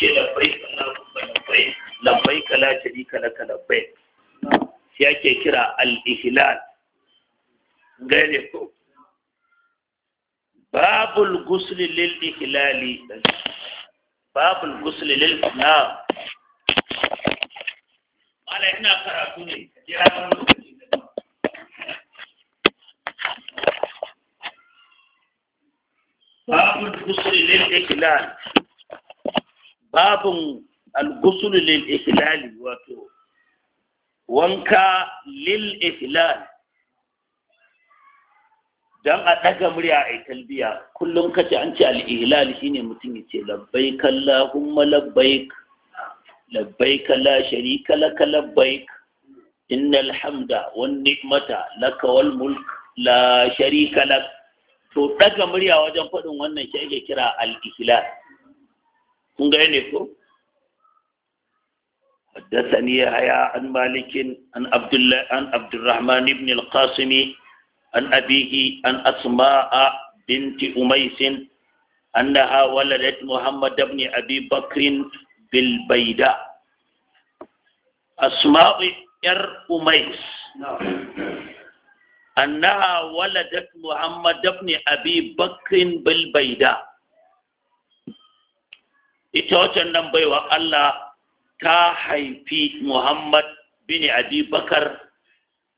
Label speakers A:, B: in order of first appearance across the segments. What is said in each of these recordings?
A: ce labbaik Allahumma labbaik labbaik la sharika laka labbaik shi ake kira al-ihlal gane ko babul ghusl lil ihlal babul ghusl lil na mala ina
B: karatu ne ya babul ghusl lil ihlali
A: babin al-ghusl lil ihlal wato wanka lil ihlal dan a daga murya a talbiya kullum kace an ce al-ihlal shine mutum yace labbaik allahumma Labbai labbaik la sharika lak labbaik innal hamda wan ni'mata lak wal mulk la sharika lak to daga murya wajen faɗin wannan shi ake kira al-ihlal kun حدثني يحيى عن مالك عن عبد الله عن عبد الرحمن بن القاسم عن أبيه عن أسماء بنت أميس أنها ولدت محمد بن أبي بكر بالبيداء أسماء ير أميس أنها ولدت محمد بن أبي بكر بالبيداء ita wacan nan baiwa Allah ta haifi Muhammad bin Abi Bakar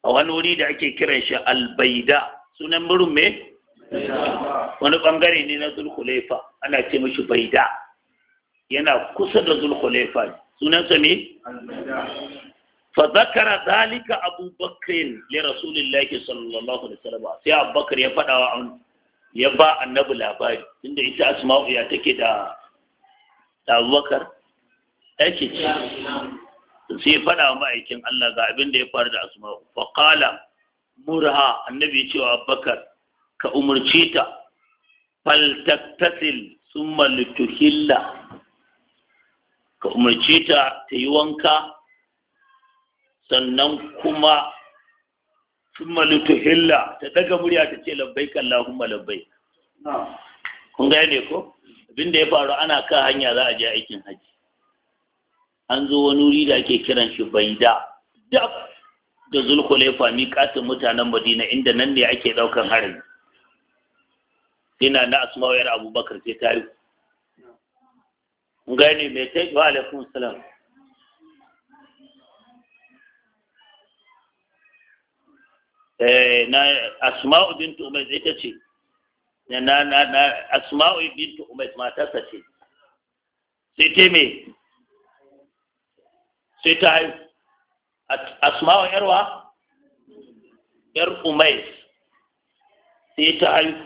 A: a wani wuri da ake kiran shi Albaida sunan murin me? wani bangare ne na Zulkulefa ana ce mashi Baida yana kusa da Zulkulefa sunan sa ne? fazakara zalika abubakarin li rasulillahi sallallahu alaihi wasallam sai abubakar ya fada wa ya ba annabi labari tunda ita asma'u ya take da da abubakar yake ce sai faɗa wa ma'aikin Allah ga abin da ya faru da asma fa murha annabi ya ce wa abubakar ka umarci ta fal taktasil summa ka umarci ta ta yi wanka sannan kuma summa ta daga murya ta ce labbaik Allahumma labbaik kun gane ko abin da ya faru ana kan hanya za a je aikin haji an zo wani wuri da ake kiran shi baida dab da zulkulefa katin mutanen madina inda nan ne ake ɗaukan harin Ina na asmawar abubakar sai ta yi gane mai ta yi wa alaikun salam eh, na asma'u tumai zai ta ce na na na asma'u bintu umayt matarsa ce sai ta me sai ta haihu asma'u yarwa yar umayt sai ta haihu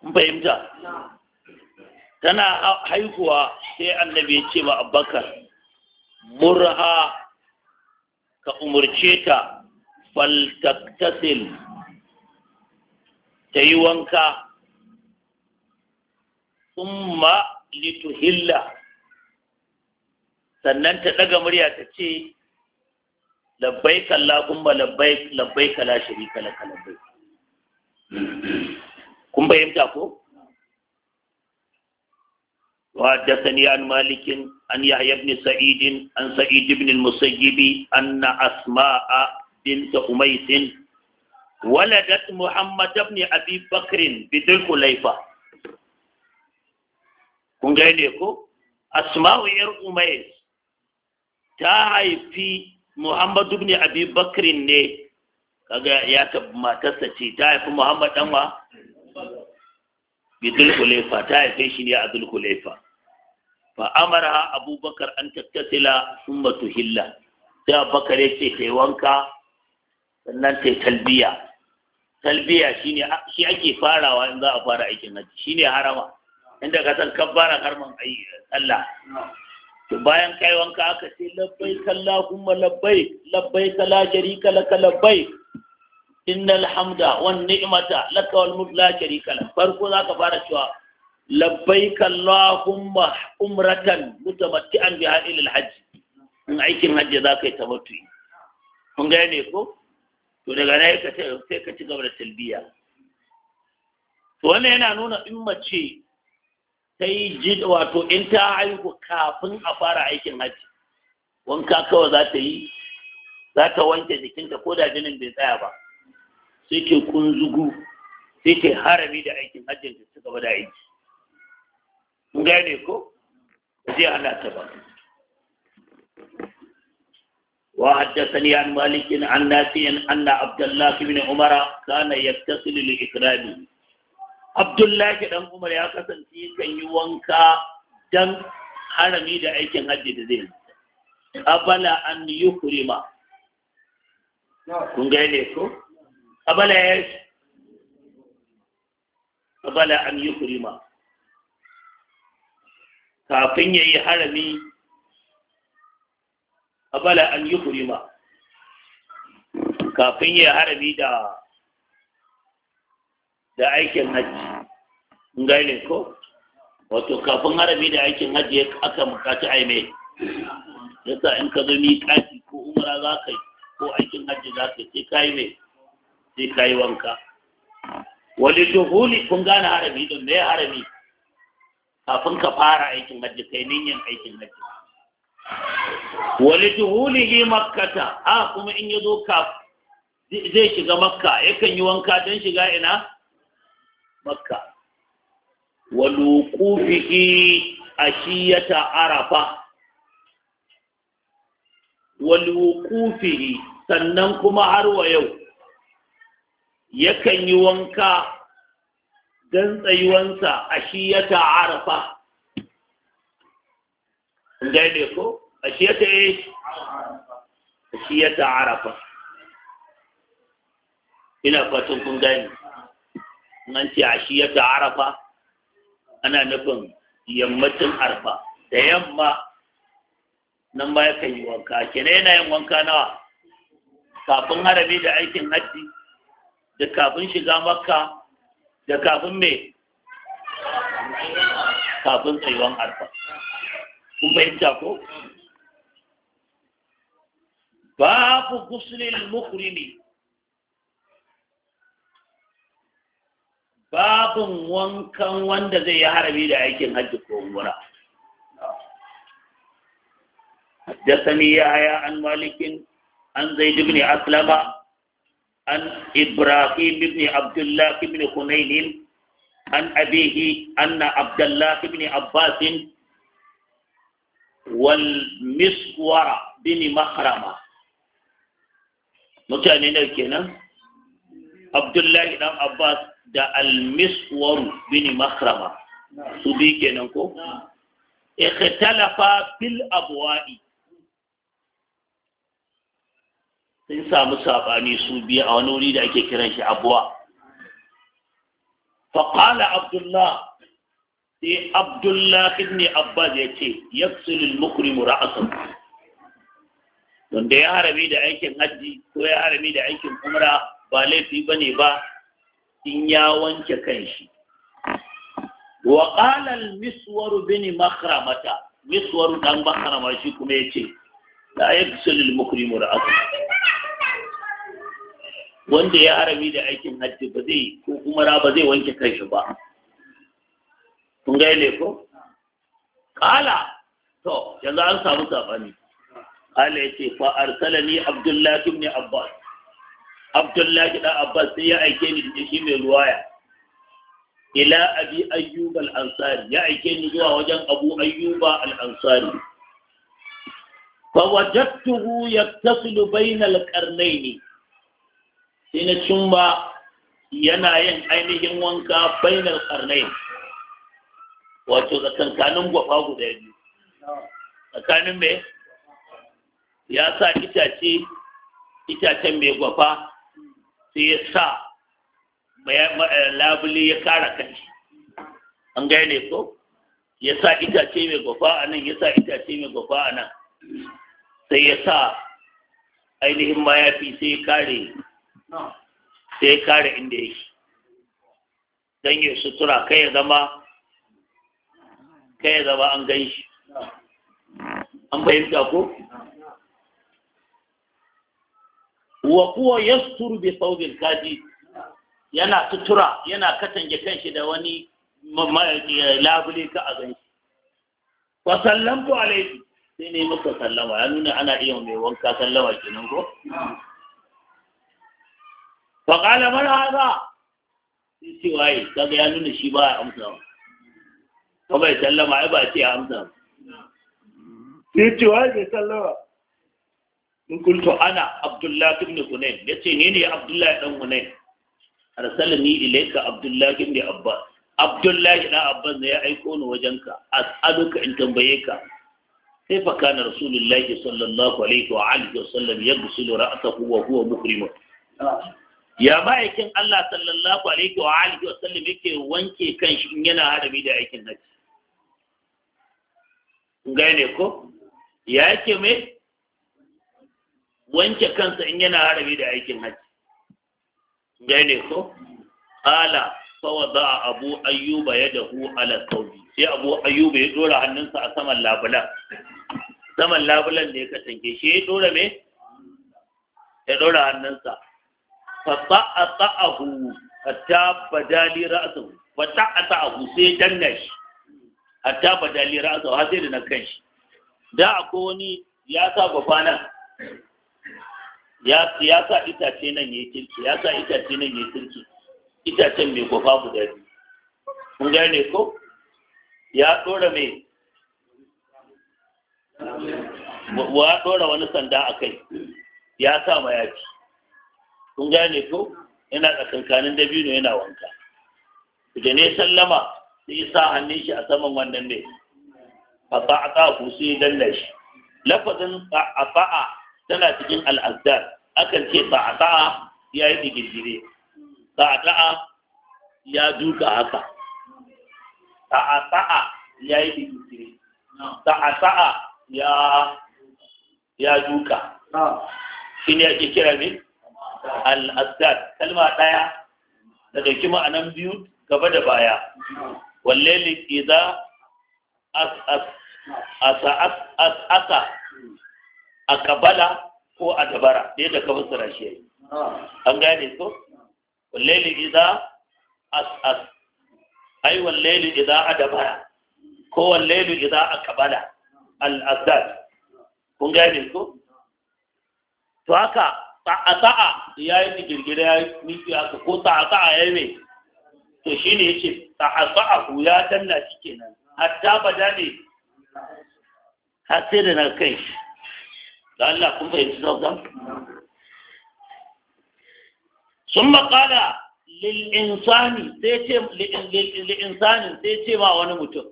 A: kun fahimta tana haihuwa sai annabi ya ce ma abbakar murha ka umarce ta faltaktasil ta yi wanka umma lituhilla sannan ta ɗaga murya ta ce labbai kallakunba labbai kala shiri kala labbai kun fahimta ko wa dasani an malikin an yahya ibn sa'idin an sa'id ibn al-musayyibi anna asma'a bint waladat Muhammad ibn Abi Bakr bidil Kulaifa kun gane ko Asma'u yar Umayyah ta haifi Muhammad ibn Abi Bakr ne kaga ya ta matarsa ce ta haifi Muhammad dan wa bidil Kulaifa ta haife shi ne a Dul fa amara Abu an tattasila thumma tuhilla sai Bakar ya ce yi wanka sannan ta talbiya talbiya shine shi ake farawa in za a fara aikin haji shine harama inda ka san kabbara harman ayi Allah to bayan kai wanka aka ce labbai kallahumma labbai labbai la sharika laka labbai innal hamda wan ni'mata laka wal mulk la sharika lak farko ka fara cewa labbai kallahumma umratan mutamatti'an biha ila al hajj in aikin hajji zaka yi tamattu kun gane ko to daga nan sai ka ci gaba da talbiya to wannan yana nuna in mace ta yi wato in ta haihu kafin a fara aikin hajji wanka kawai za ta yi za ta wanke jikinta ko da jinin bai tsaya ba sai ke kunzugu sai ke harami da aikin hajjin da ci gaba da aiki gane ko zai hana ta ba وحدثني عن مالك عن نافع أن عبد الله بن عمر كان يغتسل لإكرامه عبد الله بن عمر يا كسن كان يوانكا دم harami da aikin hajji da zai abala an yuhrima kun gane ko abala ya abala an yuhrima kafin yayi harami abala an yuhrima kafin ya harami da da aikin hajji ngaile ko wato kafin harami da aikin hajji aka bukaci ai mai yasa in ka zo kaji ko umara za ka yi ko aikin hajji za ka yi sai ka yi mai sai ka yi wanka wani duhuli kun gane harami don me harami kafin ka fara aikin hajji kai yin aikin hajji wali duhulihi makkata a kuma in ya zo ka zai shiga makka yakan yi wanka don shiga ina makka walukufihi ashiyata arafa walukufihi sannan kuma har wa yau yakan yi wanka don tsayuwansa ashiyata arafa gaide ko خشية إيش خشية عرفة ina fatan kun gani an ce ashiya ta arafa ana nufin yammacin arfa da yamma nan ba kan yi wanka kene yana yin wanka nawa kafin harami da aikin hajji da kafin shiga makka da kafin me
B: kafin tsayuwan
A: arfa kun fahimta ko باب غسل المحرم باب wankan كان zai زي harami da aikin hajji ko umra حدثني يا عن مالك عن زيد بن أسلم عن إبراهيم بن عبد الله بن حنين عن أبيه أن عبد الله بن عباس والمسور بن مخرمه mutane nawa kenan abdullahi dan abbas da al bin makrama su bi kenan ko ikhtalafa fil abwa'i sun samu sabani su biyu a wani wuri da ake kiran shi abuwa faƙala abdullah sai abdullah ibn abbas ya ce yaksulul mukrimu ra'asan wanda ya harami da aikin hajji ko ya harami da aikin umra ba laifi ba ne ba in ya wanke kanshi wa qalal miswar bin makaramata, miswar ɗan makhrama shi kuma ya ce, "Da yace la sulil al da aka. wanda ya harami da aikin hajji ba zai ko umra ba zai wanke kanshi ba kun ga ne ko Ƙala! to yanzu an samu sabani qala ce fa arsalani Abdullahi ibn abbas Abdullahi da abbas sai ya aike ni da shi mai ruwaya ila abi ayyub al-ansari ya aike ni zuwa wajen abu ayyuba al-ansari fa wajadtuhu yattasilu bayna al sai na cimma yana yin ainihin wanka bayna karnai, qarnayn wato tsakankanin gwafa guda biyu tsakanin me ya sa itace itacen mai gwafa sai ya sa eh, labule ya kara kai an gane ko ya sa itace mai gwafa a nan ya sa itace mai gwafa a nan sai ya sa ainihin mayafi sai ya kare sai ya kare inda yake don ya sutura kai ya zama kai ya zama an gan shi an fahimta ko wa kuwa yastur bi thawbil qadi yana sutura yana katange kanshi da wani labule ka a Ba wa ku alayhi sai ne muka sallama ya nuna ana iya mai wanka sallama kenan ko fa kala man hadha sai ce waye kaga ya nuna shi ba amsa ba bai sallama ai ba ce amsa sai ce waye bai sallama in kuntu ana abdullahi ibn hunain yace ne ne abdullahi dan hunain ile ilayka abdullahi ibn abbas abdullahi dan abbas ne ya aiko ni wajenka as'aluka in tambaye ka sai fa kana rasulullahi sallallahu alaihi wa alihi wasallam yaghsilu ra'sahu wa huwa muhrim ya ma'aikin Allah sallallahu alaihi wa alihi wasallam yake wanke kanshi in yana harami da aikin haji gane ko ya yake mai wanke kansa in yana harami da aikin hajji gane ko ala a abu ayyuba dahu ala sauri sai abu ayyuba ya dora hannunsa a saman labulan saman labulan da ya kasance shi ya dora me ya dora hannunsa fa a ta'ahu hatta badali ra'sahu fa ta'a ta'ahu sai danna shi hatta badali ra'sahu har sai da na kan shi da akwai wani ya sa bafa nan ya sa itace nan ya kirki ya sa itace nan yayi kirki itacen mai gwafa guda biyu kun gane ko ya ɗora me wa dora wani sanda a kai ya sa mayafi kun gane ko yana tsakankanin dabino yana wanka da ne sallama sai sa hannun shi a saman wannan ne a ba'a ku sai dalla shi lafazin a ba'a tana cikin al'azdar akan ce sa'ata'a ya yi digirgire sa'ata'a ya duka haka sa'ata'a ya yi digirgire sa'ata'a ya ya duka shi ne ake kira ne al-asad kalma ɗaya da a ma'anan biyu gaba da baya walle idza as as asa as as akabala ko a dabara da yadda ka fassara shi yayi an gane ko wallaili idza as ai wallaili idza adabara ko wallaili idza kabala al-azad kun gane ko to haka ta'a ya yi digirgire ya yi ni haka ko ta'a ya yi mai to shi ne ya ce ta'a ku ya danna shi kenan hatta ba da ne har da na kai shi Allah kun fahimci sauƙan sun maƙala lil'insani sai ce ma wani mutum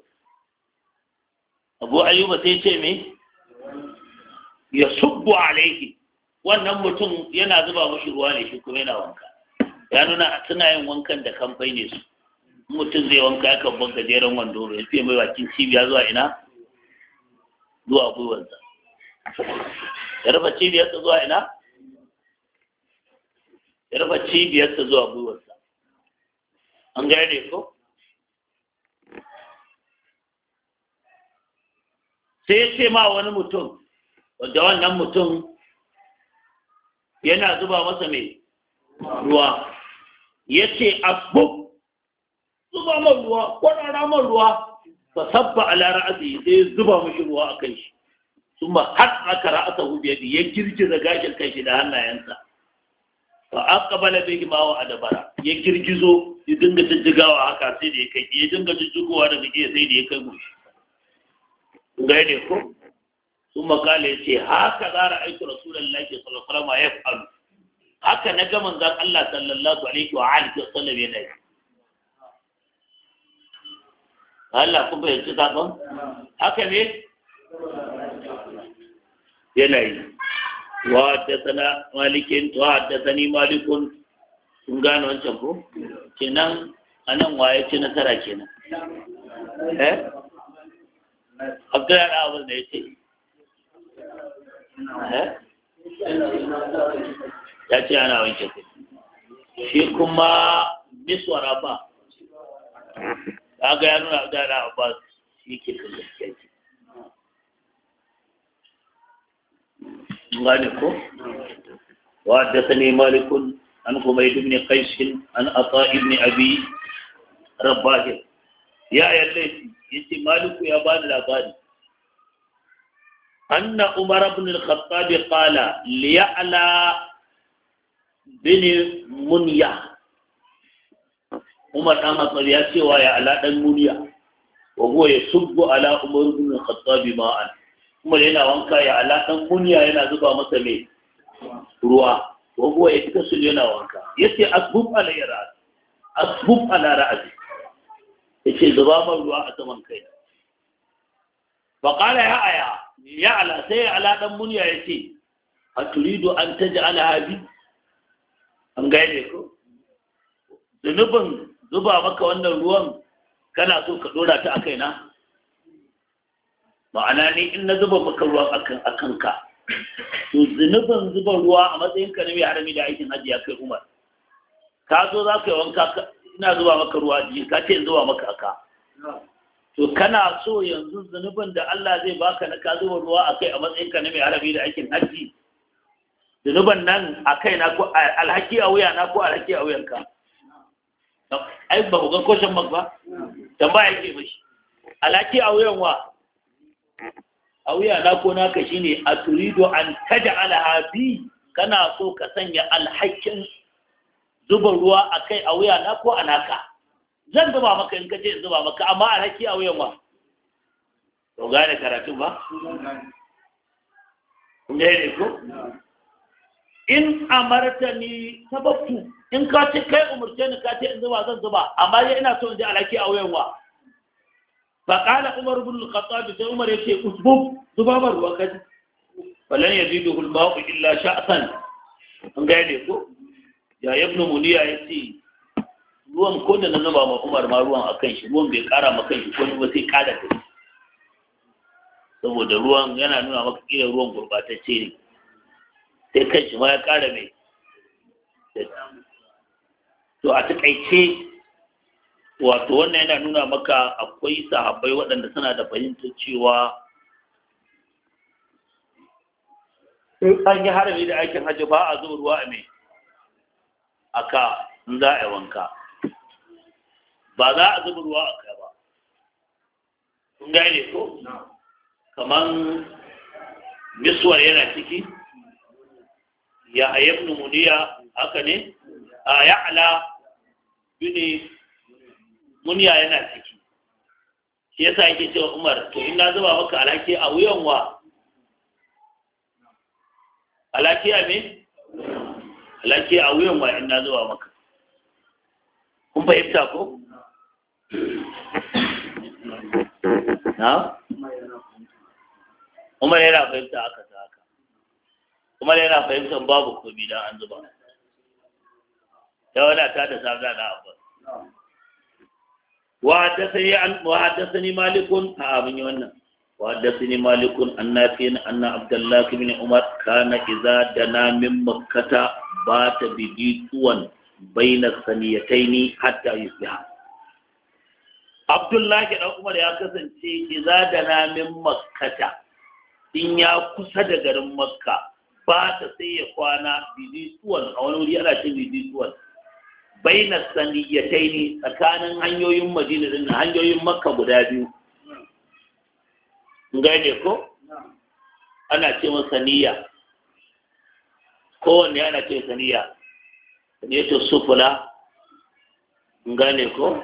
A: abu ayyuba sai ce me ya subbu alaiki wannan mutum yana zuba mashi ruwa ne shi kuma yana wanka ya nuna suna yin wankan da kamfai ne su mutum zai wanka ya kan banka jeren wando ya fiye mai bakin cibiya zuwa ina zuwa gwiwarsa ya rufe cibiyarsa zuwa ina ya rufe cibiyarsa zuwa gwiwarsa an gane ko sai ya ce ma wani mutum wadda wannan mutum yana zuba masa mai ruwa ya ce asbub zuba man ruwa kwarara man ruwa ba sabba a lara sai zuba mashi ruwa a kai. shi thumma hasaka ra'sahu bi yadi ya girgiza gashin kai shi da hannayensa fa aqbala bihi ma wa adbara ya girgizo ya dinga jijjigawa haka sai da ya kai ya dinga jijjigowa daga jiya sai da ya kai goshi ga ne ko thumma yace haka za ra'aytu rasulullahi sallallahu alaihi wasallam yaf'alu haka na ga manzon Allah sallallahu alaihi wa alihi wasallam yana yi Allah kun bayyana zaɓen? Haka Yanayi. wa haddasana malikin wa haddasani malikun sun gane wancan ko kenan anan waye ce nasara kenan eh abdullahi abu ne yace eh ya ce ana wancan ko shi kuma miswara ba ga ya nuna abdullahi abbas shi ke kan gaskiya مالك وحدثني مالك عن حميد بن قيس عن عطاء بن ابي رباه يا يا ليتي انت مالك يا بان لا بان ان عمر بن الخطاب قال ليعلى بن منيا عمر قام قال ويعلى بن منيا وهو يسب على عمر بن الخطاب ما أنت. umar yana wanka ya alaƙan kuniya yana zuba masa mai ruwa ya cika su yana wanka Ya ce asbub ala ra'si asbub ala Ya ce zuba man ruwa a saman kai fa ya aya ya ala sai kuniya ya ce a turidu an ala Habi, an gaide ko zunubin zuba maka wannan ruwan kana so ka dora ta a kaina ma'ana ne in na zuba maka ruwa akan akanka to zunubin zuba ruwa a matsayin ka na mai harami da aikin hajji ya kai umar ka zo za ka yi wanka ina zuba maka ruwa jikin ka ce zuba maka aka to kana so yanzu zunubin da Allah zai baka na ka zuba ruwa a kai a matsayin ka na mai harami da aikin hajji zunuban nan a kai na ko alhaki a wuya na ko alhaki a wuyanka ai ba ku ga koshin ba tambaya yake mishi alhaki a wuyan wa a wuya na ko naka shine a turido an taja alhabi kana so ka sanya alhakin zuba ruwa a kai a wuya na ko a naka zan zuba maka in kace in zuba maka amma alhaki a wuyan wa to gane karatu ba ne ne ko in amarta ni sababtu in ka ce kai umurce ni ka ce in zuba zan zuba amma ina so in ji alhaki a wuyan wa فقال عمر بن الخطاب sai Umar yace usbub zubabar ruwa kaji falan yaziduhu al-ma'u illa sha'san an gane ko ya ibn muniya yace ruwan ko da nan ba ma Umar ma ruwan akan shi ruwan bai kara ma kan shi ko ba sai kada ta saboda ruwan yana nuna maka kira ruwan gurbatacce ne sai kan shi ma ya kara mai to a takaice wato wannan yana nuna maka akwai sahabbai waɗanda suna da fahimtar cewa in an yi harami da aikin hajji ba a zo ruwa a mai a ka za a yi wanka ba za a zuba ruwa a ka ba kun gane ko kamar miswar yana ciki ya ayyab numuniya haka ne a ya'ala ne. muniya yana ciki shi yasa yake cewa umar to in na zuba maka alhaki a wuyan wa alhaki a me alhaki a wuyan wa in na zuba maka kun fahimta ko na umar yana fahimta aka ta haka umar yana fahimta babu komi dan an zuba yawa na ta da sabda na abu وحدثني عن وحدثني مالك آمن وانا وحدثني مالك أن أن عبد الله بن عمر كان إذا دنا من مكة بات بديتوا بين الثنيتين حتى يصبح عبد الله بن عمر يا كسن إذا دنا من مكة إن يا كسد garin مكة بات ta sai ya kwana bidisuwan a wani baina ne tsakanin hanyoyin madina din hanyoyin makka guda biyu gane ko ana ce masa saniya kowanne ana ce saniya saniyatu sufula gane ko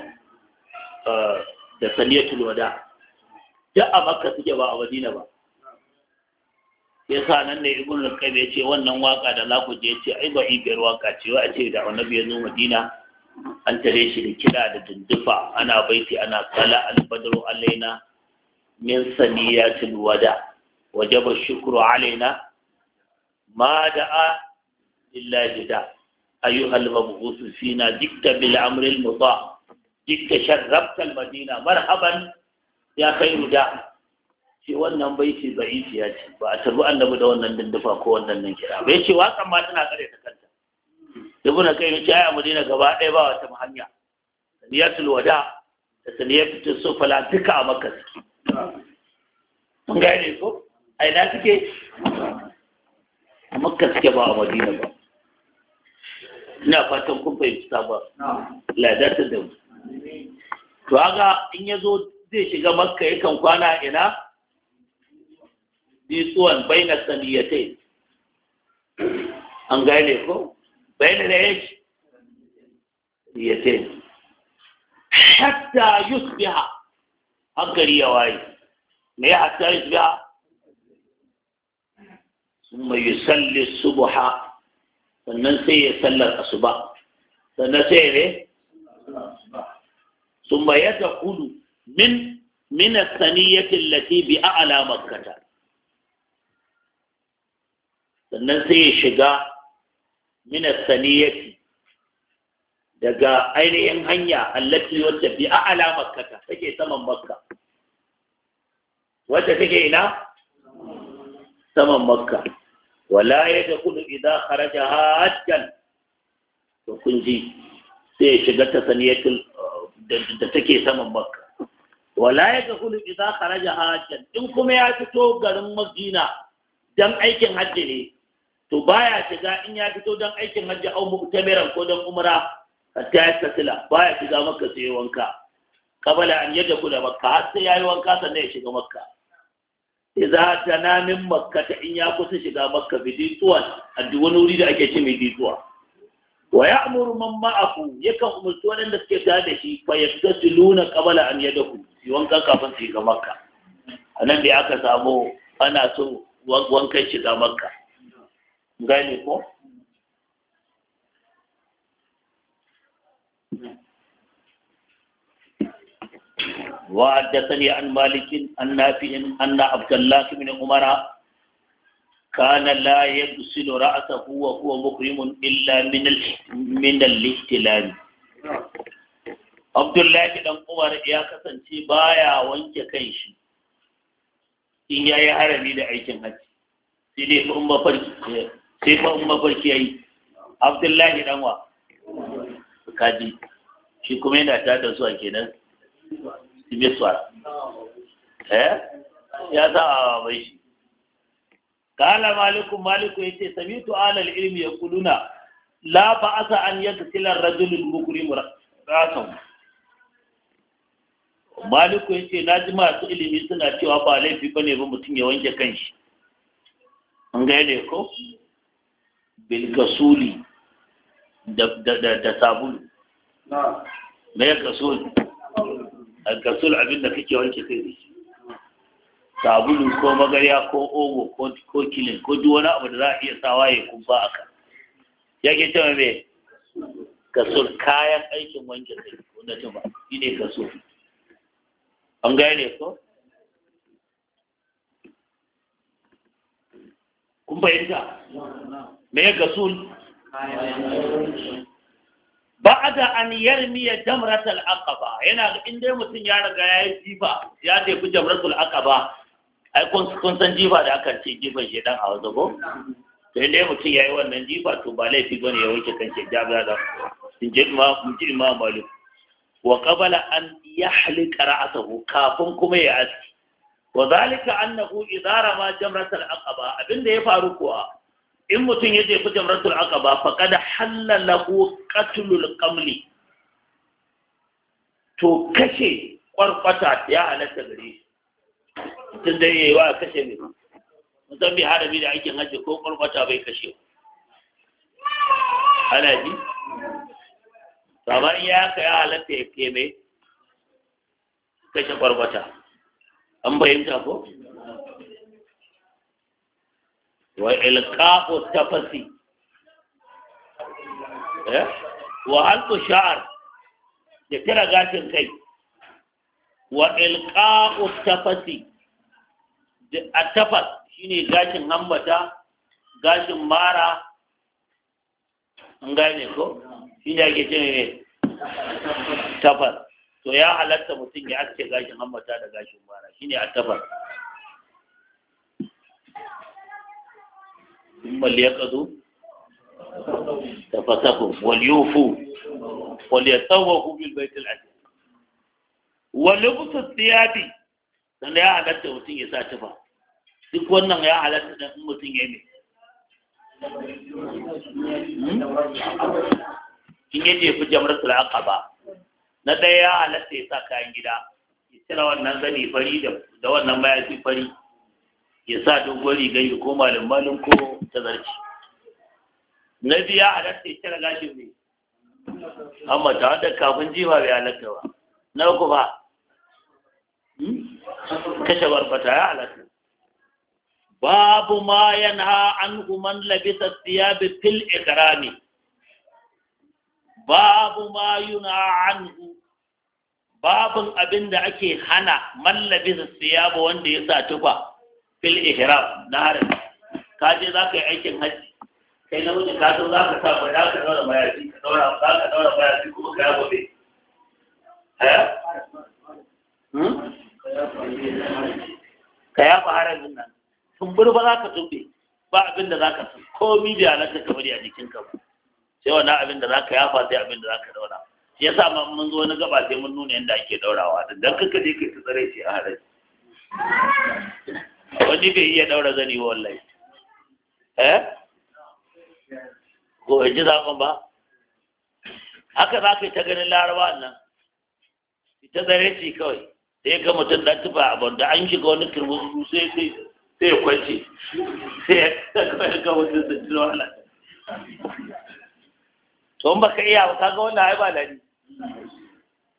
A: eh, da saniyatul wada duk a makka suke ba a madina ba yasa nan ne ibn al-qayyim ya ce wannan waka da za ku je ce ai ba ibiyar waka ce wa ce da annabi ya zo madina an tare shi da kira da dundufa ana baiti ana kala al-badru alaina min saniyatil wada wajaba shukru alaina ma da'a illa jida ayyuha al-mabghus fina dikta bil amri al-muta dikta sharrabta al-madina marhaban ya khairu da' ce wannan bai bai baiti ya ce ba a tarbi annabi da wannan dindufa ko wannan nan kira bai ce waƙan ma tana kare ta kanta ibn kai ya ce ai madina gaba ɗaya ba wata hanya ya wada da so sufala duka a makka suke mun gane ko a ina suke a makka suke ba a madina ba ina fatan kun fahimci ba ladatar da mu to haka in ya zo zai shiga makka yakan kwana ina بيسوان بين الثنيتين أن قال بين الإيش ثنيتين حتى يصبح أقل يواي ما حتى يصبح ثم يصلي الصبح فننسي يسلى الأصبح فننسي إيه؟ ثم يدخل من من الثنية التي بأعلى مكة sannan sai ya shiga minas saniyati daga ainihin hanya allati wacce bi a'la makkata take saman makka wacce take ina saman makka wala kudu idan haraja hajjan to kun ji sai ya shiga ta saniyatul da take saman makka wala kudu idan haraja hajjan in kuma ya fito garin madina don aikin hajji ne to baya shiga in ya fito don aikin hajji au mu'tamiran ko don umra hatta ya tasila baya shiga makka sai ya wanka kabala an yadda kula makka har sai ya yi wanka sannan ya shiga makka idza tana min makka ta in ya kusa shiga makka bidituwa a duk wani wuri da ake ce mai bidituwa wa ya'muru man ma'ahu yakan umarci waɗanda suke ta da shi fa luna qabala an yadahu yi wanka kafin su shiga makka anan da aka samu ana so wankan shiga makka gane ko وحدثني عن مالك عن نافع أن عبد الله بن عمر كان لا يغسل رأسه وهو مكرم إلا من ال... من الاحتلال عبد الله بن عمر يا كسانتي بايا وانك kanshi in yayi harami da aikin haji سيدي dai in sai ba in mafarki ya yi abdullahi dan wa kaji shi kuma yana ta da su a kenan simiswa eh ya sa a bai shi kala malikun maliku ya ce sami alal ilmi ya kuluna la ba asa an yadda tilar rajulun mukuri rasan maliku ya ce na ji masu ilimi suna cewa ba laifi ba ne ba mutum ya wanke kanshi an gane ko bilkasuli da sabulu me ya kasuli? kasul abin da kake wanke kai da shi sabulu ko magarya ko ogo ko kilin ko duk wani abu da za a iya sawa ya kumfa aka ya ke cewa me Kasuli, kayan aikin wanke kai wanda ta ba shi ne kasuli, an gane ko kun fahimta me gasul da an ya jamratul aqaba yana in dai mutum ya riga ya yi jifa ya tafi jamratul aqaba ai kun san jifa da aka ce jifan shedan a wasu ko sai dai mutum ya yi wannan jifa to ba laifi ba ne ya wuce kan shi jabra da in ji ma malu wa qabala an yahlika ra'sahu kafin kuma ya aski wa zalika annahu idara ma jamratul aqaba abinda ya faru kuwa in mutum ya jefi jamratul aqaba da halala ko qatlul qamli to kashe kwarkwata ya halatta gare shi tun da yayi wa kashe ne mutum bi harabi da aikin hajji ko kwarkwata bai kashe ana ji kamar ya ka ya halatta ya keme kashe kwarkwata an bayyanta ko wa ilqa'u tafasi eh? wa halqu sha'r da tira gashin kai wa ilqa'u tafasi da tafas shine gashin hambata gashin mara ake ne tafar? to ya halatta mutum ya aske gashin hambata da gashin mara ne a tafar. ثم ليقضوا تفتهم وليوفوا وليتوفوا بالبيت العتيق ولبس الثياب dan ya halatta mutum ya sa tufa duk wannan ya halatta dan in mutum ya yi in ya jefi jamratul aqaba na daya ya halatta ya sa kayan gida ya cire wannan zani fari da wannan mayafi fari ya sa dogon rigar ya ko malin malin ko ta zarci na biya halatta ya cire gashin ne
B: amma ta wadda kafin
A: jima bai halatta ba na uku ba
B: hmm? kashe
A: barfata ya halatta babu ma yana an man labisa bi fil ikrami babu ma yuna anhu babun abin da ake hana mallabisa siyaba wanda ya sa tufa fil ihram na harin ka je za ka yi aikin hajji kai na wuce ka zo za ka sa ba za ka daura mayafi ka daura za ka daura mayafi kuma ka ya gobe. Eh? Hmm? ka yafa harin nan tumbur ba za ka tumbe ba abin da za ka fi komi da na ka bari a jikin ka sai wannan abin da za ka yafa sai abin da za ka daura shi yasa ma mun zo wani gaba sai mun nuna yadda ake daurawa dan kanka je kai ta tsare shi a harin wani bai iya daura zani wallahi eh ko ji zakon ba haka za ka yi ta ganin laraba nan ita zare ce kawai sai ka ga mutum da tufa a banda an shiga wani turbin sai sai sai ya kwanci sai ya ga mutum da jiro ala to in baka iya ba ga wannan ai ba ni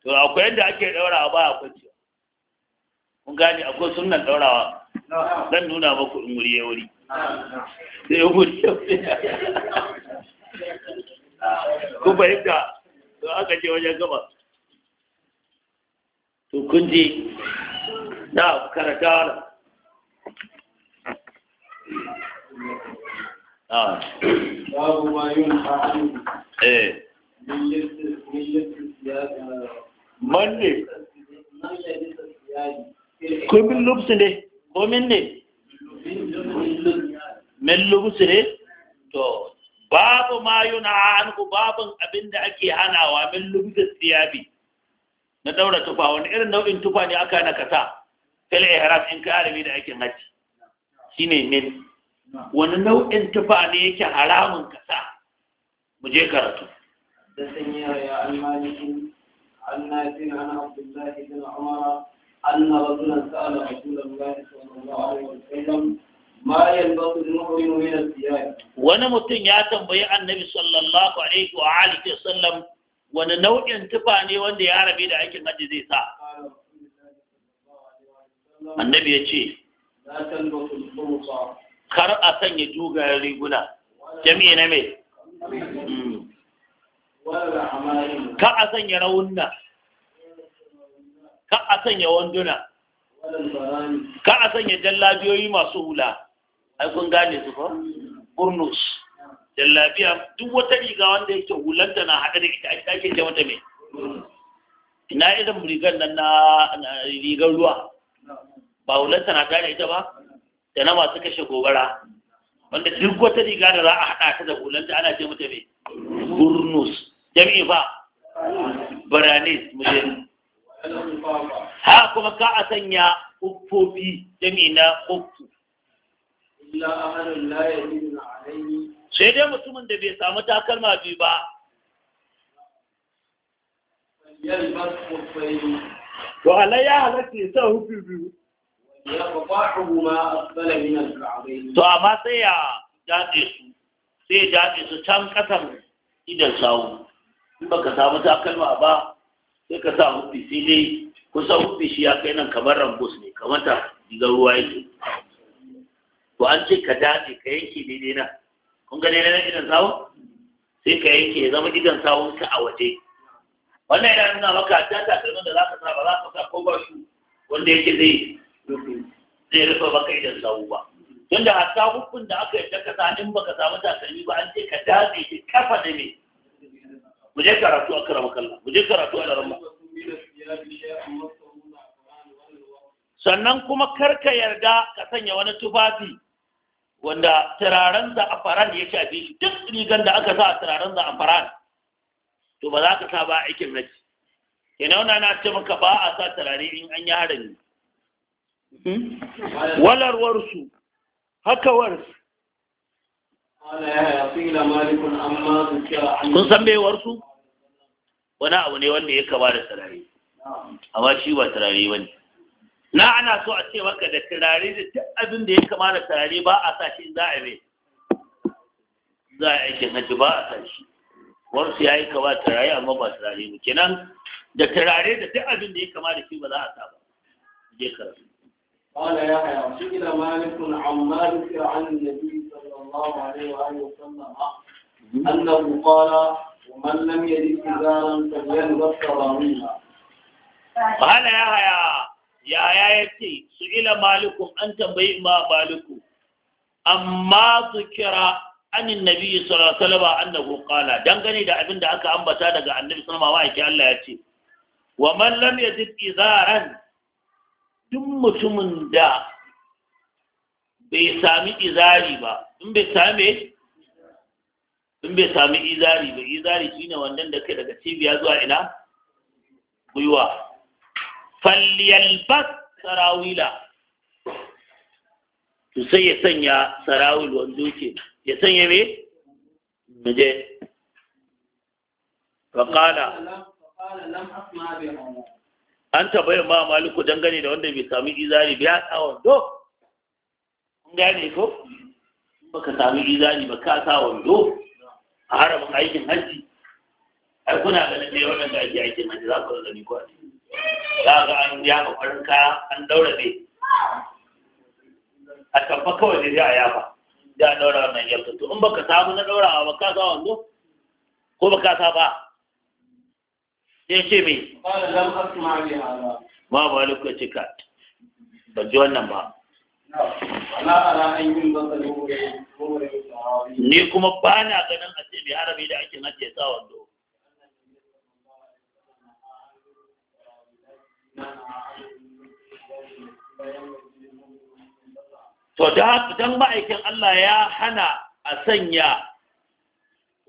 A: to akwai yadda ake daura ba a kwanci kun gane akwai sunan ɗaurawa zan nuna maku in wuri ya wuri
B: sai
A: ya wuri ya wuri kun fahimta to aka je wajen gaba to kun je na karata wani
B: ah. babu ma yin ha'ani eh man ne ko
A: min lubsu ne ko min ne min lubsu ne to babu ma yuna anhu babun abinda ake hanawa min lubsu siyabi na daura tufa wani irin nau'in tufa ne aka na kasa fil ihram in ka arabi da aikin haji shine min wani nau'in tufa ne yake haramun kasa mu je karatu
B: da sanya ya almaliki an nafi an abdullahi bin umara
A: wani mutum ya tambayi annabi sallallahu alaihi wa alihi wa sallam wani nau'in tufa ne wanda ya rabe da aikin hajji zai sa annabi ya ce kar a sanya jugayen riguna jami'i na mai ka a sanya raunna ka a sanya wanduna ka a sanya jallabiyoyi masu hula ai kun gane su ko burnus jallabiya duk wata riga wanda yake hulanta na haɗe da ita ake ake ce mata me ina irin rigar nan na rigar ruwa ba hulanta na tare ita ba da na masu kashe gobara wanda duk wata riga da za a haɗa ta da hulanta ana ce mata me burnus jami'i fa baranis mujin
B: ha
A: kuma ka a sanya
B: ƙofofi
A: jami na ƙofu. sai dai mutumin da bai samu takalma biyu ba to Allah ya halatta ya sa hufi biyu to amma sai ya jaɗe su sai ya jaɗe su can ƙasar idan sawu in baka samu takalma ba sai ka sa hufi sai dai kusan hufi shi ya kai nan kamar rambus ne kamar ta diga ruwa yake to an ce ka dace ka yanke daidai na kun ga daidai na gidan sawo sai ka yanke ya zama gidan sawon ka a waje wannan yana nuna maka ta takalmin da za ka sa ba za ka sa ko ba shi wanda yake zai zai rufe maka idan sawo ba tunda hatta hukun da aka yadda ka sa in baka samu takalmi ba an ce ka dace ka kafa da me mu je karatu a karama kallon mu je karatu a daren sannan kuma karka yarda ka sanya wani tufafi wanda turaren za'afaran ya shafi shi duk rigar da aka sa a turaren za'afaran to ba za ka sa ba aikin naci ina wana na ce maka ba a sa turare in an yi harami hmm? walarwarsu hakawarsu kun san warsu? wani abu ne wanda ya kama da turare amma shi ba turare ba ne na ana so a ce maka da turare da duk abin da ya kama da turare ba a sa shi za a yi za a aikin hajji ba a sa shi warsu ya yi kama da turare amma ba turare ba kenan da turare da duk abin da ya kama da shi ba za a sa ba je karatu
B: قال يحيى سئل مالك عن مالك عن النبي صلى الله عليه واله وسلم انه قال ومن لم يجد سجارا فليلبس سراويلا
C: قال
A: يحيى يا يا يتي سئل مالك ان تنبئ ما مالك amma zikira anin nabi sallallahu alaihi wasallam annahu qala dangane da abin da aka ambata daga annabi sallallahu alaihi wasallam Allah ya ce wa man lam yajid izaran duk mutumin da bai sami izari ba in bai sami in bai sami izari ba izari shine wannan da kai daga cibiya zuwa ina gwiwa falyalbas sarawila to sai ya sanya sarawil wando ke ya sanya me muje فقال
B: فقال لم أسمع بهذا
A: an tabbaya ma maliku dangane da wanda bai sami izari ba ya sa wando gane ko baka sami izari ba ka sa wando a harabin aikin hajji ai kuna ganin ne wannan da ake aikin hajji za ku gani ko za ga an ya farin kaya an daura ne a tabba kawai ne a yafa da daura wannan yankin to in baka samu na daurawa ba ka sa wando ko baka sa ba sai ce me ma ba luka cika ba ji wannan ba
B: ni kuma ba
A: na ganin a ce mai harami da ake nace sa wando to da don ma'aikin Allah ya hana a sanya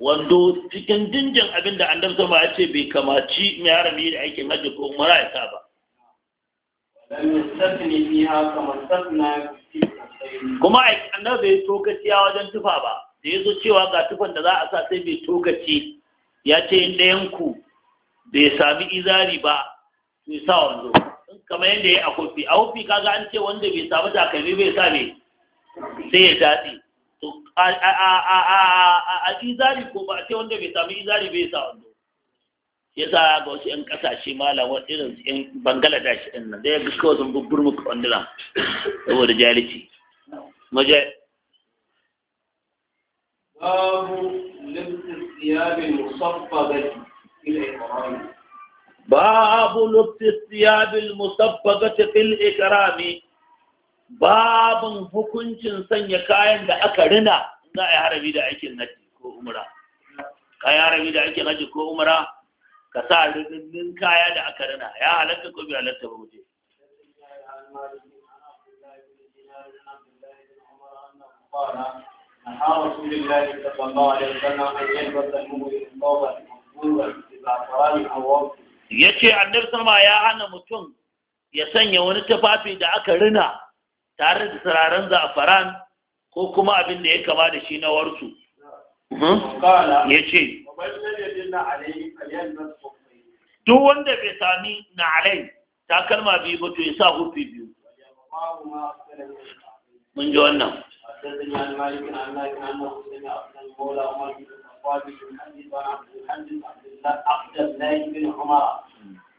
A: wando cikin jinjin abin da annabi sama ya ce bai kamaci mai harami da aikin hajji ko mara ya sa ba kuma annabi bai tokaci a wajen tufa ba da ya zo cewa ga tufan da za a sa sai bai tokaci ya ce in ɗayanku bai sami izari ba bai sa wando kamar yadda ya yi a kofi a kofi kaga an ce wanda bai samu takalmi bai sa ne sai ya daɗe a izari ko ba a ce wanda bai sami izari bai sa wando ya sa ga wasu 'yan kasashe malama irin 'yan bangaladesh ɗin nan da ya gaske wasu burmuka wanduna saboda jahilci
B: maje babu liftin siyabin musaffagati
A: babu liftin siyabin musaffagati fil ikrami Babun hukuncin sanya kayan da aka rina za a yi harami da aikin naji ko umara ka yi harami da aikin naji ko umara ka sa rinnin kaya da aka rina ya halatta ko bi halatta ba mutum ya ce annabtama ya hana mutum ya sanya wani tafafi da aka rina tare da sararin za'afaran ko kuma abin da ya kama da shi na warsu hmm? ya ce duk wanda bai sami na alai takalma biyu ba to ya sa hufi biyu mun ji wannan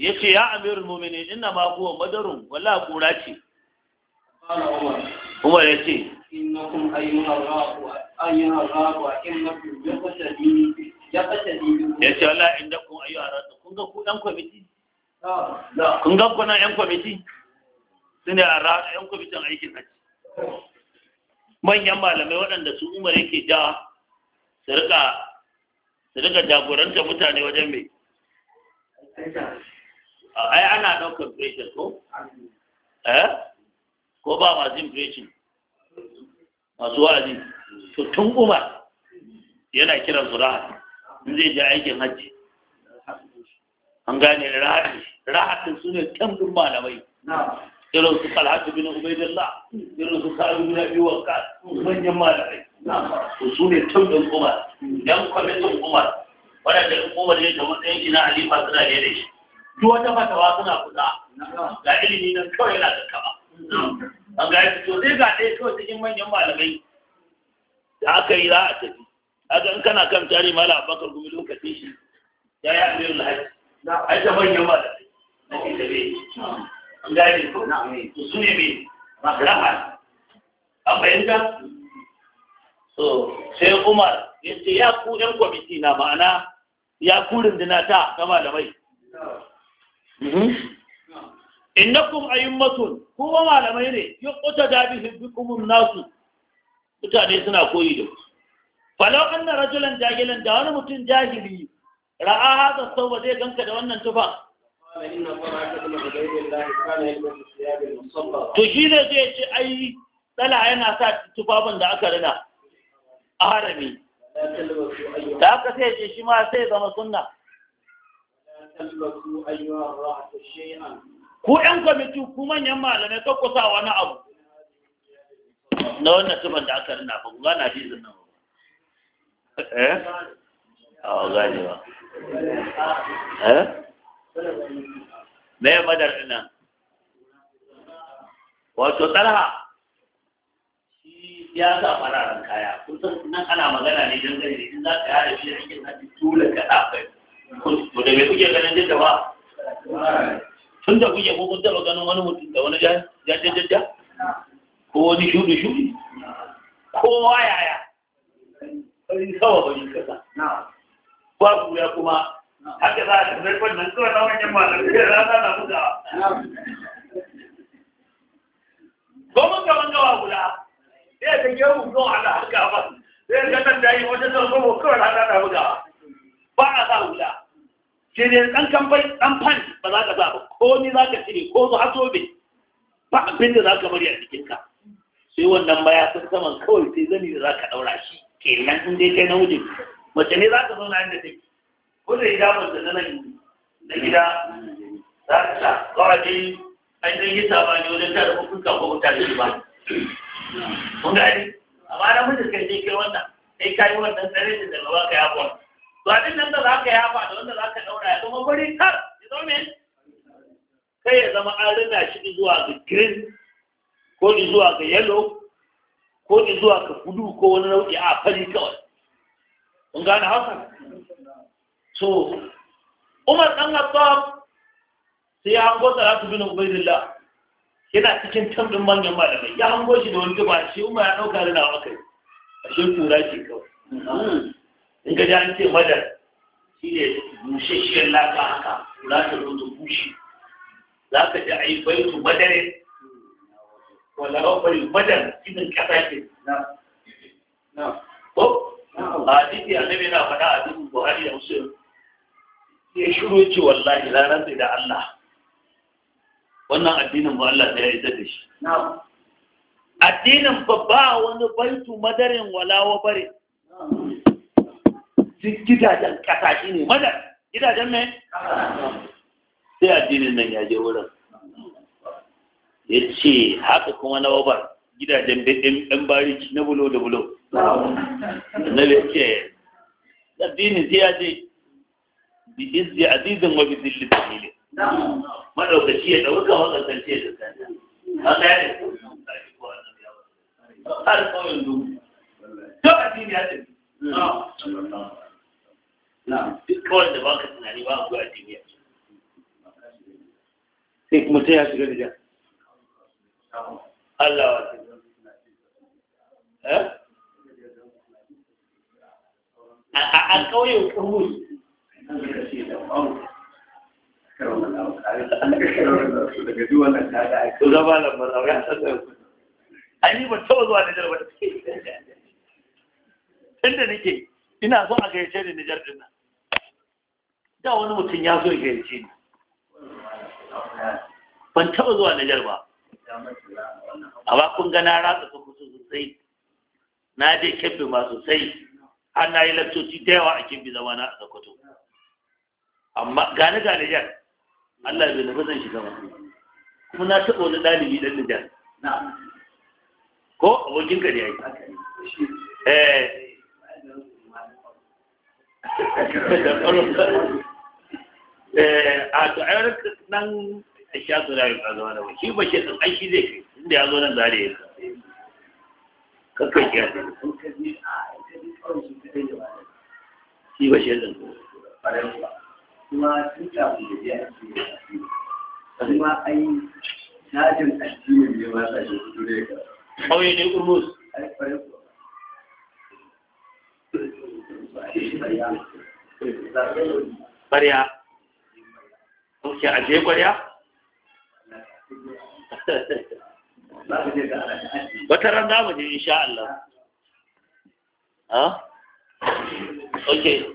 A: ya ce ya amirul mumini ina ma kuwa madarun wala kura ce umar ya ce innakum ayyuhar rabu ayyuhar rabu innakum yaqtadi yaqtadi ya ce wala innakum ayyuhar rabu kun ga ku dan kwamiti kun ga ku nan yan kwamiti sune yan kwamitin aikin haji manyan malamai waɗanda su umar yake ja su rika jagoranta mutane wajen mai ai ana ɗaukar pressure ko eh ko ba masu yin pressure masu wa'azi to tun umar yana kiran su rahat in zai je aikin hajji an gane rahat rahatin su ne tambin malamai irin su talhatu bin ubaidillah irin su sa'adu bin abi waqqas manyan malamai to su ne tambin umar yan kwamitin umar wadanda umar ya da matsayin ina halifa suna da shi duk wata fatawa suna kusa ga ilimi nan kawai yana da kaba an ga yadda to sai ga ɗaya kawai cikin manyan malamai da aka yi za a tafi haka in kana kan tare mala abakar gumi lokacin shi ya yi amirul lahaji ai ta manyan
B: malamai da ke tafe
A: an ga yadda to su ne mai maslaha a fahimta so sai umar ya ce ya ku yan kwamiti na ma'ana ya ku rundina ta ta malamai Mhm. innakum ayyummatun kuma malamai ne yuqta dabi kumun nasu mutane suna koyi da ku falau na rajulan jahilan da wani mutum jahili ra'a sau ba zai ganka da wannan tufa to ne zai ce ai tsala yana sa tufafin da aka rina a
B: harami ta
A: haka sai ce shi ma sai zama sunna
B: ayyuha ra'at shay'an
A: ku ƴan kwamiti kuma manyan malamai ta kusa wani abu na wannan tuban da aka rina ba ku gana hadisin nan ba eh a gane ba eh me madar ina wato talha ya sa fararen kaya Kusan nan ana magana ne dangane da in za ka yada shi da aikin hajji dole ka ɗafa ku da me kuke ganin jidda ba tun da kuke ko kun taɓa ganin wani mutum da wani jajjajja ko wani shudu shudu kowa yaya bari ba bari kasa. Ba kuya kuma haka za a tafi wannan kawai na wajen malamai da rana na bugawa goma ga wanda wa guda sai ka yi mu don Allah haka ba sai ka dan dai wata zo ko kawai rana na bugawa ba a sa guda sai dai ɗan kamfai ɗan fan ba za ka zaɓa ko ni za ka cire ko zuwa zobe ba abin da za ka bari a ka. sai wannan baya sun saman kawai sai zani da za ka ɗaura shi Ke nan in dai kai na wuce mace ne za ka zauna inda take ko da gida mace na nan na gida za ka sa kawai dai an ɗan yi ne wajen tara kuka ko mutane ba kun gani amma na mutu kai ne kai wannan kai kayi wannan tsare da daga baka ya buwa to abin nan da za ka yafa da wanda za ka ɗaura ya zama fari kar ya zama me kai ya zama an rina shi zuwa ga green ko ni zuwa ga yellow ko ni zuwa ga blue ko wani nau'i a fari kawai kun gane haka so Umar ɗan Khattab sai ya hango Salatu bin Ubaidillah yana cikin tambin manyan malamai ya hango shi da wani gaba shi Umar ya ɗauka rina wa kai ashe kura ce kawai in ga an ce madar shi ne yin laka haka za ta zo bushe za ka ji ai baitu madarin wala rabbar madar cikin kasa ce na ko a hadisi annabi na faɗa a cikin Buhari da Muslim ya shiru ce wallahi ranar da Allah wannan addinin ba Allah ya yi da shi addinin ba ba wani baitu madarin wala wa bare gidajen ƙasa ne madar gidajen mai sai addinin nan ya je wurin ya ce haka kuma na wabar gidajen ɗan bariki na bulo da bulo
C: na ya
A: ce addinin sai ya je bi izzi azizin wa bi zilli dalili madaukaci ya ɗauka wakasance da sanda haka ya ce har kawai duk addini ya ce duk kawai da baka tunani ba akwai a sai kuma ta ya shiga Allah eh? a Ani zuwa Nijar ba da suke ina so a gayyace da Nijar din nan. da wani mutum ya zo ya ne. ban taɓa zuwa Nijar ba a ba gana ratsa na ratsa sosai na je kebbi ma sosai an na yi lakcoci da yawa a kebbi zama na a kwato. amma gani gani Nijar Allah bai nufi zan shiga ba kuma na taɓa wani ɗalibi ɗan Nijar ko abokin gari ne ai eh Eh, a to ai nan sha su da ya zama da shi ba shi din an shi zai kai inda ya zo nan zare ya kai kakkai ya kai shi ba shi
B: din kuma sun kafin da su ya a kuma ai cajin addini ne ba sa shi su ne ka kauye ne urmus ai kwarai kuwa
A: ƙarya Oke, a je ya? Wata ran za mu je insha Allah. Oke.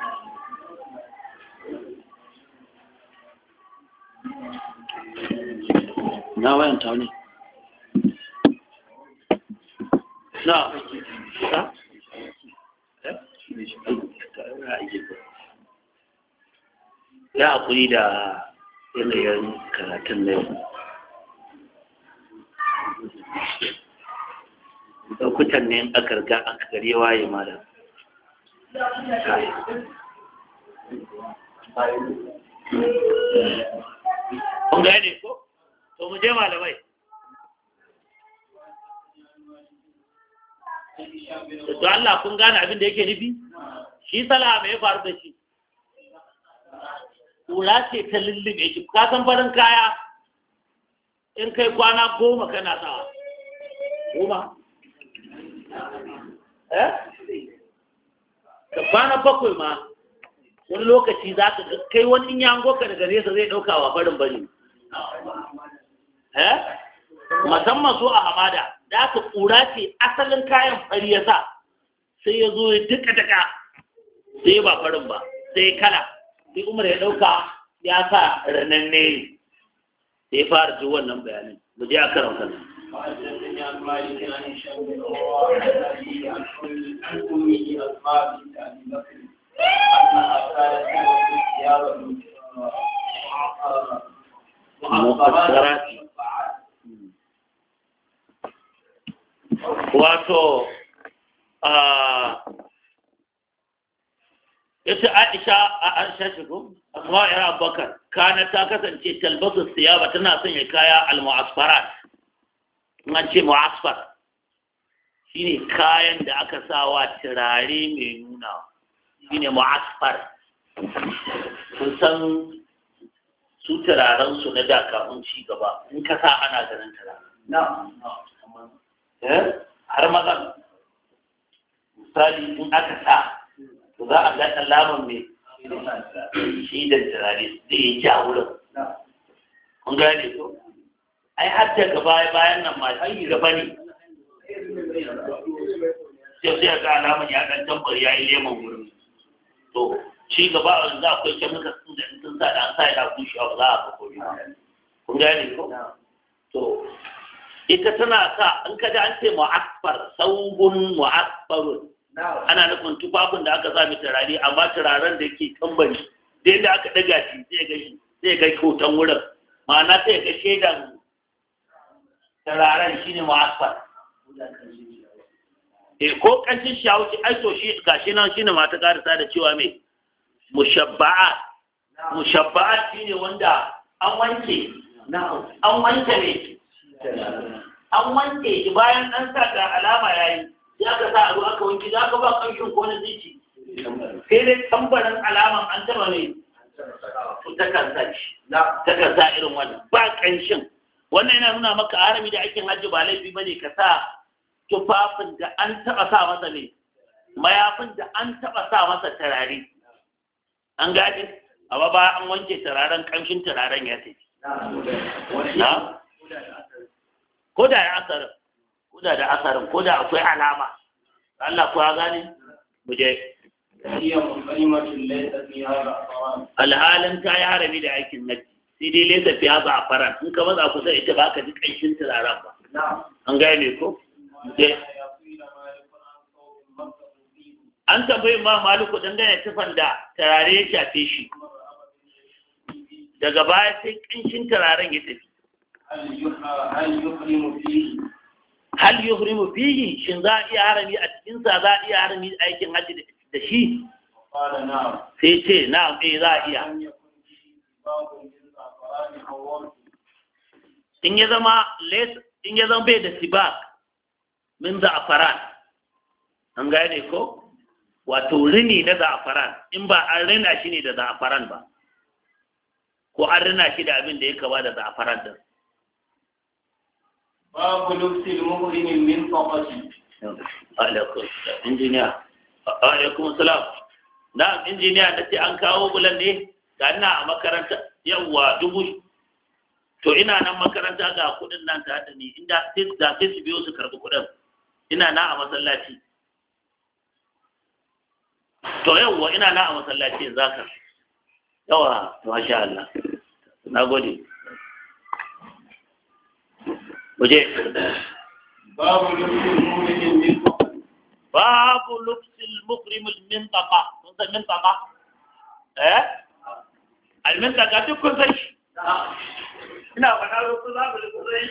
A: na wayan ta na ya haƙuri da yanayin karatun na yau lokutan ne aka riga aka gari waye malam yi. kun gane ko to mu je malamai to Allah kun gane abin da yake nufi shi salama ya faru da shi kura ce ta lullube shi ka san farin kaya in kai kwana goma kana sawa goma eh ka kwana bakwai ma wani lokaci za ka kai wani in yango ka daga nesa zai ɗauka wa farin bane eh? musamman so a hamada da aka ƙura ce asalin kayan fari ya sa sai ya zo ya duka daga sai ba farin ba sai kala sai umar ya ɗauka ya sa rananne sai fara ji wannan bayanin mu je a karan kan
B: عن مؤثرات
A: wato ita aisha a aisha shigo asma ira abubakar kana ta kasance talbasu siyaba tana sanya kaya al-mu'asfarat an ce mu'asfar shine kayan da aka sawa turare mai nuna ne mu'asfar sun san su turaren su na da kafin ci gaba in ka sa ana ganin turaren eh? har mazan misali in aka sa to za a ga alaman mai shi da turare da ya ja wurin kun gane ko ai har daga baya bayan nan ma yi gaba ne sai sai ga alaman ya dan tambar yi lemon wurin to shi gaba a yanzu akwai chemicals sun da sun sa da an sa yana bushewa ba za a ga komai kun gane ko to ita tana sa an ka an ce mu'akbar saugun mu'akbarun ana nufin tufafin da aka sa mai turare amma turaren da yake tambari da yadda aka daga shi zai ga shi zai ga kyautan wurin ma'ana sai ga shaidan turaren shine mu'akbar e ko kanshin shawuci ai to shi gashi nan shine mata karisa da cewa me mushabba'a mushabba'a shine wanda an wanke
B: an
A: wanke ne an wanke shi bayan an sa ga alama yayi ya ka sa abu aka wanke za ka ba kanshin ko na ziki sai dai tambarin alaman an taba ne takan sa shi takan sa irin wannan ba kanshin wannan yana nuna maka arami da aikin hajji ba laifi bane ka sa tufafin da an taɓa sa masa ne mayafin da an taɓa sa masa turare an gaji amma ba an wanke turaren ƙamshin turaren ya tafi na ko da ya asarin ko da asarin koda akwai alama Allah kuwa gane mu je alhalin ta yi harami da aikin na sai dai laisa fiya ba a faran in ka maza kusa ita ba ka ji ƙanshin turaren ba an gane ko an tambayi ma maliku dangane tufan da tarare ya shafe shi daga baya sai ƙanshin tararen ya tafi hal mu fihi shin za a iya harami a cikin sa za a iya harami aikin hajji da shi sai ce na eh za a iya in ya zama in ya zama bai da sibak min za'afaran an gane ko wato rini na za'afaran in ba an rina shi ne da za'afaran ba ko an rina shi da abin da ya kaba da za'afaran din babu lufsil muhrimin min faqati alaikum injiniya alaikum salam na injiniya na ce an kawo bulan ne ga ina a makaranta yawwa dubu to ina nan makaranta ga kudin nan ta da ni inda sai su biyo su karbi kudin ina na a masallaci to yawwa ina na a masallaci yanzu haka yawa masha Allah na gode waje babu lubsil mukrim mintaqa kun san mintaqa eh al mintaqa duk kun san shi ina faɗa lokacin za ku lubsil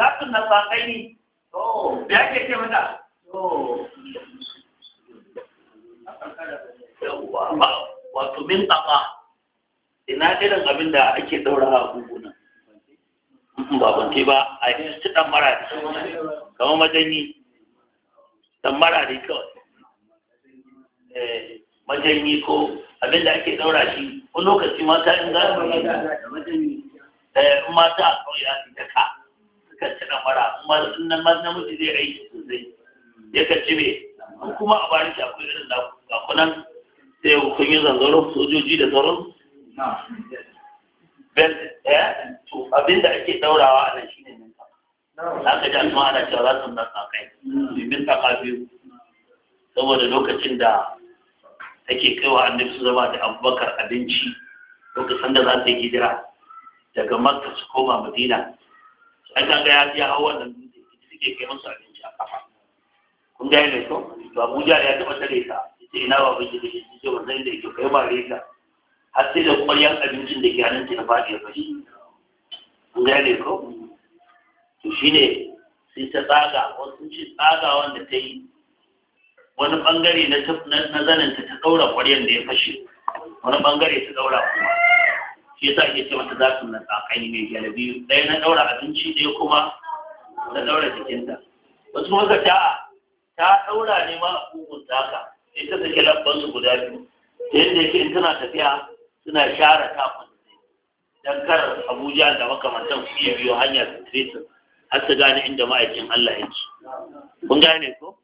A: za ku na sakai ne da oh. ake ce mata oh. wato min ƙafa ina irin abin da ake ɗaura a guguna ba banke ba a yi su ɗan mara marari kamar majanyi ɗan mara marari kawai eh, majanyi ko abin da ake ɗaura shi wani lokaci mata in za su yi eh, mata a ƙauye a daka suka ci na namiji zai aiki sosai ya ci me kuma a bayan shafi akwai irin da kakunan sai hukun yi zanzaro sojoji da sauran eh? abin da ake daurawa a nan shine ne Na ka ji asuma ana cewa za su nan kai domin ta biyu saboda lokacin da take kaiwa annabi su zama da abubakar abinci lokacin da za ta yi hijira daga makka su koma madina ai kaga ya ya hawa wannan dutse suke kai musu abinci a kafa kun ga ne to to Abuja ya taba tare ta ce ina ba bai da shi ce wannan da yake kai ba reka har sai da kwaryan abincin da ke hannun ta ba ke fashi kun ga ne ko to shine sai ta tsaga wasu ce tsaga wanda ta yi wani bangare na zanen ta ta daura kwaryan da ya fashe wani bangare ta daura kuma ya yasa ake ce mata za su na tsakani mai galibi ɗaya na ɗaura abinci ɗaya kuma na ɗaura jikinta wasu kuma ka ta ta ɗaura ne ma a kugun taka ita take labban su guda biyu da yadda yake in tana tafiya suna share takun dan kar Abuja da makamantan su iya biyo hanya su tresa har su gane inda ma'aikin Allah yake kun gane ko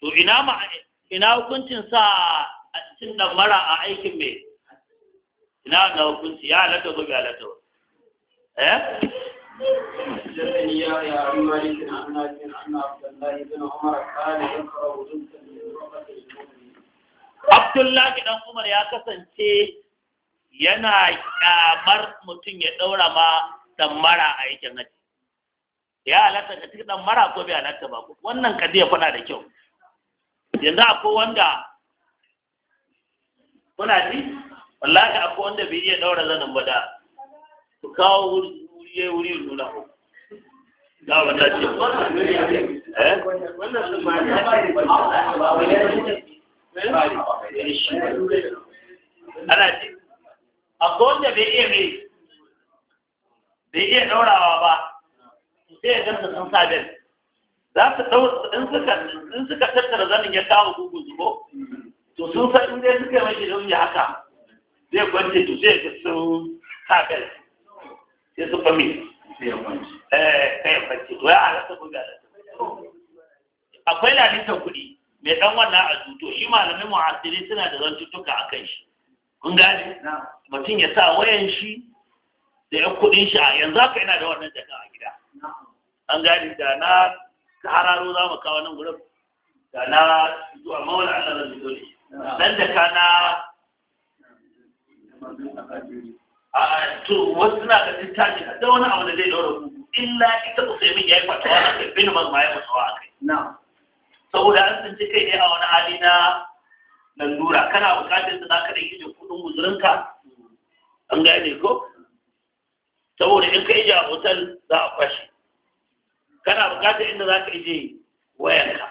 A: to ina ma ina hukuncin sa a cin mara a aikin mai ina wannan hukunci ya halatta ko bai halatta ba eh
B: جلني يا
A: yana kyamar mutum ya ɗaura ma ɗammara a yakin haji ya halatta ka cikin ɗammara ko bai halatta ba wannan ka ya kuna da kyau yanzu akwai wanda kuna ji wallahi akwai wanda bai iya daura zanen ba da su kawo wuri wuri
B: wuri nuna ku
A: da ce eh ana ce akwai
C: wanda
B: bai
A: iya mai bai iya daurawa ba sai ya ganta sun sa za su ɗau in suka tattara zanin ya kawo gugu zubo to sun san in dai suka yi mashi haka zai kwance to sai ga sun kafin eh, ya su fami eh kai kwance to ya halatta ko ga akwai lalitan kuɗi mai ɗan wannan a zuto shi malamin mu'asiri suna da zantuttuka a kan shi kun gane mutum ya sa wayan shi da ya kuɗin shi a yanzu haka yana da wannan jaka a gida an gane da na hararo za mu kawo nan gurin da na zuwa mawala Allah zan zuto ne dan jaka na a to wasu na ga littafi da wani abu da zai daura ku illa ita ku sai min yayi fatawa na kai bin man ma ya fatawa kai. na saboda an tsinci kai ne a wani hali na nan lallura kana bukatar su zaka da yake kudin guzurinka an gane ko saboda in ka ja a hotel za a kwashe kana bukatar inda za ka ije wayanka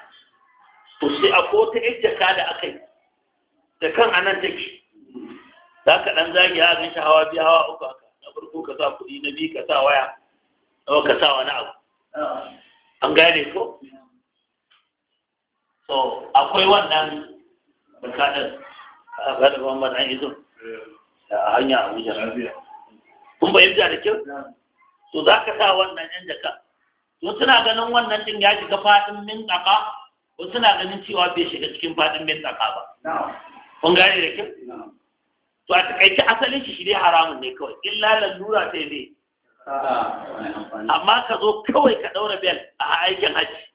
A: to sai a ko ta ijjaka da akai da kan anan take za ka ɗan zagi a ganshi hawa biya hawa uku haka na farko ka sa kuɗi na biyu ka sa waya na ka sa wani abu an gane ko so akwai wannan bukatar a ga da bamban an izo a hanya abuja kun bai da kyau to za ka sa wannan yan jaka Wasu suna ganin wannan din ya shiga fadin min tsaka ko suna ganin cewa bai shiga cikin fadin min tsaka ba kun gane da kyau to a takaice asalin shi shi haramun ne kawai illa lalura sai ne. amma ka zo kawai ka ɗaura bel a aikin hajji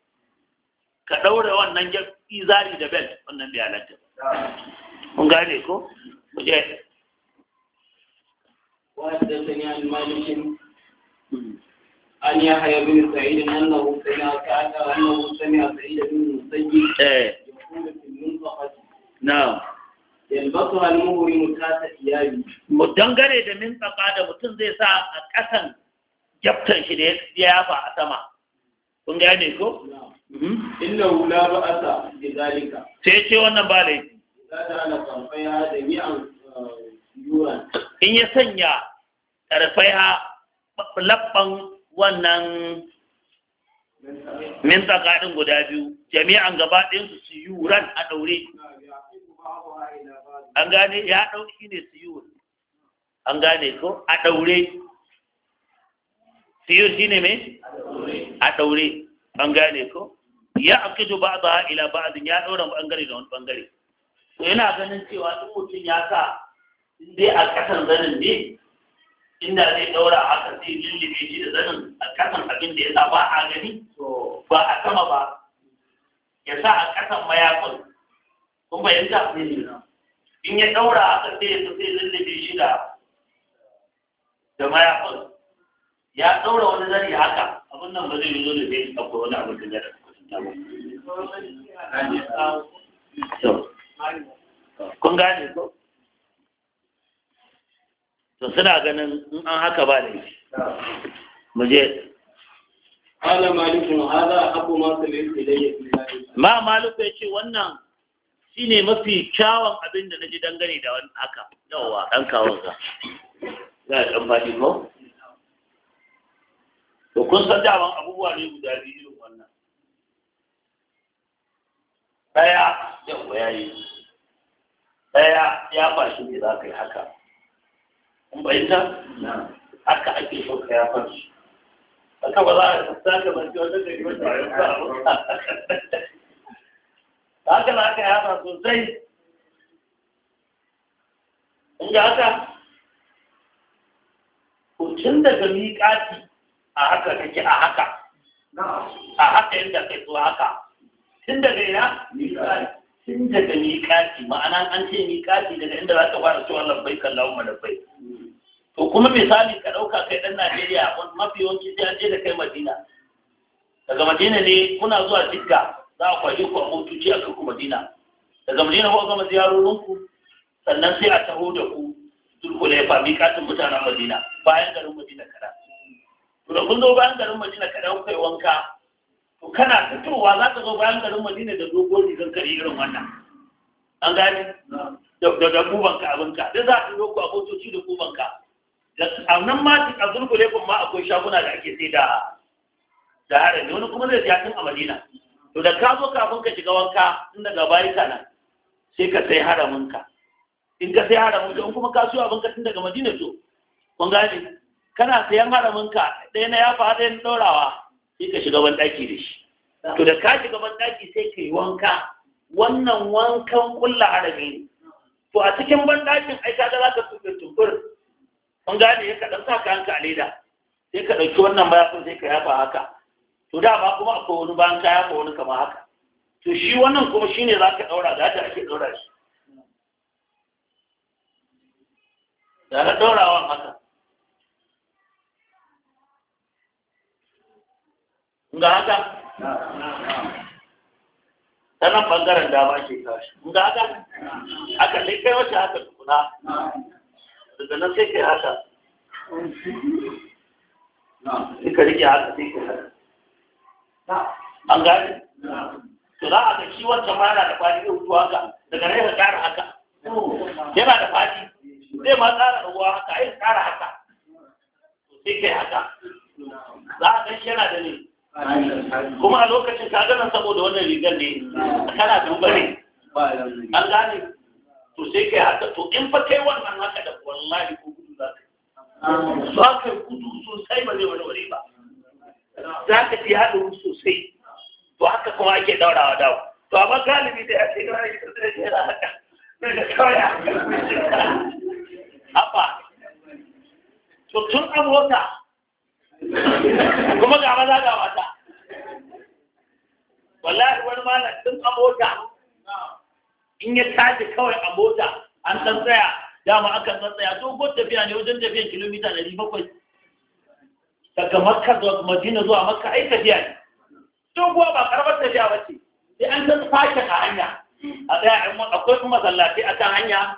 A: ka ɗaura wannan izari da bel wannan bai halatta gane ko mu
B: je وحدثني عن مالك عن يحيى بن سعيد انه سمع كعب انه سمع سعيد بن المسيب يقول
C: في
B: yalbasuha al-muhrimu
A: kasa iyali mu dangare da min tsaka da mutum zai sa a ƙasan jabtar shi da ya yafa a sama kun ne ko inna la ba'asa bi zalika sai ce wannan ba yuran. Eh, in ya sanya karfai ha labban wannan min tsaka din guda biyu jami'an gaba ɗayan su yuran a ɗaure
B: an gane ya
A: ɗau shi ne siyur an gane ko a ɗaure siyur shi ne mai a ɗaure an gane ko ya akidu ba ba ila ba ya ɗaura ɓangare da wani ɓangare to yana ganin cewa duk mutum ya sa dai a ƙasan zanen ne inda zai ɗaura haka zai lullube shi da zanen a ƙasan abin da ya sa ba a gani ba a sama ba ya sa a ƙasan mayakon kun fahimta in ya ɗaura a ƙasa ya tafi lullube shi da da mayafin ya ɗaura wani zari haka abin nan ba zai yi da shi akwai wani abin da ya kun gane ko to suna ganin in an haka ba ne mu je
B: قال مالك هذا أبو ما
A: مالك wannan shine mafi kyawun abin da naji dangane da wani aka yawa dan kawon ka za dan faɗi ko to kun san daman abubuwa ne guda biyu irin wannan ɗaya yawa yi. ɗaya ya ba shi ne za ka yi haka kun bayyana haka ake so ka ya fashi haka ba za ka za ka zanci wata gari wata ba haka na haka ya yasa sosai inda haka tun daga miƙati a haka kake a haka a haka yadda kai so haka tun daga ina tun daga miƙati ma'ana an ce miƙati daga inda za ka fara cewa labbai kallon malabbai to kuma misali ka ɗauka kai ɗan najeriya mafi yawanci sai an je da kai madina daga madina ne kuna zuwa jidda za a kwaje ku a motoci a kanku madina daga madina ku gama ziyarorinku sannan sai a taho da ku fami katin mutanen madina bayan garin madina kada to da kun zo bayan garin madina kada ku kai wanka to kana fitowa za ka zo bayan garin madina da dogon rigar kare irin wannan an gane da da kubanka abinka da za a turo ku a motoci da kubanka a nan ma a zulhulaifin ma akwai shaguna da ake sai da da harami wani kuma zai ziyartun a madina to da ka zo kafin ka shiga wanka in daga bayi kana sai ka sai haraminka in ka sai haramin ka in kuma ka siyo abin ka tun daga madina to kun gane kana sayan haramin ka ɗaya na yafa ɗaya na ɗorawa sai ka shiga ban ɗaki da shi to da ka shiga ban ɗaki sai ka yi wanka wannan wankan kulla harami ne to a cikin ban ɗakin ai ka ga za ka tuɓe tumbur kun gane ya ka ɗan sa ka hanka a leda sai ka ɗauki wannan bayan sai ka yafa haka to dama kuma akwai wani bayan kaya ko wani kama haka to shi wannan kuma shi ne za ka ɗaura da ta ake ɗaura shi da na ɗaurawan haka ga haka ta nan ɓangaren dama ke kashi ga haka aka sai kai wacce haka tukuna daga nan sai kai haka sai ka rike haka sai kai haka an gani to za a ga shi wancan ma yana da fadi zai wuce haka daga nan ya kara haka yana da fadi zai ma tsara ruwa haka ya kara haka sai kai haka za a ga shi yana da ne kuma a lokacin ka ganin saboda wannan rigar ne kana duba ne an gane to sai kai haka to in fa kai wannan haka da wallahi ko gudu za ka yi za ka yi gudu sosai ba zai wani wani ba za ka fi haɗu sosai to haka kuma ake ɗaurawa dawo to amma galibi da ya ce na shi da zai yana haka da kawai haka to tun an wata kuma ga maza ga mata wallahi wani malam tun a mota in ya tashi kawai a mota an tsantsaya. dama akan tsantsaya to dogon tafiya ne wajen tafiyan kilomita ɗari daga makka zuwa madina zuwa makka ai tafiya ne kuwa ba karbar tafiya ba ce sai an san fashe a hanya a tsaya in akwai kuma masallaci a kan hanya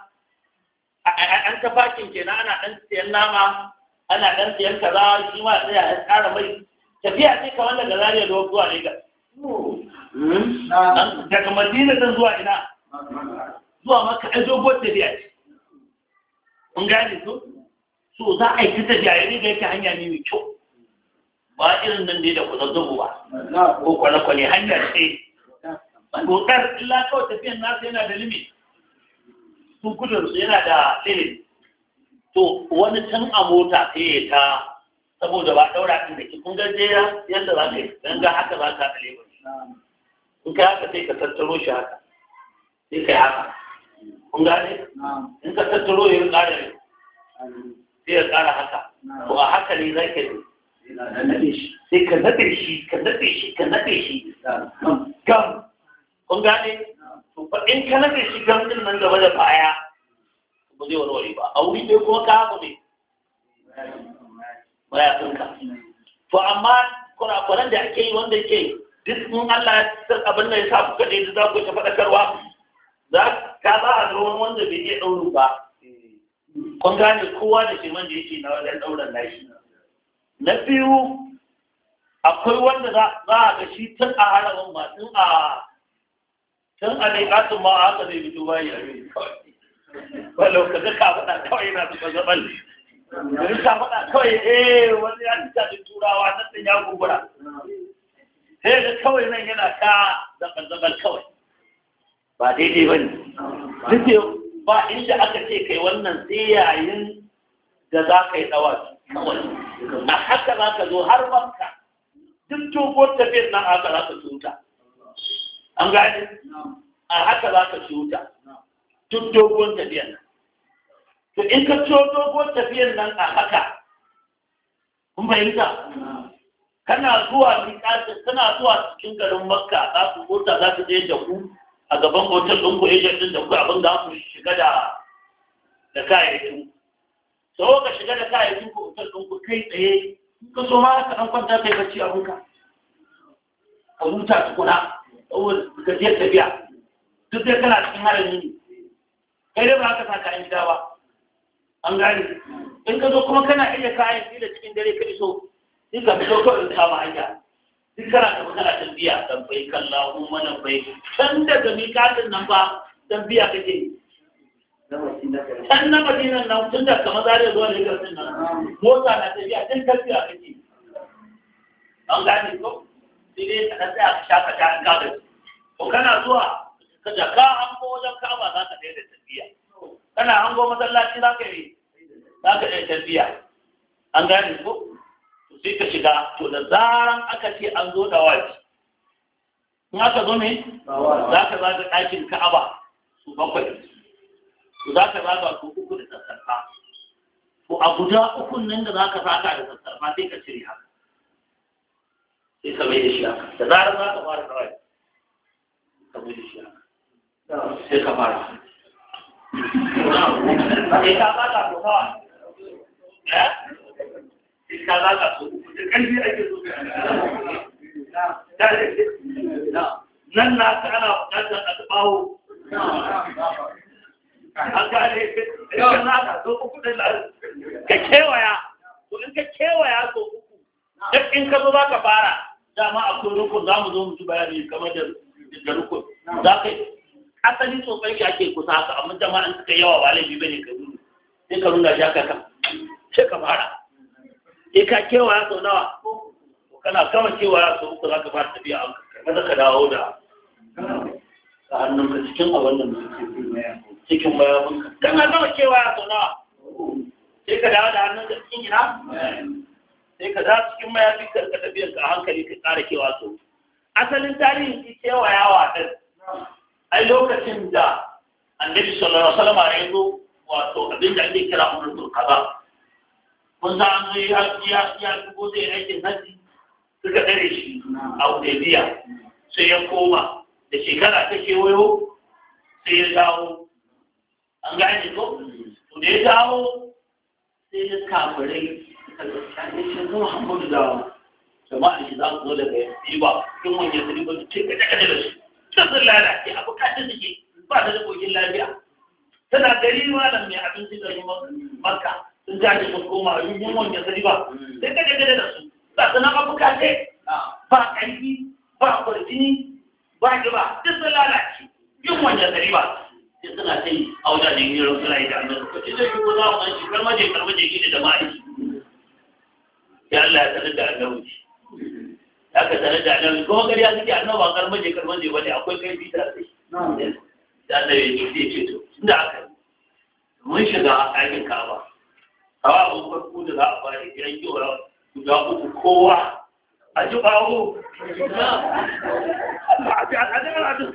A: an ta fakin kenan ana ɗan siyan nama ana ɗan siyan kaza shi ma tsaya an tsara mai tafiya ce kamar daga zariya da zuwa Legas. Hmm. Daga Madina zan zuwa ina zuwa maka ai dogon tafiya ce. Kun gane su? So za a yi ta tafiya yadda da yake hanya ne mai kyau. ba irin nan ne da kwazazzabu ba ko kwale-kwale hanyar ce dokar illa kawai tafiyan nasu yana da limit sun gudun su yana da limit to wani can a mota sai ya ta saboda ba daura ɗin da ke kun ya yadda za ka yi don ga haka ba ka da lebur in ka haka sai ka tattaro shi haka sai ka yi haka kun gane in ka tattaro ya yi ƙara sai ya ƙara haka to a haka ne za ka yi sai ka naɗe shi ka naɗe shi ka naɗe shi gam kun gane in ka naɗe shi gam din nan gaba da baya ba zai warware ba a wuri ne kuma ka haku ne baya sun ka to amma kurakuran da ake yi wanda ke duk mun Allah ya abin da ya sa kuka da za ku ta faɗakarwa za ka ba a ga wanda bai iya ɗaurin ba kun gane kowa da shi man da yake na wajen ɗaurin nashi
B: na biyu
A: akwai wanda za a ga tun a haramin ma tun a tun a ne katin ma haka zai fito bayi a rai kawai.
B: ka ga
A: ka faɗa kawai na zuba zaɓal ka ka faɗa kawai eh wani ya ci da turawa na tun ya gubura sai ga kawai nan yana ka zaɓal kawai ba daidai ba ne duk ba inda aka ce kai wannan sai yayin da za ka yi ɗawa kawai a haka za ka zo har makka duk dogon tafiyar nan haka za ka cuta an gane a haka za ka cuta duk dogon tafiyar nan to in ka ciyo dogon tafiyar nan a haka kun fahimta kana zuwa miƙatin kana zuwa cikin garin makka za ku mota za ku je da ku a gaban hotel ɗin ku agent ɗin da ku abin da ku shiga da da kayayyakin sau ka shiga da kayayyakin ku hotel ɗin ku kai tsaye in ka so ma ka ɗan kwanta kai bacci a hunka ka huta tukuna saboda gajiyar tafiya duk dai kana cikin harami ne kai dai ba ka sa kayan gida ba an gane in ka zo kuma kana iya kayan gida cikin dare ka iso sai ka fito kawai da kama hanya duk kana da magana tambiya tambayi kallahu mana bai can daga miƙatin nan ba dan biya kake yi
B: can na
A: madinan nan tun da kamar zai zuwa da yadda nan mota na tafiya tun tafiya kake an gane ko sai dai ka tsaya ka shafa ta an gaba ko kana zuwa ka da ka hango wajen kaba za ka da tafiya kana hango masallaci za ka yi za ka daina tafiya an gane ko sai ka shiga to da zaran aka ce an zo da waji in aka zo ne za ka zaga ɗakin ka'aba su bakwai to za ka raba su uku da sassarfa to a guda ukun nan da za ka saka da sassarfa sai ka cire haka sai ka mai da shi haka da zarar za ka fara kawai ka mai da shi haka sai ka fara sai ka saka ko kawai sai ka saka su uku da ƙarfi ake so ka nan na ta ana buƙatar a tabawo an gane yau na ka so uku ka kewaya to in ka uku duk in ka zo za ka fara dama akwai rukun za mu zo mu ji bayani kamar da rukun za ka yi. asali tsofai shi ake kusa haka amma jama'an suka yawa ba laifi ne ka nuna sai ka nuna shi haka kan sai ka fara sai eh, ka ya sau nawa kana kama ya sau uku za ka fara tafiya an ka dawo da hannunka cikin a ke da suke cikin bayanka kana nawa cewa ya zauna sai ka dawo da hannun da cikin gina sai ka za cikin mayafin ka ta tafiya ka hankali ka tsara kewa so asalin tarihin shi cewa ya wata. ai lokacin da annabi sallallahu alaihi wasallam ya zo wato abin da ake kira umrul qada kun san an yi ya ya dubo zai aikin haji suka tsare shi a Hudaybiya sai ya koma da shekara ta kewayo sai ya dawo an gane ko to da ya dawo sai ya kafirai suka gaskiya shi ga Muhammadu da jama'a shi za su zo daga Yiba kin wani sai ba ce ka daga da su. ta sun lalace a bukatun take ba ta da kokin lafiya tana gari malam mai abinci garin Makka sun ja da koma yin wani sai ba sai ka daga da su ba sana ba bukatai ba kanki ba kwarjini ba kiba duk sun lalace yin wani sai ba sai suna ta yi a wajajen yi rau suna yi da annabi ko zai shigo za mu shi karmaje karmaje gida da mali ya Allah ya sanar da annabi ya ka sanar da annabi kuma gari ya suke annabi ba karmaje karmaje ba ne akwai karfi ta sai da annabi ne zai ce to inda aka mun shiga ɗakin kaba kawa abin farko da za a bari gidan yora guda uku kowa a ji ɓawo
B: a ji al'adun al'adun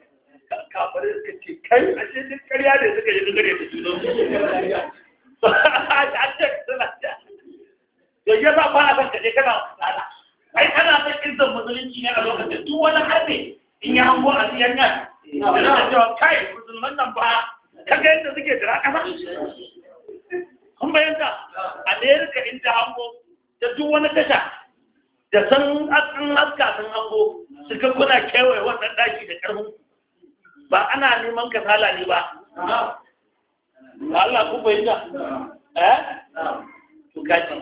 A: kafirai suka ce kai a ce duk karya ne suka yi dukkan da junan su a ce suna da ya za ba a san kaje kana tsada ai kana son izzan musulunci ne a lokacin duk wani harbe in ya hango a siyan nan? yan yana cewa kai musulman nan ba Ka kaga yadda suke jira kasa kun bayanta amerika in ta hango da duk wani tasha da san an haska sun hango su kuna kewaye wannan daki da karfin ba ana neman kasala ne ba Allah ku fahimta eh to kaji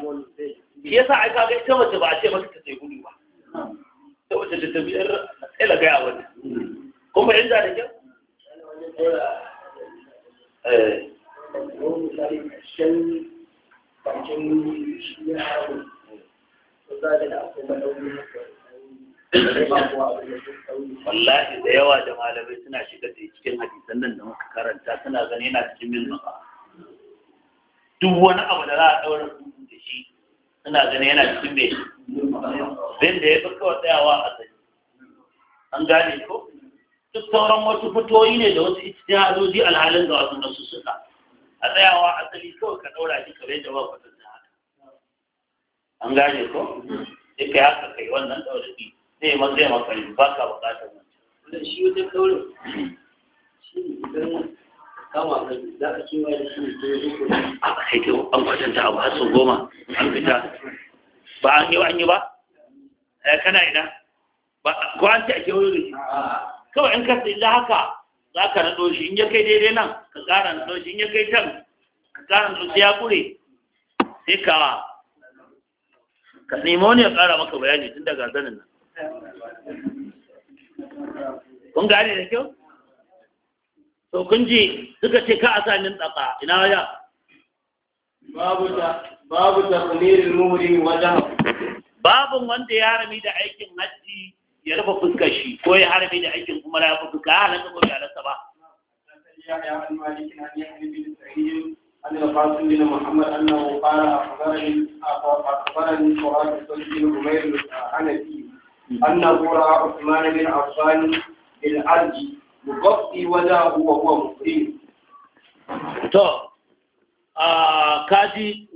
A: shi yasa ai ka ga ita wace ba a ce maka ta sai gudu ba ta wace da tabiyar tsela ga yawa ne kun fahimta da kyau eh
B: da akwai madauki
A: wallahi da yawa da malamai suna shiga da cikin hadisan nan da muka karanta suna gani yana cikin min maka duk wani abu da za a daura
C: rubutu da shi
A: suna gani yana cikin mai zai da ya fi kawai tsayawa a sani an gane ko duk sauran wasu fitoyi ne da wasu ijtihadoji alhalin da wasu nasu suka a tsayawa asali kawai ka ɗaura shi kamar yadda ba kwatanta haka an gane ko sai ya haka kai wannan ɗaura biyu zai mazai zai makari ba ka ba
B: wannan shi wata kaurin shi ne idan kama kai za a kewa da shi ne a kai kai an kwatanta abu har sau goma an fita
A: ba an yi ba an yi ba eh, kana ina ba ko an ce a kewa da shi kawai in ka tsaye haka za ka na shi in ya kai daidai nan ka ƙara na shi in ya kai can ka ƙara na sai ya ƙure sai ka ka nemo ne ya ƙara maka bayani tun daga zanen nan kun gane da kyau to kun ji suka ce ka sa min tsaka ina waya babu ta babu taqlil muhri wajha Babu wanda ya rami da aikin hajji ya rufe fuskar shi ko ya harami da aikin kuma ya rufe fuska ya halaka ko
B: ya halaka ba ya anna kura Usman bin Affan bin Arji mukofi wada huwa huwa
C: To,
A: a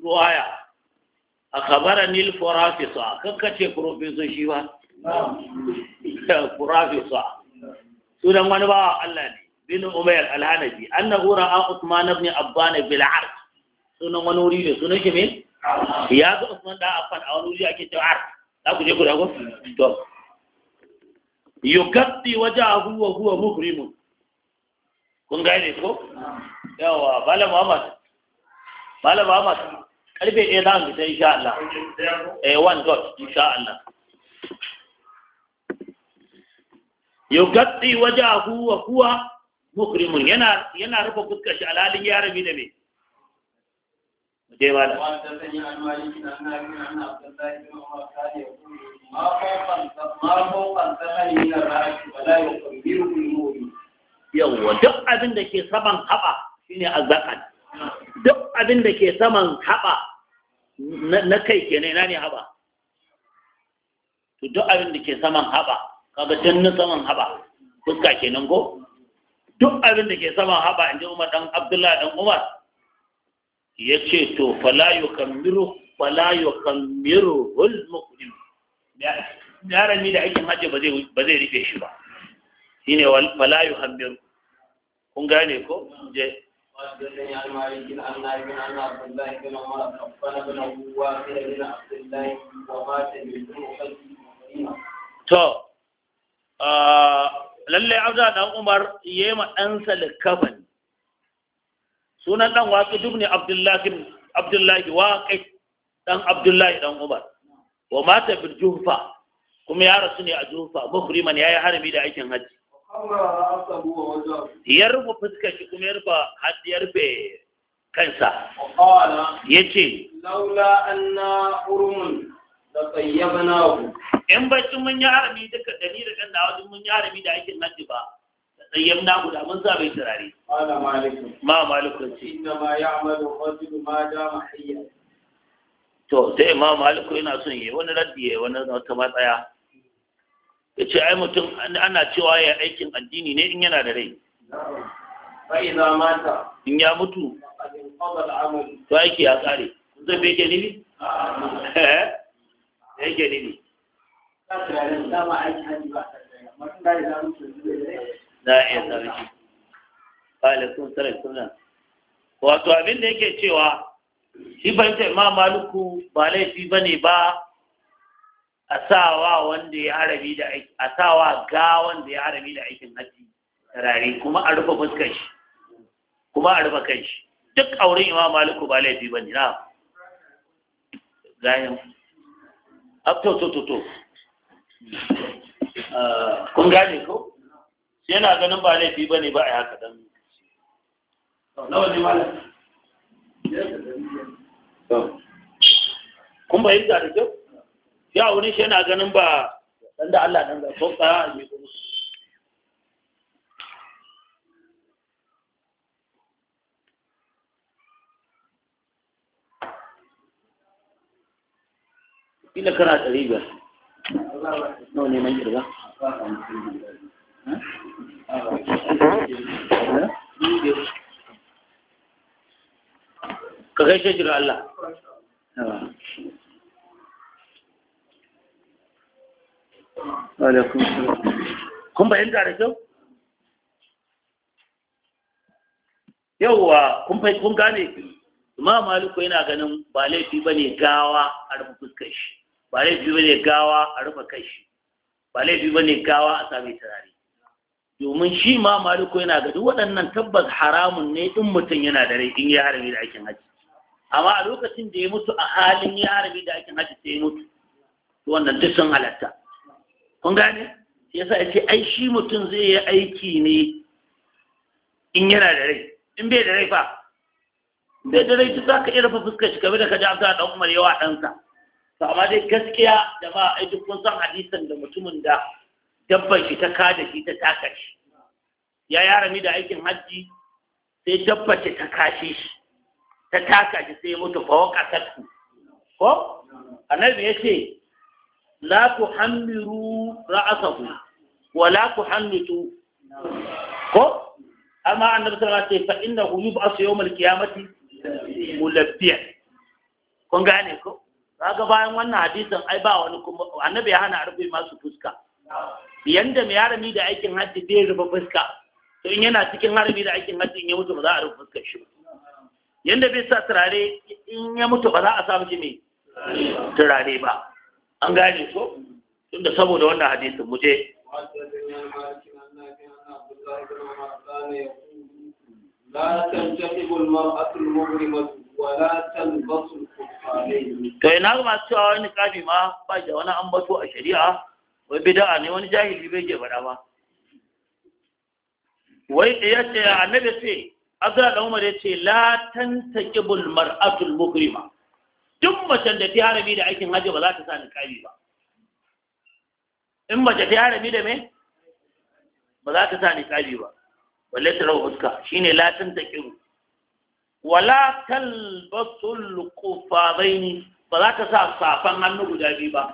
A: ruwaya, a kabara Nil Furafisa, kanka ce Furafisa shi ba? Sunan wani ba Allah ne, bin Umar Alhanabi, an na hura a Usman ibn Abban bin Arji, sunan wani wuri ne, sunan shi ne? Ya zo Usman da Affan a wuri ake cewa za ku je ku dago to yukatti wajahu wa huwa muhrimun kun ne ko yawa Bala Muhammad Bala Muhammad karfe ɗaya za mu fita insha Allah eh one dot insha Allah yukatti wajahu wa huwa muhrimun yana yana rufe fuskar shi alhalin ya rabi da je ba da yawwa duk abin da ke saman haɓa shine azzakan duk abin da ke saman haɓa na kai kenan ina ne haɓa to duk abin da ke saman haɓa kaga can saman haɓa fuska kenan ko duk abin da ke saman haɓa in ji umar dan abdullahi dan umar ya ce to falayo kammiru falayo kammiru hulmukulim harami da aikin hajji ba zai rufe shi ba shi ne falayo kammiru kun gane ko je to ah, lalle abu da umar yi ma ɗansa kafani sunan dan waƙi duk abdullahi abdullahi waƙi dan abdullahi dan umar wa mata bil juhfa kuma ya rasu ne a juhfa ya yayi harami da aikin hajji ya rufe fuskar shi kuma ya rufe haddi ya rufe kansa ya ce laula anna urumun da tsayyabna in bacin mun yi harami duka dalilin da wajen mun yi harami da aikin hajji ba tsayyam na guda mun sa turare ma malikun ce to yi ma malikun yana son yi wani raddi ya wani wata tsaya. ya ce ai mutum ana cewa ya aikin addini ne in yana da rai in ya mutu to aiki ya tsare eh? zai bai ke nini? ya ke nini? za a iya sami shi sun tare suna wato abin da yake cewa shi fahimtar ma maluku ba laifi ba ne ba a sawa wanda ya harabi da a sawa ga wanda ya harabi da aikin haji tarare kuma a rufe fuskar shi kuma a rufe kan shi duk auren imam maluku ba laifi ba ne na gayan up to to to ah, kun gane ko yana ganin ba laifi ba ne ba a yi haka dan
B: nawa ne malam kun fahimta da kyau
A: ya wani shi yana ganin ba dan da Allah dan ga ko a yi kuma kila kana ɗari biyar.
B: Nawa ne man girga? ka
A: kai shi da Allah kun fahimta da kyau yauwa kun gane ma maliku yana ganin ba laifi ba ne gawa a rufe kashi. ba laifi ba ne gawa a rufe kashi. ba laifi ba ne gawa a sami turare domin shi ma Maliko yana gadi waɗannan tabbas haramun ne in mutum yana da rai in ya harami da aikin haji amma a lokacin da ya mutu a halin ya harami da aikin haji sai ya mutu wannan duk sun halatta kun gane yasa ya ce ai shi mutum zai yi aiki ne in yana da rai in bai da rai fa bai da rai duk za ka iya rufe fuskar shi kamar da ka ji abda ɗan umar yawa ɗansa to amma dai gaskiya da ba ai duk kun san hadisan da mutumin da
C: dabban shi ta
A: kada shi ta taka shi ya yara mi da aikin hajji sai dabba ce ta kashe shi ta taka shi sai mutu fa waka tattu ko annabi yace la hamiru ra'asahu? wa la ku hamitu ko amma annabi sallallahu alaihi wasallam fa innahu yub'as yawm al-qiyamati mulabbiya kun gane ko kaga bayan wannan hadisin ai ba wani kuma annabi ya hana arbi masu fuska yanda mai harami da aikin hajji zai rufe fuska to in yana cikin harami da aikin hajji in ya mutu ba za a rufe fuskar shi yanda bai sa turare in ya mutu ba za a samu shi mai turare ba an gane so, tunda saboda wannan hadisin mu je
B: لا تنتخب المرأة المغرمة ولا تلبس الخفانين.
A: كاين هذا ما تسوى وين قادمة الشريعة wai bid'a ne wani jahili bai ke faɗa ba wai ya ce annabi ce azra da umar ya ce la tantaqibul mar'atul mukrima duk macen da ta harami da aikin hajji ba za ta sa niqabi ba in mace ta harami da me ba za ta sa niqabi ba balle ta rawa fuska shine la tantaqibu wala talbasul qufabaini ba za ta sa safan hannu guda biyu ba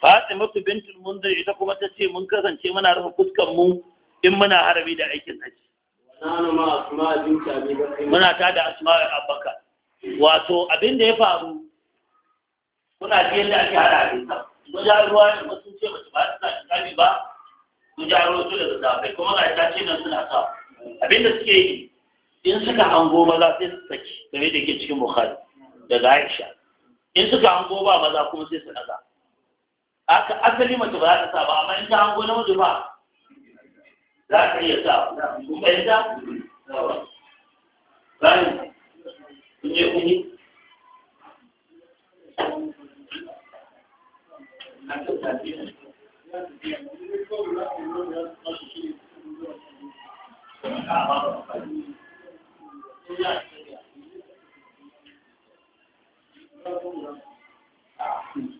B: Fatimatu bintul
A: Munzir ita kuma ta ce mun kasance muna rufe fuskan mu in muna harabi da aikin haji. Muna ta da Asma Abubakar. Wato abin da ya faru kuna ji yadda ake hada abin sa. Mun ja ruwa ne ba ce ba su ba suna ba. Mun ja ruwa su da zafai kuma ga ta ce nan suna sa. Abin da suke yi in suka hango maza sai su saki game da yake cikin Bukhari daga Aisha. In suka hango ba maza kuma sai su naza. aka asali mace ba za ta sa ba amma in ta hango na waje ba za ta iya sa kun fahimta
B: bayan kun je kun yi Thank you.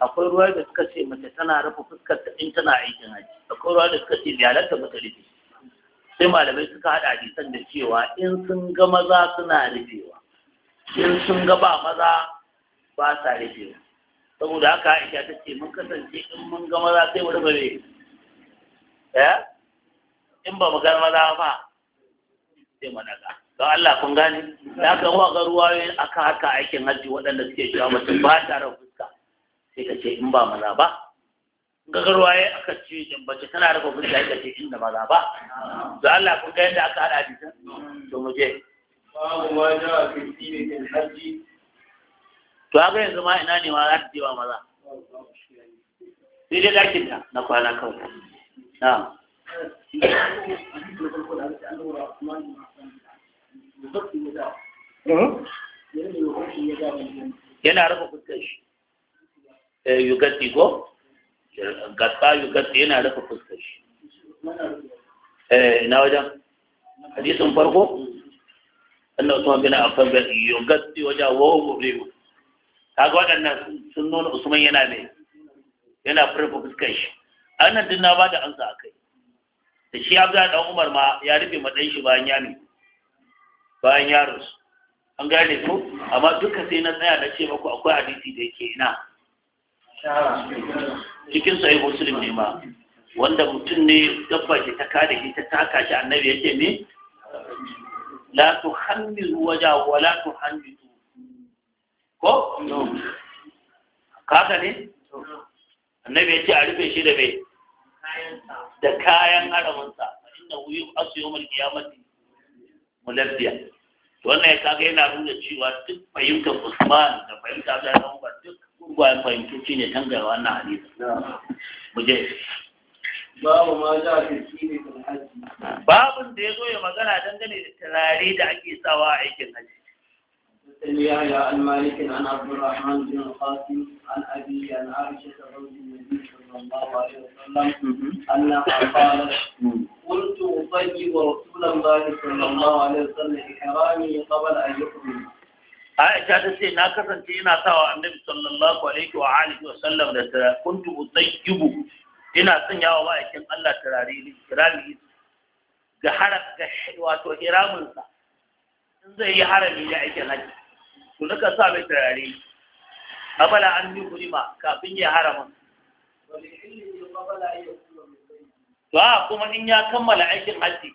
A: akwai ruwa da suka ce mace tana rufe fuskar ta in tana aikin haji akwai ruwa da suka ce biyalarta ba ta rufe sai malamai suka haɗa hadisan da cewa in sun ga maza suna rufewa in sun ga ba maza ba sa rufewa saboda haka aisha ta ce mun kasance in mun ga maza sai mu rufe eh in ba mu ga maza ba sai mu daga don Allah kun gane da aka wa ga ruwa ka haka aikin haji waɗanda suke cewa mutum ba ta rufe sai ka ce in ba maza ba gagarwa ya aka ce mace tana da rufe da aka ce in da maza ba za Allah kun ga yadda aka haɗa a jikin to mu je babu ma ja fi dinin haji to haka yanzu ma ina ne ma za ta ce ba maza sai dai dakin da na kwana kawai na hmm? yana rufe fuskar shi Eh, Yugati ko gata Yugati yana rufe fuskar shi eh ina wajen hadisin farko annabi Usman bin Affan bai Yugati wajen wawo gobe kaga waɗannan sun nuna Usman yana ne yana furfa fuskar shi annan din na bada ansa akai da shi ya ga dan Umar ma ya rufe madan shi bayan ya ne bayan yaron an gane ko amma duka sai na tsaya na ce maku akwai hadisi da yake ina cikin sai muslim ne ma wanda mutum ne dabba ce ta kada shi ta taka shi annabi yake ne la tuhammilu waja wa la tuhammilu ko kaga ne annabi ce a rufe shi da bai. da kayan haraminsa inda wuyu asu yawmal qiyamati mulabbiya wannan ya kaga yana nuna cewa duk fahimtar Usman da fahimtar Abdullahi kuma ya fahimci shi ne tanga ya wannan hadisi. Mu
B: Babu ma za ka shi ne
A: kan Babun da ya zo ya magana dangane da turare da ake sawa a aikin haji.
B: Sani ya ya an maliki a abu rahman bin al-Qasim an abi ya na aiki ta rauni mai bi sallallahu alaihi wasallam mhm. an na kwana. Kuntu ubangi wa rasulan bani ya alaihi wasallam ikirami qabala an yukmin.
A: Aisha ta ce na kasance ina sawa Annabi sallallahu alaihi wa alihi wa sallam da ta kuntu utayyibu ina sanya wa ma'aikin Allah turare ne kirami ga haram ga wato hiramin sa in zai yi harami da aikin haji to naka sa mai turare abala an yi hulima kafin ya haramin to a kuma in ya kammala aikin haji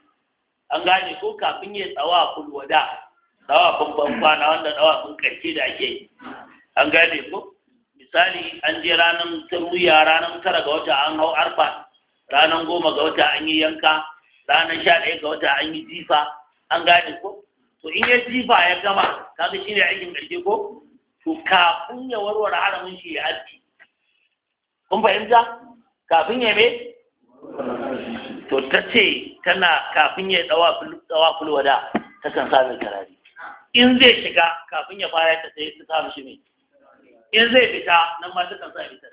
A: an gane ko kafin ya tsawa kulwada dawafin bamba na wanda dawafin karshe da ake yi an gane ko misali an je ranar tarwiya ranar tara ga wata an hau arfa ranar goma ga wata an yi yanka ranar sha ɗaya ga wata an yi jifa an gane ko to in ya jifa ya gama kaga shi ne aikin karshe ko to kafin ya warware haramin shi ya haske kun fahimta kafin ya me to ta ce tana kafin ya dawa fulwada ta kan sami karari in zai shiga kafin ya fara ta sai su sa mishi mai in zai fita nan ma ta sa fita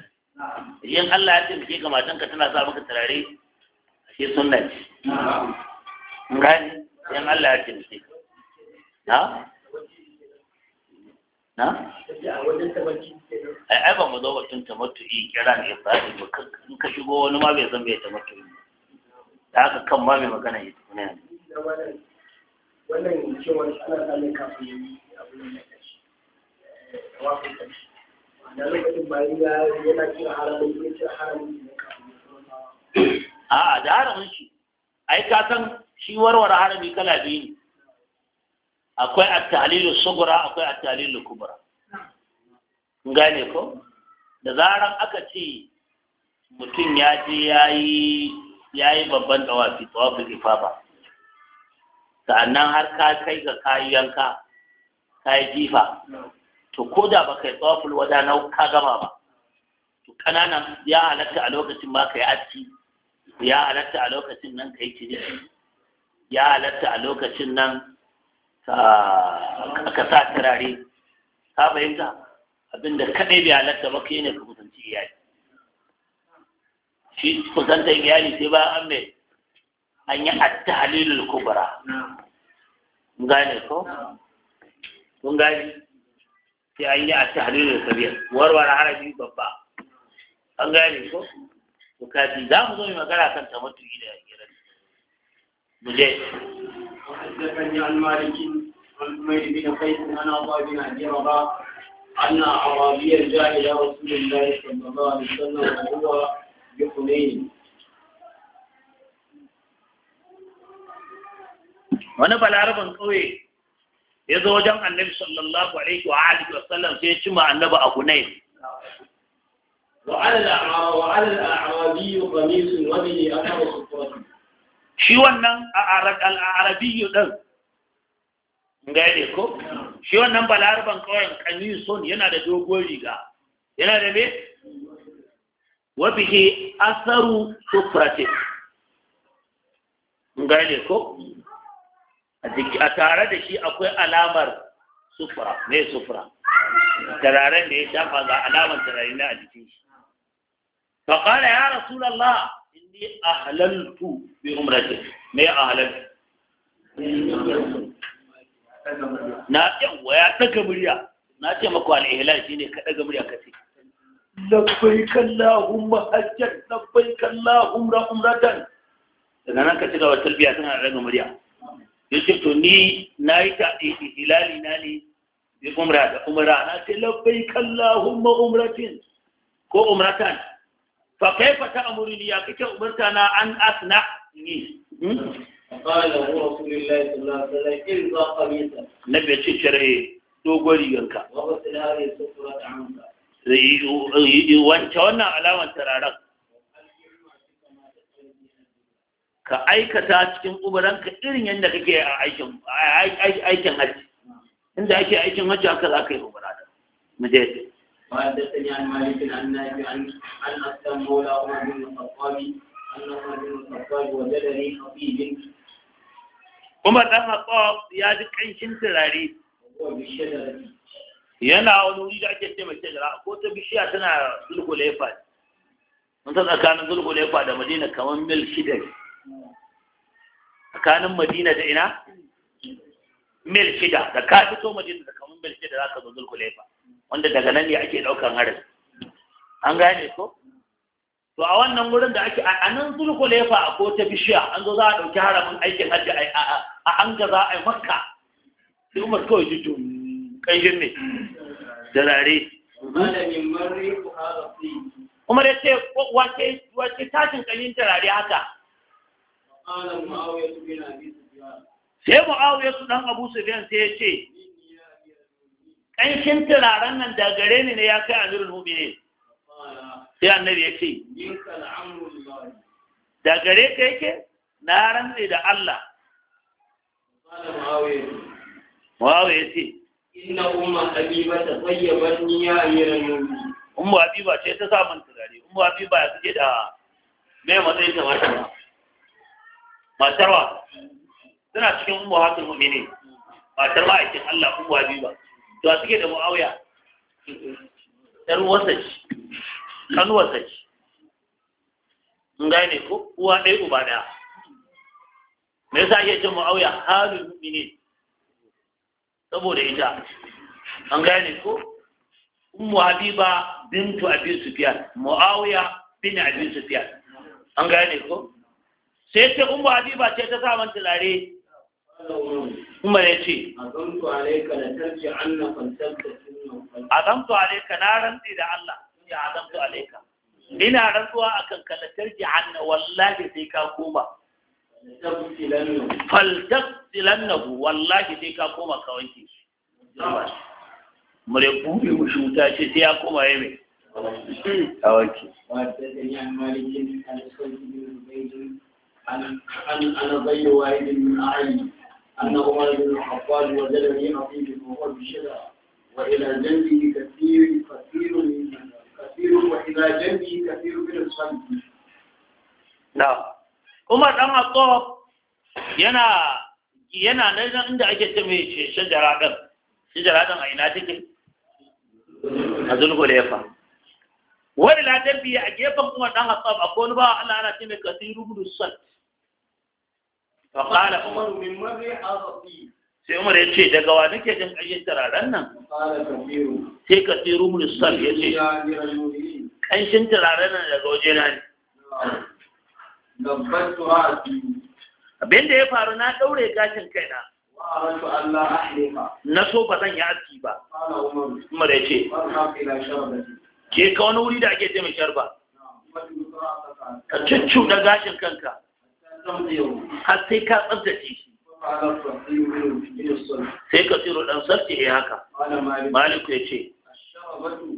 A: yin Allah ya taimake ga ka tana sa maka turare shi sunna ce ngani yin Allah ya taimake na na ai ai ba mu zo batun yi kira ne ba in ka shigo wani ma bai san bai ba. da haka kan ma mai magana ya tukuna
B: wannan cewa ana samun da kashi eh, ne kafin
A: shi ai ka shi warware harami kala biyu ne akwai at-tahlilu sughra akwai at-tahlilu kubra gane ko da zarar aka ce mutum ya je yayi yayi babban dawafi tawafin ifaba sa'annan har ka kai ga kayanka ka yi jifa to ko da baka yi tsawaful wada na ka gama ba to kananan ya halatta a lokacin ba ka yi aski ya halatta a lokacin nan ka yi ciniki ya halatta a lokacin nan ka sa turare ka fahimta abinda kaɗai bai halatta ba ka yi ne ka kusanci iyali shi kusantar iyali sai ba an mai an yi at-tahlilul kubra gane ko mun gane sai an yi at kabir warware harafi babba an gane ko to za mu zo mu magana kan tamattu da yaran
B: mu je حدثني عن جاء الى رسول الله صلى الله عليه وسلم وهو بحنين
A: wani balarabin ƙauye ya zo wajen annabi sallallahu alaihi wa alihi wasallam sai ya ci ma annabi a gunai shi wannan dan? ɗin ne ko shi wannan balarabin ƙauyen qamisun yana da dogon riga yana da me wafi asaru sokrates ne ko a tare da shi akwai alamar sufura ne sufura tararen da ya shafa ga alamar tarare na a jikin shi faƙala ya rasulallah inni ahlaltu bi umrati me ahlaltu na yawa ya daga murya na ce maka al-ihlal shine ka daga murya ka ce
B: labbaik
A: allahumma hajjan labbaik allahumma umratan daga nan ka ci gaba talbiya tana daga murya yace to ni nayi ta eh, eh, ilali na ne bi umra da umra na ce labbaik allahumma umratin ko umratan fa kaifa ta'muruni ya kike umarta na an asna ni قال هو رسول الله صلى الله عليه وسلم إلقى قميصا نبي تشري dogon riganka. Wanke wannan alaman turaren. ka aikata cikin ƙubaranka irin yadda kake a aikin hajji inda ake aikin hajji haka za ka yi ƙubara da mu je
B: وحدثني عن مالك عن نافع عن
A: عن yana wani wuri da ake ce mai shajara ko ta bishiya tana zulhulefa mun ta tsakanin zulgulefa da madina kamar mil shida ne tsakanin madina da ina mil shida da ka fito madina da kamun mil shida za ka zo zulkulaifa wanda daga nan ne ake ɗaukan harin an gane ko to a wannan wurin da ake a nan zulkulaifa ko ta bishiya an zo za a ɗauki haramin aikin hajji a an ga za a yi makka sai umar kawai jujju ƙanshin ne da rare umar ya ce wace tashin ƙanshin da haka sai mu'awiyar su ɗan abu sufiyan sai ya ce ƙanshin turaren nan da gare ni ne ya kai amirul muminin sai annabi ya ce da gare ka yake na rantse da Allah mu'awiyar ya ce inna umma habiba ta tsayyaban ni ya amirul umma habiba ce ta samun turare umma habiba ya suke da mai matsayin ta mata matarwa suna cikin wasu mu'minin matar cikin Allah ummu habiba to a suke da muawiya ɗan wasa ce kan wasa ce in gane ko uwa ɗaya uba ɗaya me yasa ake cin muawiya halul mu'minin saboda ita an gane ko Umma habiba bintu abi sufyan muawiya bin su sufyan an gane ko sai ce umma habiba ce ta sa man tulare umma ya ce azamtu alayka la tarji anna fantalta azamtu alayka na rantsi da Allah ya azamtu alayka ina rantsuwa akan ka la tarji anna wallahi sai ka koma faltaqtilannahu wallahi sai ka koma ka wanke shi mure buɗe mushi wuta ce sai ya koma ya mai a
B: wanke hmm. عن عن غير واحد من أعين أن عمر بن الخطاب وجدني أطيب وهو بشرى وإلى جنبه كثير كثير كثير وإلى جنبه كثير من الخلق
A: نعم Umar ɗan Hattab yana yana nan inda ake ce mai shajara ɗin shajara a ina take a zulhulefa wani ladan biya a gefen Umar ɗan Hattab akwai wani ba Allah ana ce mai kasiru gudu salt فقال عمر
B: من مر عرفي sai
A: umar ya ce daga wa nake jin ƙanshin turaren nan sai ka sai ya ce ƙanshin turaren nan daga waje na ne abin ya faru na ɗaure gashin kaina na so ba zan yi aski ba umar ya ce ke ka wani wuri da ake ce mai sharba ka cuccuɗa gashin kanka har sai ka tsabtace shi. Sai ka tsiro ɗan sarki ya haka, Maliku ya ce,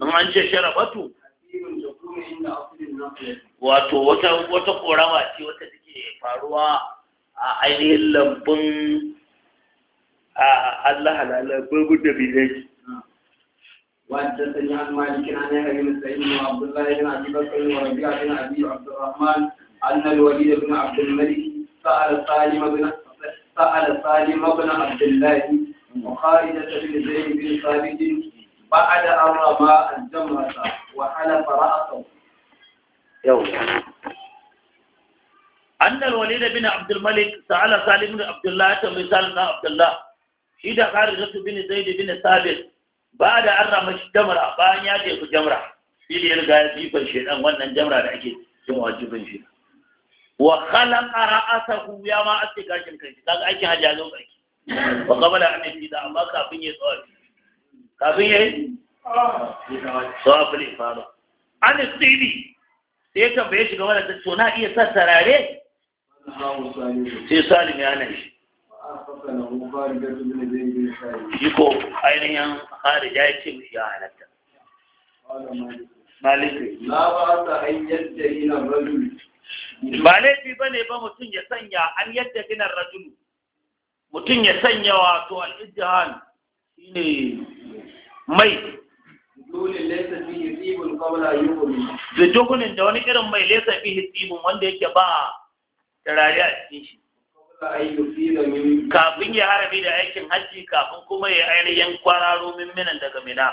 A: An an ce sharabatu, wato wata wata korawa ce wata take faruwa a ainihin lambun a Allah halala ko gudda
C: bi ne shi
B: wanda san ya mali kina ne hayyin sayyidina abdullahi ibn abi bakr wa rabi'a ibn abi abdurrahman أن الوليد بن عبد الملك سأل سالم بن سأل سالم بن عبد الله وخالدة بن زيد بن ثابت بعد أن رمى الجمرة وحلف رأسه يوم
A: أن الوليد بن عبد الملك سأل سالم بن عبد الله مثال بن عبد الله إذا خالدة بن زيد بن ثابت بعد أن رمى الجمرة بان يجي الجمرة shi ne ya riga ya jifan shedan wannan jamra da ake cin wajibin shedan wa khalaqa ra'asahu ya ma aske gashin kai kaga aikin hajji ya zo barki wa qabala an yida amma kafin ya tsawafi kafin ya yi tsawafi an tsibi sai tambaye shi game da to na iya sa tarare sai salim ya nan shi shi ko ainihin harija ya ce mishi ya halatta malik la
B: ba ta hanyar da yin rajul ba laifi
A: ba ne ba mutum ya sanya an yadda ginar rajulu
B: mutum ya sanya
A: wato al'ijjihan shi ne mai da jogunin da wani irin mai lesa fi hisibin wanda yake ba tarari a cikin
B: shi
A: kafin ya harabi da aikin hajji kafin kuma ya ainihin kwararo min minan daga mina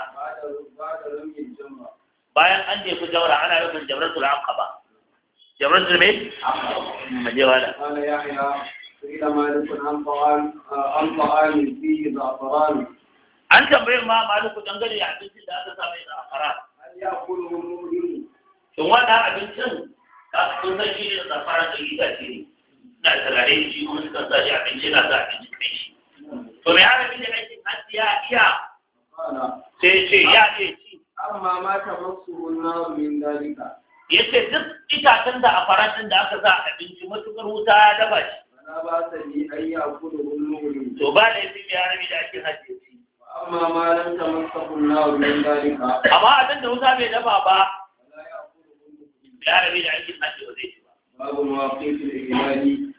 A: bayan an jefi jaura ana rufin jamratul aqaba ba جبرت من مجوالا قال يحيى
B: سئل مالك عن طعام عن طعام فيه زعفران
A: an tambayar ma maliku dangane da abincin da aka same da afara. An ya
B: kulu mu'min.
A: Shin wannan abincin ka sun san shi ne da afara da ita ne. Na tarare shi kuma suka abinci na sa abinci kai shi.
B: To iya. ci. Amma
A: ya ce duk itacen da a faratin da aka sa abinci matuƙar wuta ya daba shi to ba da yafi ya rabi da ake hadisi amma malam ta masakun nawo min dalika amma abin da wuta bai dafa ba ya rabi da ake hajji ba zai ci ba
B: babu mawaqitul ijlali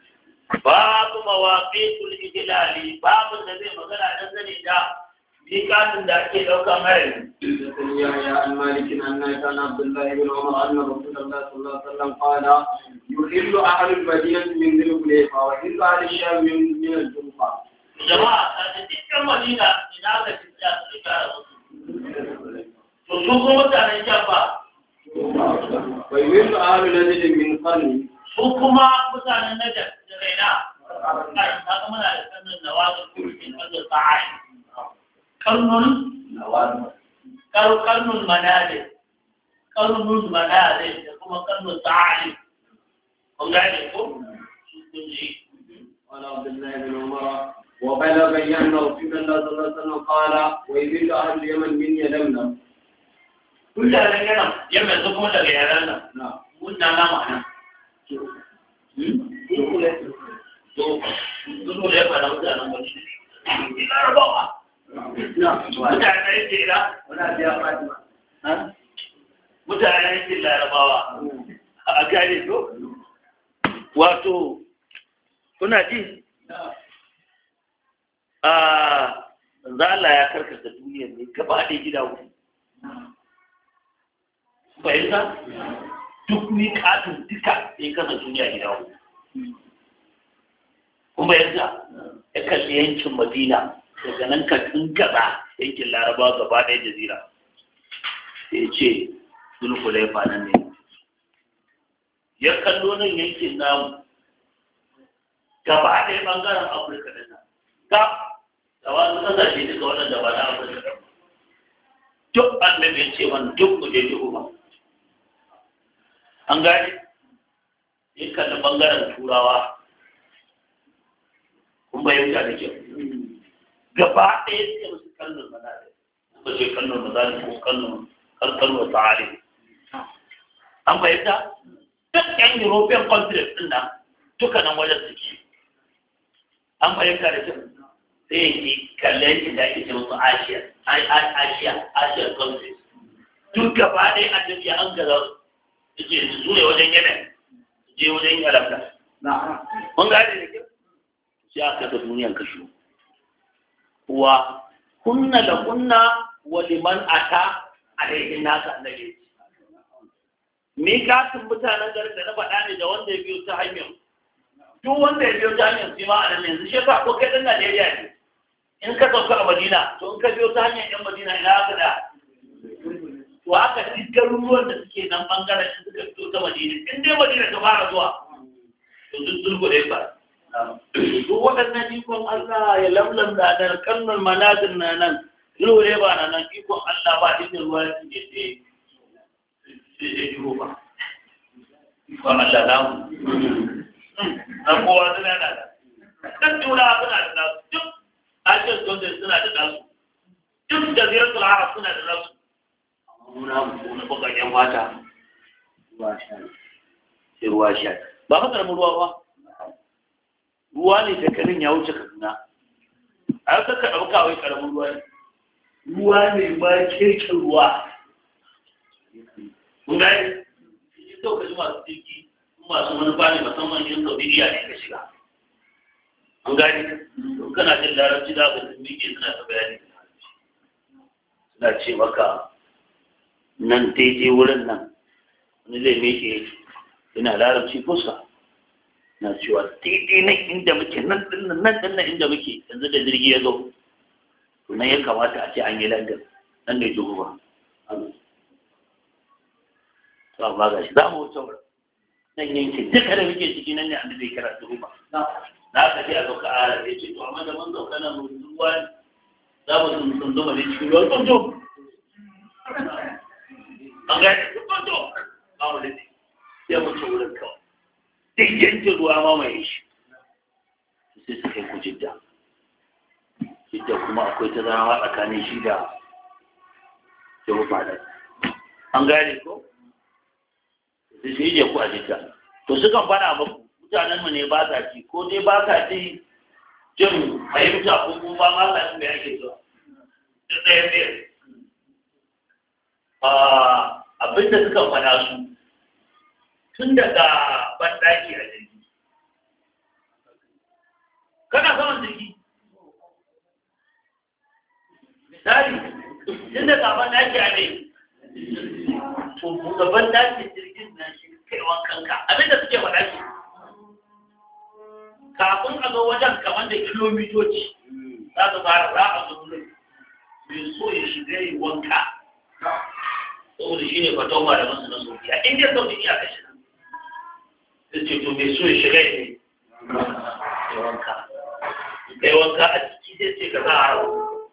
A: babu mawaqitul ijlali babu da zai magana don zani da ni kafin da ake ɗauka mai zakariya ya an malikin
B: annai kan abdullahi bin umar anna rasulullah sallallahu alaihi wasallam qala yuhillu ahlul madinati min dhulfi fa wa yuhillu ahlul sham min min al-dhulfa jama'a
A: a cikin madina ina da kiyaya da karatu
B: to su kuma mutanen jaba wa yuhillu ahlul madinati min qarni
A: su kuma mutanen najar da raina a kuma na da sanin da wazin kuma da ta'ayin قرن الأوامر قرن المنازل قرن المنازل يقوم قرن التعاليم هم يعرفون
B: قال عبد الله بن عمر وبلغ يمنى وفيما الله صلى الله عليه وسلم قال ويذل أهل اليمن من يلمنا كل هذا اليمن يمن تقول لك يا لنا نعم قلنا لا معنى دخول دخول يبقى لو ده انا مش
A: mutanen jira muna biya fatima mutanen jin larabawa a gane to wato kuna ji a zala ya karkata duniyar ne gaba da gida wuri fahimta duk ni katin duka ya kasa duniya gida wuri kuma yanzu ya kalli yankin madina daga nan ka gaba yankin laraba gaba ɗaya jazira sai ya ce zulhulaifa nan ne ya kallo nan yankin namu gaba ɗaya ɓangaren afirka da nan ka da wasu ƙasashe duka wannan gaba na afirka da duk annabi mai ce wani duk mu je uba. an gane yankin ɓangaren turawa kun bayyanta da kyau gaba ɗaya suka musu kallon mazali ba ce kallon mazali ko kallon kalkalwa ta'ali an fahimta duk yan european countries ɗin nan duka nan wajen suke an fahimta da kyau sai yake kallon shi da ake ce musu asiya asiya asiya countries duk gaba ɗaya a tafiya an gaza suke su ne wajen yanayi je wajen yaran mun gane da kyau sai aka ta duniyan kashi wa kunna da kunna wa liman ata daidai nasa annabi ni katin mutanen garin da na faɗa ne da wanda ya biyo ta hanyar duk wanda ya biyo ta hanyar shi ma a nan yanzu shi ko kai ɗan Najeriya ne in ka sauka a Madina to in ka biyo ta hanyar ɗan Madina ina haka da to haka duk garuruwan da suke nan ɓangaren suka fito ta Madina in dai Madina ta fara zuwa to duk zurgo da ya fara duk waɗannan ikon Allah ya lamlam da dar kannun manazin na nan ne ba na nan ikon Allah ba inda ruwa ya ce ce ce jiro ba ikon Allah na mu na kowa suna da kan jura suna da nasu duk ajiyar zonde suna da nasu duk da zirar arab suna da nasu muna mu na bakakken mata ruwa sha ba fasar mu ruwa ba ruwa ne kanin ya wuce kaduna a yau ɗauka wai ƙaramin ruwa ne ruwa ne ma keke ruwa mun gani ita ɗauka ji masu jirgi masu manufa ne musamman yin saudiya ne ka shiga an gani don kana jin larabci da aka jin miƙe suna ta bayani suna ce maka nan daidai wurin nan wani zai miƙe yana larabci fuska na cewa daidai nan inda muke nan dinnan nan dinnan inda muke yanzu da jirgi ya zo to nan ya kamata a ce an yi landin nan ne ba to amma ga shi za mu wuce nan yankin duka da muke ciki nan ne annabi kira ba na ka ce a ka a ya ce to amma da mun sauka nan mun ruwa za mu sun sun zuma ne
B: cikin ruwan kwanto
A: an gaya ya ce kwanto ba mu da ne sai mu ce wurin kawai duk yanke ruwa mamaye shi sai su kai ku jidda jidda kuma akwai ta zama tsakanin shi da jerusalem an gane ko sai su yi ku a jidda to kan fara ba mutanen mu ne ba sa ci ko dai ba sa ci jin fahimta ko kuma ba sa ci mai ake zuwa da tsaye tsaye abinda ah, suka faɗa su tun daga banɗaki a jirgi kana saman jirgi misali tun daga banɗaki a ne to buɗe banɗakin jirgin na shi kaiwan kanka abin da suke faɗa shi kafin a zo wajen kamar da kilomitoci za ka fara za a zo wurin mai so ya shiga yi wanka saboda shi ne fatawa da masu na sofiya in sau da iya kashe
B: ta ce to mai so ya shiga ne ya
A: wanka ya wanka a ciki zai ce ka za a rabu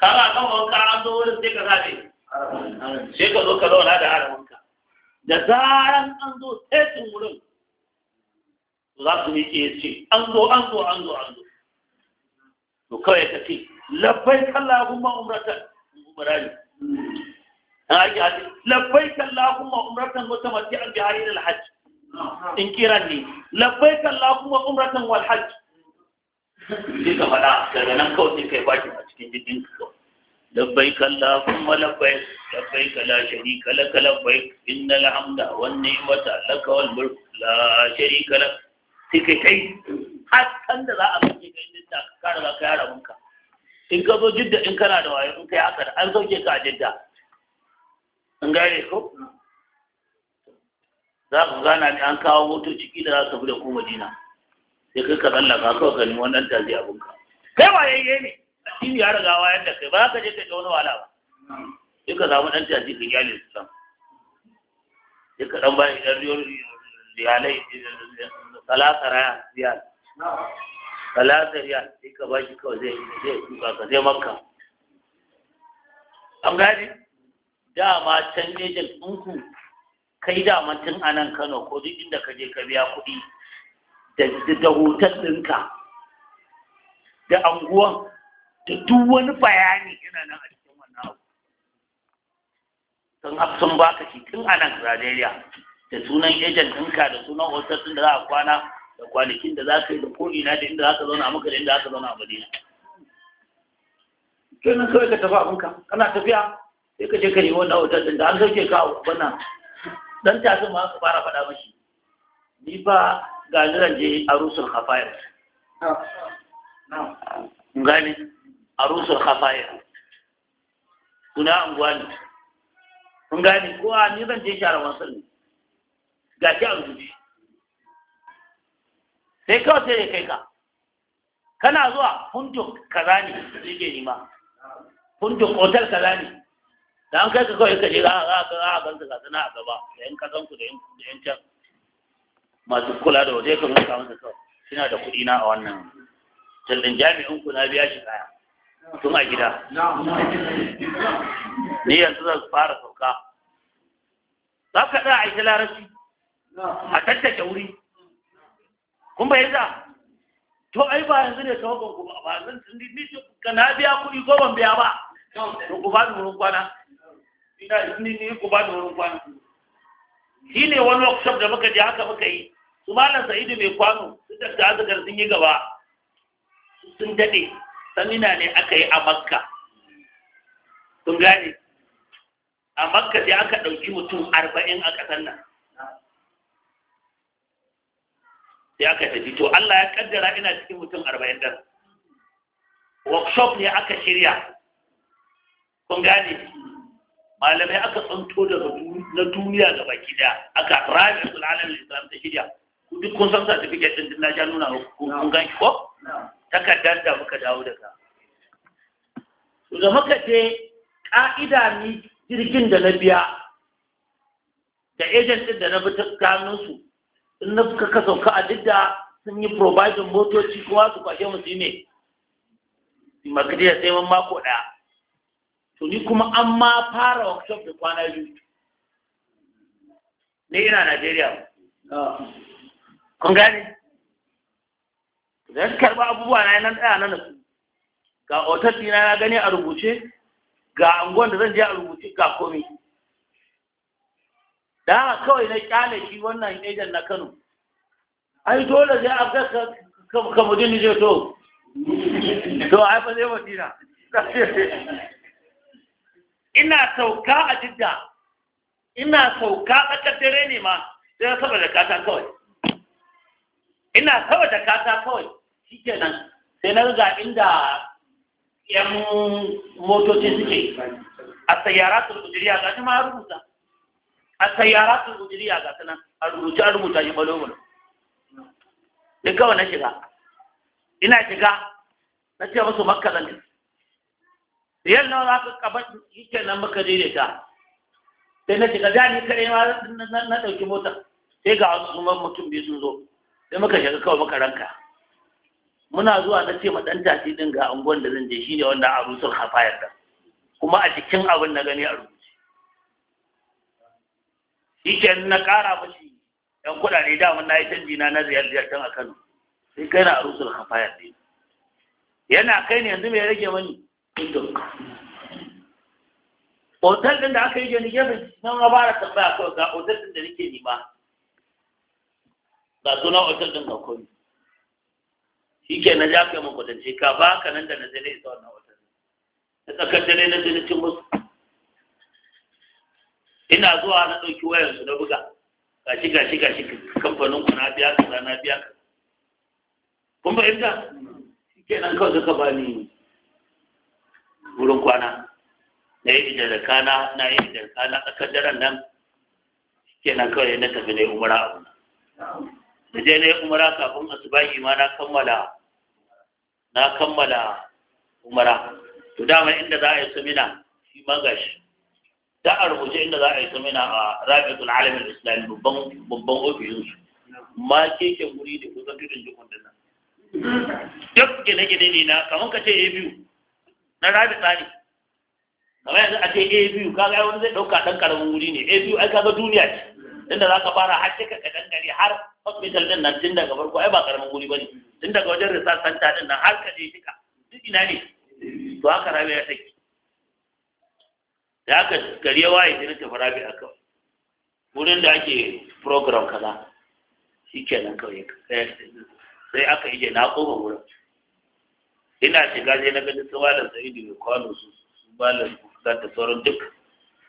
A: kana kan wanka an zo wurin sai ka za ne sai ka zo ka zauna da haramanka da zaran an zo tetin wurin za su miƙe ya ce an zo an zo an zo an zo to kawai ka ce labbai kallahumma umratan umrani haji haji labbaik allahumma umratan mutamatti'an bi hadhihi al-hajj in kiran ne labbaik allahumma umratan wal hajj sai faɗa daga kawai sai kai baki a cikin jirgin ka labbaik allahumma labbaik labbaik la sharika lak labbaik innal hamda wan ni'mata lak wal mulk la sharika lak sai kai da za a mace ka inda ka kara za ka yara munka in ka zo jidda in kana da wayo kai haka an sauke ka a jidda an gane ko za ku gana ne an kawo ciki da za su bi da ku madina sai kai ka tsallaka ka kawo nemi wannan tazi abinka kai ba yayye ne addini ya riga wa yadda kai ba ka je kai ta wani wala ba sai ka samu dan tazi ka gyale su san sai ka dan bayan idan riyar riyalai talata raya riyal talata riyal sai ka bashi kawai zai zai tuka ka zai makka an gane dama can agent ɗinku kai dama tun a nan Kano ko duk inda ka je ka biya kuɗi da hotel ɗinka da anguwan da duk wani bayani yana nan a cikin wannan abu don sun baka shi tun a nan Najeriya da sunan agent ɗinka da sunan hotel ɗin da za a kwana da kwanakin da za ka yi da ko'ina da inda za ka zauna a maka da inda za ka zauna a Madina.
B: Kenan kawai ka tafi abinka,
A: kana tafiya sai ka je ka nemi wannan hotel din da an sauke ka wannan dan tasin ma aka fara faɗa mashi ni ba ga niran je arusul khafayir gani arusul khafayir suna anguwa ne kun gani ko a ni zan je shara wasan ne ga shi a zuci. sai kawai sai ya kai ka kana zuwa hundun kaza ne suke nima hundun otal kaza ne da an kai ka kawai ka je za a ganta ga suna a gaba da yan kasan ku da yan can masu kula da waje ka muka masa kawai suna da kuɗi na a wannan tallin jami'in ku na biya shi
B: kaya tun a gida
A: ni yanzu zan fara sauka za ka da a yi larabci a tattake wuri kun bai za to ai ba yanzu ne tawagon ku ba ba yanzu ni ka na biya kuɗi ko ban biya ba to ku ba mu kwana ina ni ni ku ba da wurin kwano shi ne wani workshop da muka je haka muka yi su malam sa'idu mai kwano su da ta sun yi gaba sun dade samina ne aka yi a makka sun gane a makka sai aka ɗauki mutum arba'in a ƙasar nan sai aka tafi to Allah ya kaddara ina cikin mutum arba'in ɗan workshop ne aka shirya kun gane malamai aka tsanto daga na duniya ga baki da aka rami su lalar islam ta shirya duk kun san certificate din na ja nuna kun gan shi ko takardar da muka dawo daga su da muka ce ka'ida ni jirgin da na biya da agent da na bi tsakanin su in na suka ka sauka a didda sun yi providing motoci kuma su kwashe mu su yi ne magdiya sai mun mako ɗaya. to ni kuma an ma fara workshop da kwana biyu ne ina Najeriya kun gane Zai ya abubuwa na nan ɗaya nan su. ga otarsi na gani a rubuce ga anguwan da zan je a rubuce ga komai da haka kawai na kyale shi wannan ejen na Kano ai dole zai a ga ka mutum ne to to ai fa zai mutina ina sauka a jidda ina sauka a dare ne ma sai saba da kata kawai ina saba da kata kawai shikenan sai na riga inda yan motoci suke a sayara su rujiriya ga shi ma a rubuta a sayara su rujiriya ga nan a rubuta a rubuta shi balo balo duk kawai na shiga ina shiga na ce musu makka riyal nawa za ka kaba yake nan muka daidaita sai na shiga jani kare ma na ɗauki mota sai ga wasu kuma mutum biyu sun zo sai muka shiga kawai muka ranka muna zuwa na ce ma ɗan tafi ɗin ga unguwan da zan je shi ne wanda a rusar hafayar da kuma a cikin abin na gani a rubuce shi ke na ƙara mashi ɗan kuɗaɗe da na yi canji na na ziyartar a kano sai kai na a rusar hafayar ɗin yana kai ne yanzu mai rage mani duk otal din da aka yi jani gefe nan na fara tambaya kawai ga otal din da nake ba. ga sunan otal din ga komi shi ke na ja kai mun kwatance ka ba ka nan da na zai isa wannan otal Na tsakar dare na zai cin musu ina zuwa na ɗauki su na buga gashi gashi gashi kamfanin ku na biya za na biya ka kun fahimta shi ke nan kawai suka ni. wurin kwana na yi da kana na yi da kana a kan daren nan nan kawai na tafi na yi umara abu da je na yi umara kafin asubahi ma na kammala na kammala umara to dama inda za a yi sumina shi ma gashi da a rubuce inda za a yi sumina a rabitul alamin islami babban babban ofisinsu ma keken wuri da kusa tudun jikun dinnan duk gine-gine ne na kamar ka ce ya biyu na Rabi tsari kamar yanzu a ce a biyu kaga wani zai ɗauka ɗan ƙaramin wuri ne a biyu ai kaga duniya ce tunda za ka fara har cika ka dangare har hospital ɗin nan tun daga farko ai ba ƙaramin wuri ba ne tun daga wajen research center ɗin nan har ka je cika duk ina ne to haka rabi ya take da haka gari ya waye sai na tafi rabi a kawai wurin da ake program kaza shi kenan kawai sai aka ije na koma wurin ina shiga sai na gani su malam sa'idu da kwano su su malam da da sauran duk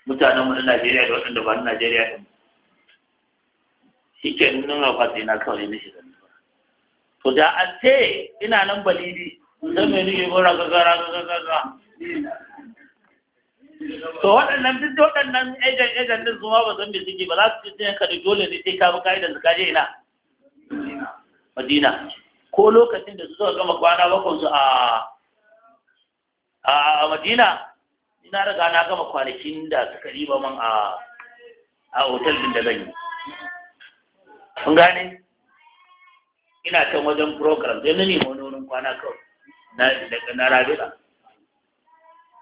A: mutanen mu na Najeriya da waɗanda ba na Najeriya din shi ke nuna kwatsi na kawai na shiga to da an ce ina nan balidi sai mai nige gora gagara gagara
B: to waɗannan duk
A: da waɗannan ejan ejan din su ma ba zan suke ba za su ce ka da dole ne sai ka bi ka'idar su kaje ina Madina ko lokacin da suka gama kwana bakon su a a madina ina riga na gama kwanakin da suka riba man a a otal din da zan yi kun gane ina kan wajen program sai na nemi wani wurin kwana kawai na daga na rabita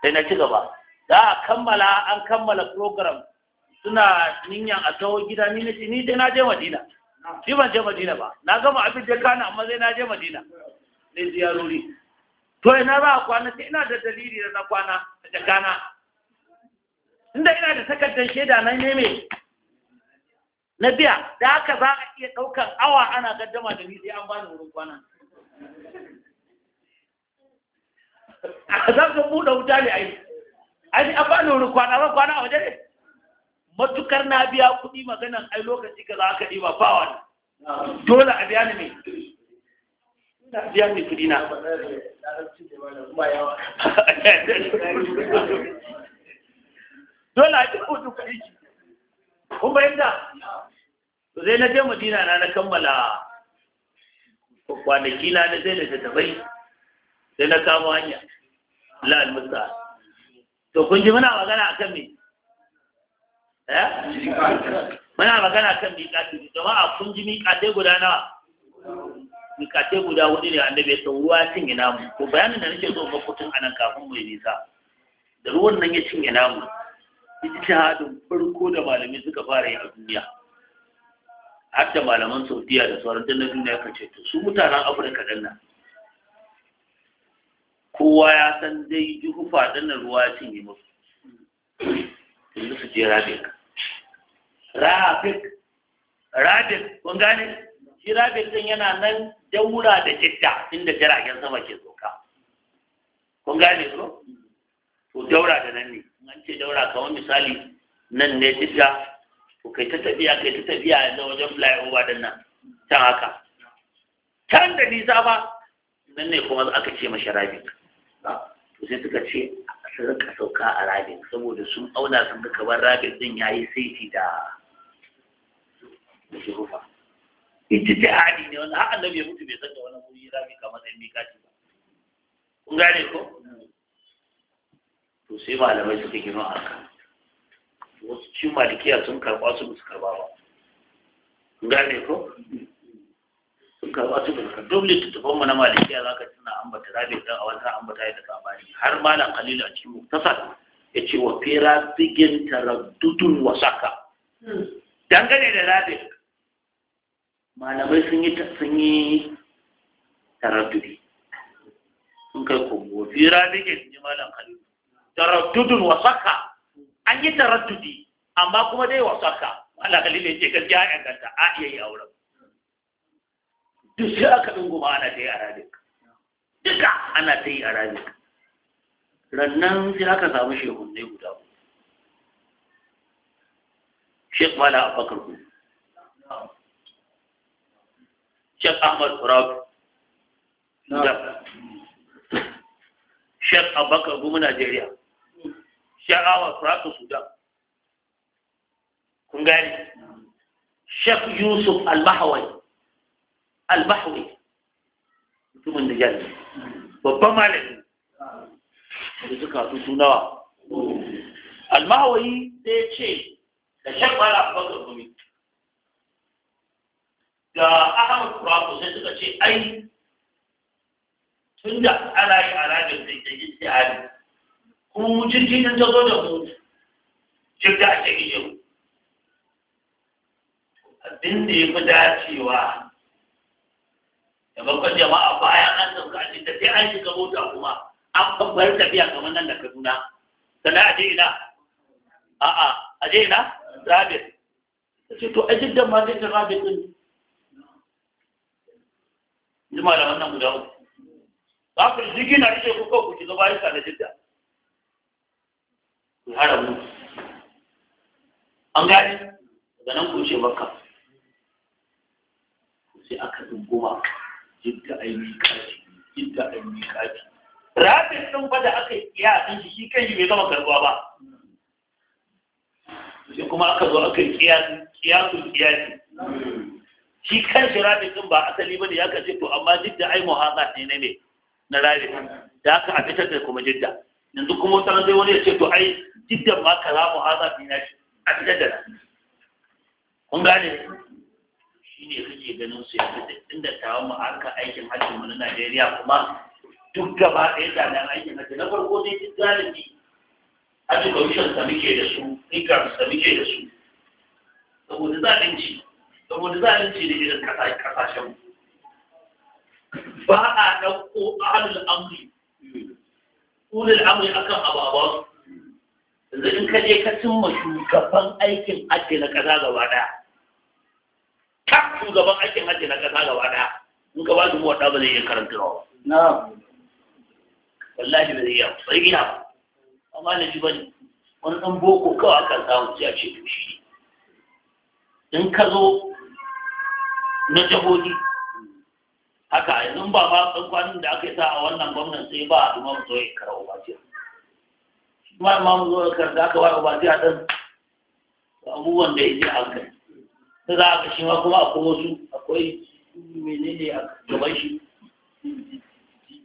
A: sai na ci gaba za a kammala an kammala program suna ninyan a tawo gida ni na ni dai na je madina shi ban je madina ba na gama abin da kana amma zai na je madina ne ziyaruri to ina za a kwana sai ina da dalili da na kwana da kana inda ina da takardar shaida na neme na biya da haka za a iya ɗaukar awa ana gaddama da ni sai an bani wurin kwana za ka buɗe wuta ne ai ai an bani wurin kwana ba kwana a waje ne matukar na biya kuɗi maganan ai lokaci ka za ka ɗiba ba wani dole a biya ni mai Ina biya ni kuɗi na dole a ɗiba kuɗi kuɗi kun bayyanta zai na je madina na na kammala kwanaki na na zai da tattabai sai na kamo hanya la'al Musa. to kun ji muna magana akan me Eh? muna magana kan miƙati jama'a kun ji miƙatai guda nawa miƙatai guda hudu ne annabi ya san ruwa cinye namu Ko bayanin da nake so makotun anan kafin mu nisa da ruwan nan ya cinye namu haɗin farko da malami suka fara yi a duniya har da malaman saudiya da sauran na duniya ka ce su mutanen afirka ɗin nan kowa ya san dai juhufa ɗin ruwa ya cinye musu yanzu su je bai ka rafiq rabik kun gane shi rabik din yana nan daura da jidda inda jiragen sama ke sauka kun gane ko to daura da nan ne an ce daura kamar misali nan ne jidda to kai ta tafiya kai ta tafiya yanzu wajen flyover din nan can haka can da nisa ba nan ne kuma aka ce mashi rabik to sai suka ce su rika sauka a rabin saboda sun auna sun ga kamar rabin din yayi saiti da da shurufa ijtihadi ne wannan har annabi ya mutu bai san da wannan guri za mu kama sai mikati ba kun gane ko to sai malamai suka gino a kan wasu cikin malikiya sun karɓa su su karɓa ba kun gane ko sun karɓa su su karɓa duk littattafan mu na malikiya za ka tuna ambata rabi dan a wata ambata ya da kabari har malam khalilu a cikin muktasar ya ce wa fira bigin taraddudun wasaka hmm. dangane da rabi malamai sun yi sun yi taraddudi sun kai kogo fi sun yi malam khalil taraddudun wasaka an yi taraddudi amma kuma dai wasaka Allah khalil ya ce gaskiya ya ganta a iya yi auren duk sai aka dunguma ana ta yi arabic duka ana ta yi arabic rannan sai aka samu shehunne guda Sheikh Mala Abubakar Gumi شيخ احمد فراغ نعم. نعم شيخ ابو بكر ابو نيجيريا شيخ احمد فراغ السودان كونغاري شيخ يوسف البحوي البحوي ثم النجاري وبما له يزكى سنوا المهوي ديتشي الشيخ ابو بكر ابو da ahmad kuraku sai suka ce ai tun da ana yi alaƙar da ita istihari kuma jirgin nan ta zo da mu jirga a cikin yau abin da ya fi dacewa da bakon jama'a bayan an sauka a cikin sai an shiga mota kuma an babbar tafiya kamar nan da kaduna sannan a je ina a'a a je ina rabin ta ce to a jiddan ma zai ta rabin din ji malaman nan guda uku za ku jirgin na ce kuka ku ki zuba sa na jidda ku hara mu an gani daga nan ku ce makka sai aka dunguma jidda ai mi kafi jidda ai mi kafi rabin din ba da aka iya din shi kan shi bai zama karbuwa ba sai kuma aka zo aka yi kiyasu kiyasu kiyasi shi kan shi rabin din ba asali bane ya kace to amma jidda ai muhaza ne ne na rabin da aka a fitar da kuma jidda yanzu kuma wata zai wani ya ce to ai jidda ma kaza muhaza ne na shi a fitar da kun gane shi ne kake ganin su ya fita inda tawo mu aka aikin hajji mu na Najeriya kuma duk gaba ɗaya da nan aikin hajji na farko dai duk galibi hajji commission da muke da su ikar da muke da su saboda zalunci saboda za a yi cire irin kasashen ba a ɗauko ahalul amri ulul amri akan ababansu zai in ka je ka cimma shugaban aikin hajji na ƙasa gaba ɗaya ka shugaban aikin hajji na ƙasa gaba ɗaya in ka ba su mu waɗa ba zai yi karanta
B: ba
A: wallahi ba zai iya sai ina ba amma na ji bane wani ɗan boko kawai akan samu ya ce to shi in ka zo na jihohi haka yanzu ba ba ɗan kwanin da aka yi sa a wannan gwamnan sai ba a duma zo ya karawa ba ce ma ma mu zo kar da aka wara ba ce a abubuwan da yake a kai ta za a kashi ma kuma akwai wasu akwai menene a gaban shi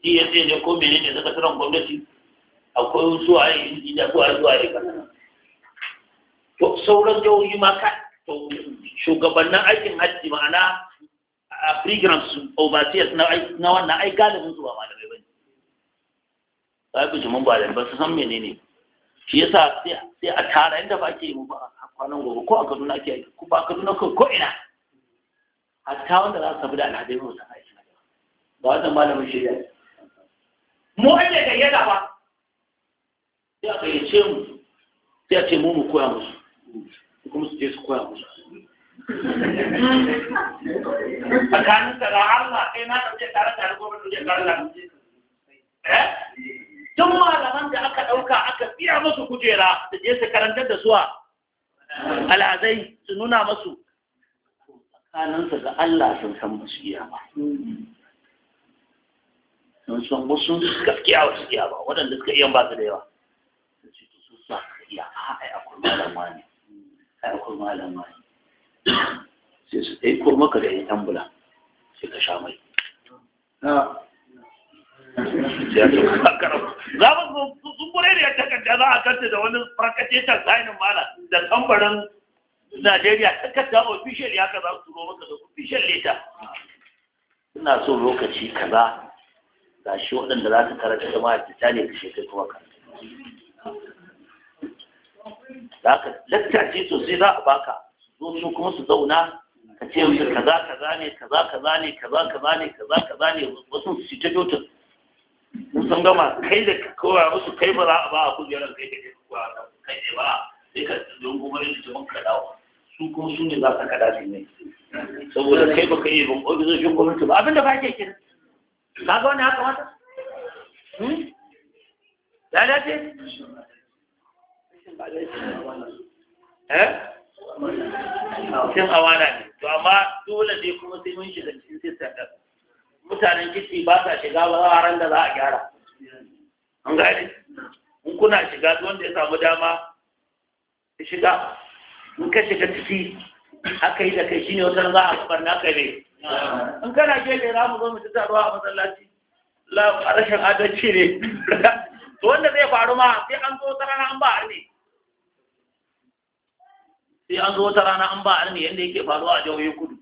A: DSA ne ko menene sakataren gwamnati akwai wasu a yi da su zuwa ya kana to sauran jihohi ma ka to shugabannin aikin hajji ma'ana a fragrance overseers na wannan ai galibin su ba malamai ba ne ba ku jimin ba ba su san menene shi yasa sai a tara inda ba ke mu ba a kwanan gobe ko a kaduna ake aiki ko ba a kaduna ko ko ina hatta wanda za su tafi da alhadai ba su aiki ba wannan malamin shirya
B: mu an da da
A: ba sai a ce mu sai a ce mu mu koya musu
B: kuma su je su koya musu
A: tsakanin da Allah kai na ɗauke tare tare gobe ɗauke tare lafiya tun eh? malaman da aka ɗauka aka biya musu kujera da je su karantar da suwa al'adai, su nuna musu tsakaninsa ga Allah sun san musu iya ba sun san wasu gaskiya wasu iya ba waɗanda suka iya ba su da yawa
B: sun ce su sa iya a ai akwai
A: malama ne ai akwai malama ne sai su ɗaiko maka da yin ambula sai ka sha mai za mu tsumbure da ya takarda za a kanta da wani farkace ta zainin mana da tambarin najeriya takarda official ya kaza su roba maka da official leta suna so lokaci kaza ga shi waɗanda za ta karanta ma'a ta titanic da shekai kuma ka za ka lattace sosai za a baka su kuma su zauna ka ce musu kaza kaza ne kaza kaza ne kaza kaza ne kaza kaza ne wasu su ta jota mun san gama kai da kowa musu kai ba za a ba a yaran kai da kai ba kai ne ba sai ka don kuma yin da ka dawo su kuma su ne za ka kada su ne saboda kai ba kai zai shin gwamnati ba abinda ba ke kira ka ga wani haka mata hmm? ya dace eh
B: cin amana ne
A: to amma dole ne kuma sai mun shiga cikin sistem ɗin mutanen kici ba sa shiga ba a ran da za a gyara an gane in kuna shiga wanda ya samu dama ya shiga in ka shiga ciki aka yi da kai shine wata za a kafar naka ne in kana gefe za mu zo mu ci ruwa a masallaci rashin
B: adalci ne
A: to wanda zai faru ma sai an zo tsara an ba ne sai an zo wata rana an ba ne yadda yake faruwa a jihohin kudu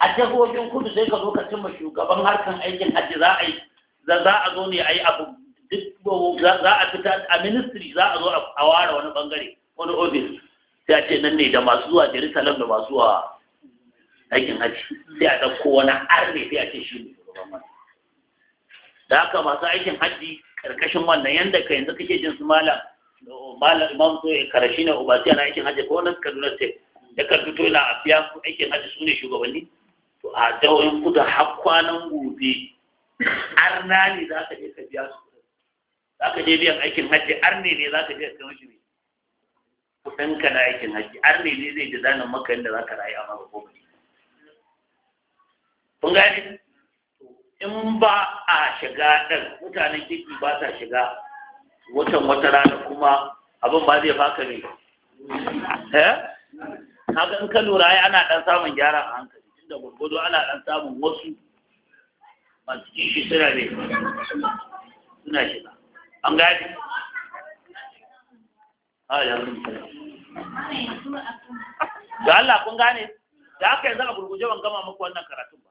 A: a jihohin kudu sai ka zo ka cimma shugaban harkan aikin hajji za a yi za a zo ne a yi abu duk za a fita a ministry za a zo a ware wani bangare wani ofis sai a ce nan ne da masu zuwa jerusalem da masu zuwa aikin hajji sai a ɗauko wani arne sai a ce shi ne da haka masu aikin hajji ƙarƙashin wannan yadda ka yanzu kake jin su malam malam imam ko ya karashi na ubasi ana aikin hajji ko wannan kaduna state da kan fito yana a biya aikin hajji su ne shugabanni to a jawoyin kudu har kwanan gobe arna ne za ka je ka biya su za ka je biyan aikin hajji arne ne za ka je ka mashi ne kudin ka na aikin hajji arne ne zai ji zanen maka yadda za ka rayu a maka goma kun gane in ba a shiga ɗan mutanen kirki ba sa shiga watan wata rana kuma abin ba zai baka ne eh haka in ka lura ai ana dan samun gyara a hankali tunda gurgudu ana dan samun wasu masu kishi suna ne suna ba an gadi a yanzu ga Allah kun gane da aka yanzu a gurguje ban gama muku wannan karatun ba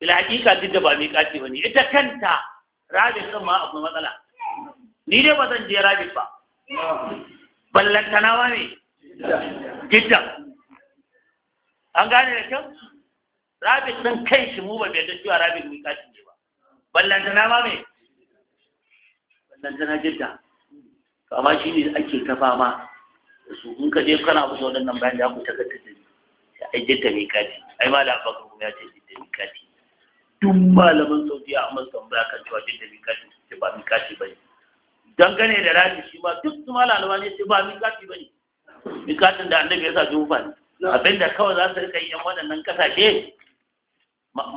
A: ila hakika duk da ba mai kaci bane ita kanta rabin kan ma abu matsala ni dai ba zan je rabin ba ballantanawa ne gidda an gane da kyau rabin sun kai shi mu ba bai da cewa rabin mai kashin ne ba ballantana ma mai ballantana gidda amma shi ne ake ta fama da su in ka je kana musu waɗannan bayan da ku ta ga ta ai gidda mai kati ai ma da abubakar kuma ya ce gidda mai kati duk malaman sauti a masu tambaya kan cewa duk da mikati ce ba mikati ba ne dangane da rafi shi ma duk su malaman ne ce ba mikati ba ne mikatin da annabi ya sa jufa ne abinda kawai za su rika yin waɗannan kasashe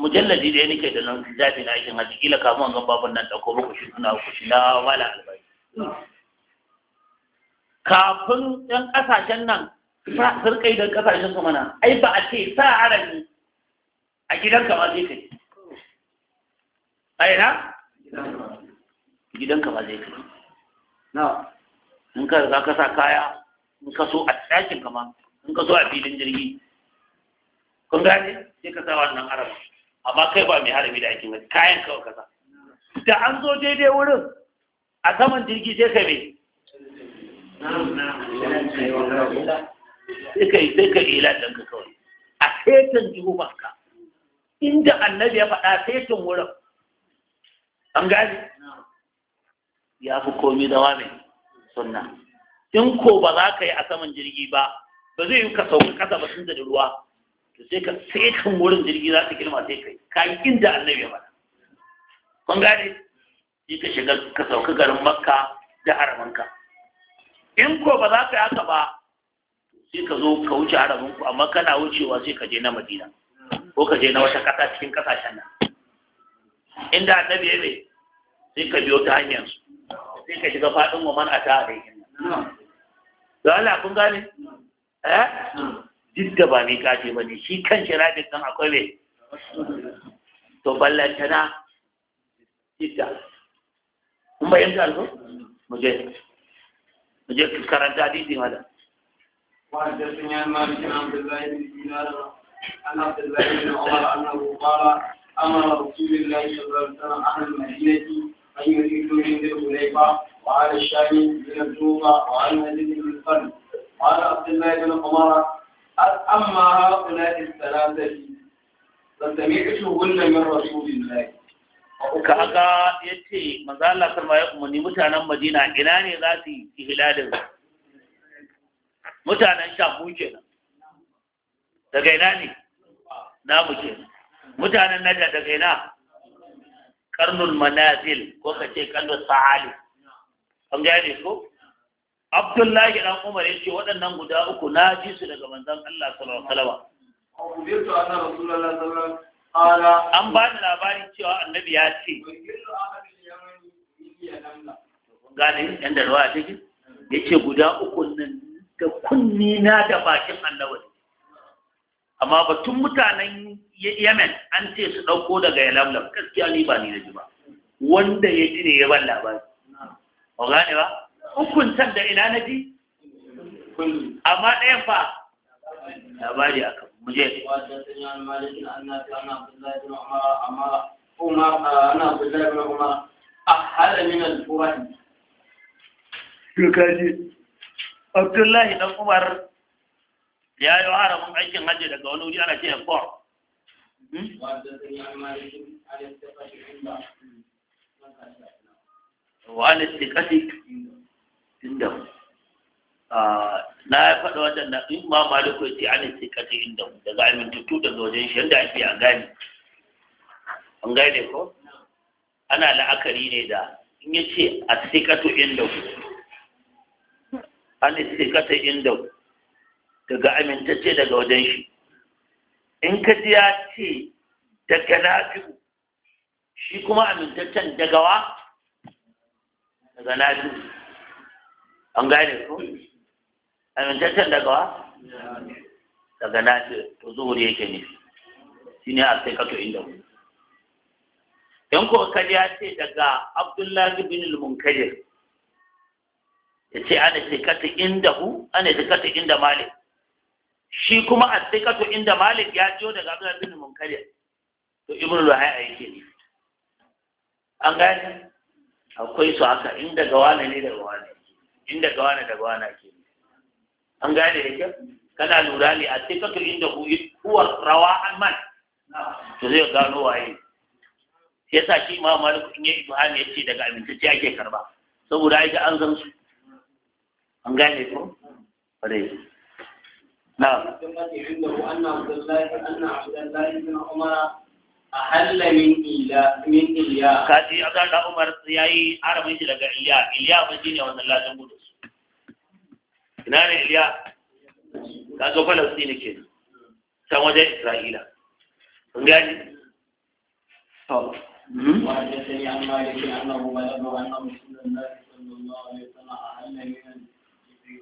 A: mujalladi da ya nike da nan zafi na aikin hajji kila kafin wangan babun nan ɗauko ba ku shi suna ku shi na wala albai kafin ɗan ƙasashen nan sarƙai don ƙasashen su mana ai ba a ce sa harami a gidan kama zai kai aina gidanka ba zai kai na in ka riga ka sa kaya in ka so a ɗakin kama in ka so a filin jirgi kun gane sai ka sa wannan araba amma kai ba mai harami da aikin kayan kawai ka sa da an zo daidai wurin a saman jirgi sai ka mai sai ka yi sai ka ila don ka kawai a setin jihu ba ka inda annabi ya faɗa setin wurin an gane ya fi komi zama mai sunna in ko ba za ka yi a saman jirgi ba ba zai yi ka sauka kasa ba sun da ruwa to sai ka sai kan wurin jirgi za ta girma sai kai ka yi inda annabi ya faɗa kun gane ka shiga ka sauka garin makka da haramanka in ko ba za ka yi haka ba sai ka zo ka wuce haramanku, amma kana wucewa sai ka je na madina ko ka je na wata kasa cikin kasashen nan inda annabi ya mai sai ka biyo ta hanyar su sai ka shiga faɗin wa man a ta da yin da Allah kun gane eh duk da ba ni kaje ba ne shi kan shi na kan akwai ne to na, ita kun bayan ta alko muje muje karanta hadisi mala
B: da عن عبد الله بن عمر انه قال امر رسول الله صلى الله عليه وسلم اهل المدينه أن يزيد من ذي الخليفة وعن الشامي بن الجوفة وعن مزيد بن القرن وعن عبد الله بن عمر أما هؤلاء
A: الثلاثة فسمعتهن من رسول الله kaga yace manzo Allah sarma ya umarni mutanen Madina ina ne za su yi hilalin mutanen Shamu kenan daga ina ne namu kenan mutanen Najd daga ina karnul manazil ko ka ce karnul sa'ali an gane ko abdullahi dan umar ce waɗannan guda uku na ji su daga manzon Allah sallallahu alaihi wasallam an ba ni labarin cewa annabi ya ce gane yan ruwa take yace guda uku nan da kunni na da bakin annabi amma batun mutanen yemen an ce su ɗauko daga yalamlam gaskiya ni ba ni da ji ba wanda ya ji ne ya ban labari ba gane ba hukuntar da ina na ji amma ɗayan fa labari a kan muje Abdullahi ɗan Umar ya yi haramun aikin hajji daga wani wuri ana ce ya وعن hmm? inda mu. Ah, na ya faɗa waɗanda in ma maliku ya ce an yi kace inda daga amintattu da wajen shi yadda ake a gane an gane ko ana la'akari ne da in ya ce a sikatu inda an yi sikata inda daga amintacce daga wajen shi in ka ji ya ce daga nafi'u shi kuma amintaccen daga wa daga nafi'u an gane ku amintaccen daga wa daga nafi'u to zuhuri yake ne shi ne a sai kato inda ku? in ko ka ji ya ce daga abdullahi bin al-munkadir ya ce ana sai kato inda hu ana sai kato inda malik shi kuma as-siqatu inda Malik ya ciyo daga Abdullah bin karya, to Ibn Luhayy yake ne an gani
C: akwai su haka inda gawana
A: ne da wani inda gawana da gawana ke an gane da kyau kana lura ne a sikatu inda huwa rawa an man to zai gano waye ya sa shi ma malik in ibu ibhan ya ce daga amintacce ake karba saboda ai an zan su an gane ko نعم
B: عنده أن عبد الله أن عبد الله بن عمر أحل من إيلا من إليا كاتي
A: أكاد عمر سياي عربي جل إليا إليا مجيني وأن الله جمود إنان إليا كاتو فلسطين كده سموجة إسرائيل فنجاني
B: طب وحدثني عن مالك أنه بلغ أن رسول الله صلى الله عليه وسلم أحل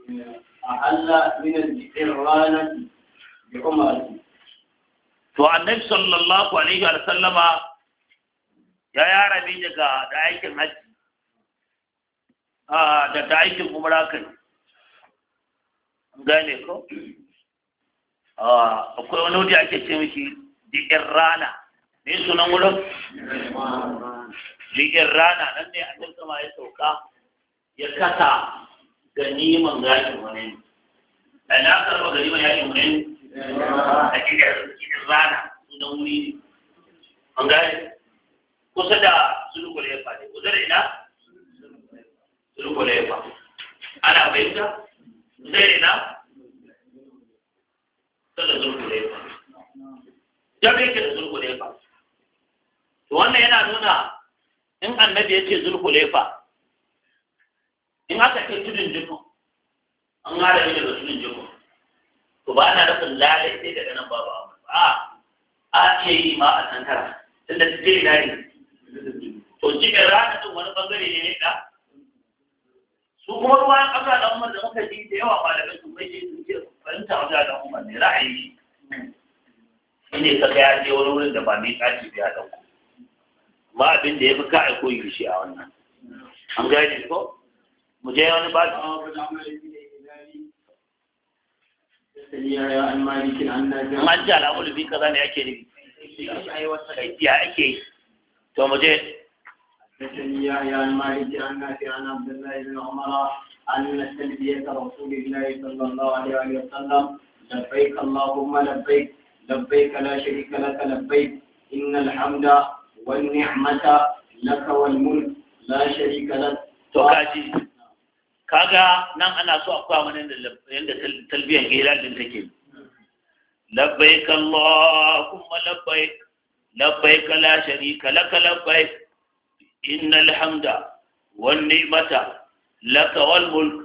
B: من أهل من الجيران بعمرة
A: to annabi sallallahu alaihi wa sallama ya yara bi daga da aikin haji a ah, da da aikin umra kai gane ko ah, akwai wani wuri ake ce mishi di'in rana ne sunan wurin di'in rana nan ne annabi sama ya sauka ya kasa ganiman gashin wani ne alaƙar ba ganiman yakin wani a cikin rana sunan wuri ne an gane kusa da sulukul ya faɗi kusa da ina sulukul ya faɗi ana fahimta kusa da ina kusa da sulukul ya faɗi jabe yake da sulukul ya faɗi to wannan yana nuna in annabi ya ce zulhulefa in aka ce tudun jiko an hada ne daga tudun jiko to ba na rasa lalai sai daga nan babu abu a a ce yi ma a tantara tun da ce na ne to jikin rana tun wani bangare ne ne da su kuma ruwa an ƙasa da umar da muka ji da yawa ba malamai Su kai sun ce fahimta wata da umar ne ra'ayi shi ne ka ya je wani wurin da ba mai kaci da ya dauko ma abin da ya fi ka aiko yi shi a wannan an gane ko مجھے اور بات manja al'amul bi kaza ne ake nufi ya ake yi to mu je
B: حدثني يحيى عن مالك عن نافع عن عبد الله بن عمر أن تلبية رسول الله صلى الله عليه وسلم لبيك اللهم لبيك لبيك لا شريك لك لبيك إن الحمد والنعمة
A: لك والملك لا شريك لك. kaga nan ana so a koya mana yadda talbiyan ihram din take labbaik allahumma labbaik labbaik la sharika lak labbaik innal hamda wan ni'mata lak wal mulk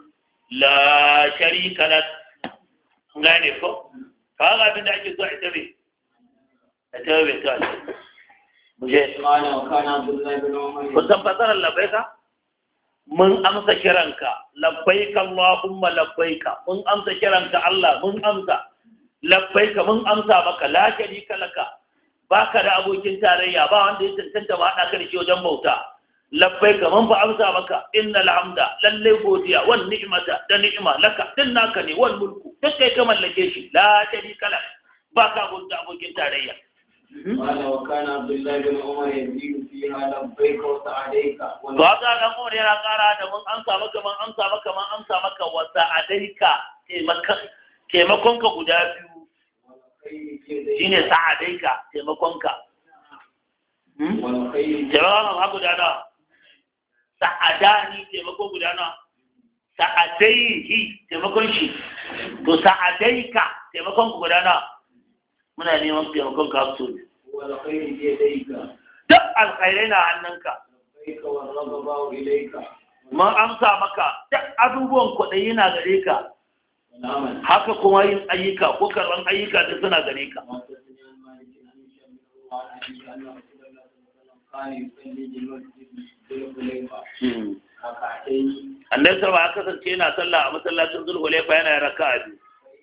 A: la sharika lak ko kaga abin da ake so a tabe a tabe ta muje kusan fasarar labbaika mun amsa kiranka labbaika Allahumma labbaika mun amsa kiranka Allah mun amsa labbaika mun amsa maka la sharika laka baka da abokin tarayya ba wanda ya tantance ba hada karshe wajen bauta labbaika mun fa amsa maka inna hamda lallai godiya wan ni'mata da ni'ima laka din naka ne wal mulku duk kai ka mallake shi la sharika ba baka abokin tarayya
B: Wa ga wa kana Abdullahi bin Umar yajidu fi hala baiko sa'adaika.
A: Ta ga ga Umar yana kara da mun amsa maka mun amsa maka mun amsa maka wa sa'adaika ke makon ka guda biyu. Shine sa'adaika ke makon ka.
B: Ke ba ma ba
A: guda na. Sa'adani ke makon guda na. Sa'adaihi ke makon shi. To ka ke makon ku guda na. muna neman taimakon ka so ne duk alkhairai na hannunka mun amsa maka duk abubuwan kwaɗayi na gare ka haka kuma yin ayyuka ko karɓar ayyuka duk suna gare ka hmm. Annabi sallallahu alaihi wasallam kasance yana sallah a masallacin Zulhulaifa yana raka'a biyu.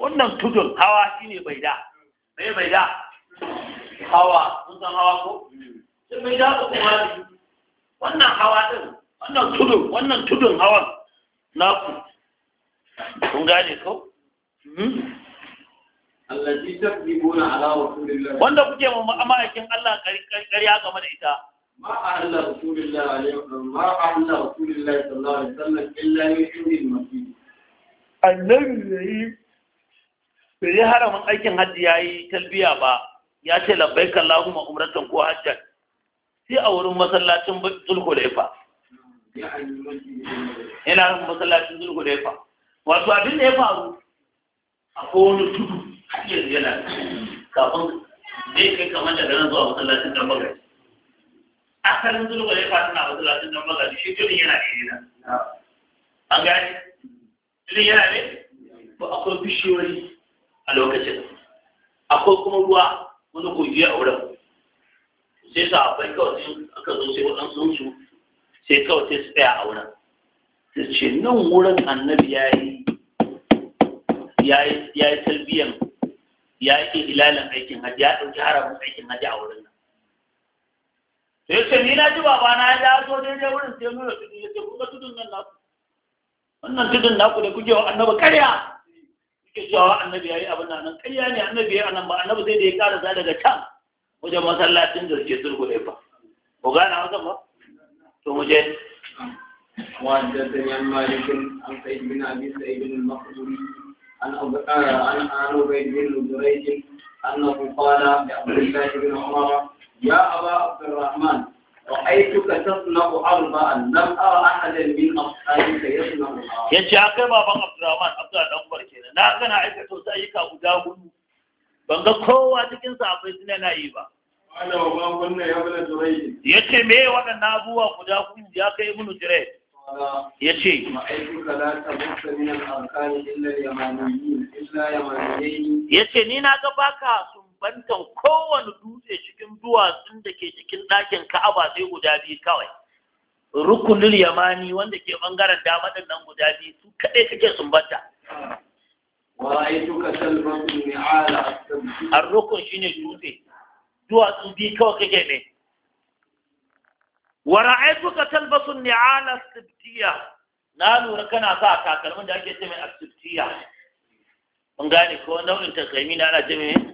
A: wannan tudun hawa shine bai da bai bai da hawa sun san hawa ko sai bai da ko kuma wannan hawa din wannan tudun wannan tudun hawan ku, kun gane ko hmm? allazi
B: ala rasulillah wanda
A: kuke mu ma'aikin Allah ƙarya game da ita
B: ma ahalla rasulillah alaihi ma Allah rasulillah sallallahu alaihi wasallam illa yuhil masjid annabi
A: bai haramin aikin hajji ya yi talbiya ba ya ce labbai kallahu ma umratan ko hajjan sai a wurin masallacin zulhulaifa yana masallacin zulhulaifa wato abin da ya faru a kowane tudu hanyar yana kafin zai kai kamar da ganin zuwa masallacin dan magani asalin zulhulaifa suna masallacin dan magani shi tudun yana da yana an gani tudun yana ne ba
B: akwai bishiyoyi
A: a lokacin akwai kuma ruwa wani kogi a wurin sai akwai kawai sai aka zo sai waɗansu su sai kawai sai su tsaya a wurin su ce nan wurin annabi ya yi ya yi talbiyan ya yi ilalin aikin hajji ya ɗauki haramun aikin hajji a wurin sai ce ni na ji babana ya zo daidai wurin sai nuna tudun ya ce kuma tudun nan na wannan tudun naku da kuke wa annabi karya cewa annabi ya yi abin nan ƙarya ne annabi ya yi nan annabi sai da ya karasa daga can wajen masallacin da suke ne ba ko gane haka ba to mu je
B: وحدثني عن مالك عن سيد بن ابي an المخزومي عن ابي عن عبيد بن جريج انه قال لعبد الله بن عمر يا ابا عبد الرحمن yace
A: a kai baban abdurrahman abdullahi ɗan umar kenan na gana aiki sosai yi sai guda gudu ban ga kowa cikin sa akwai na yi ba wala wa ban wannan ya bala
B: jurai yace me
A: wadannan abuwa guda gudu ya kai ibnu jurai
B: ya ce ya ce ni
A: na ga baka su bantan kowane dutse cikin duwatsun da ke cikin ɗakin ka'aba sai guda biyu kawai rukunin yamani wanda ke bangaren dama din nan guda biyu su kaɗai kake sumbanta an rukun shi ne dutse duwatsun biyu kawai kake ne wa ra'aytuka talbasu ni'ala sibtiya na lura kana sa takalmin da ake ce mai asibtiya kun gane ko nau'in takalmi na ana ce mai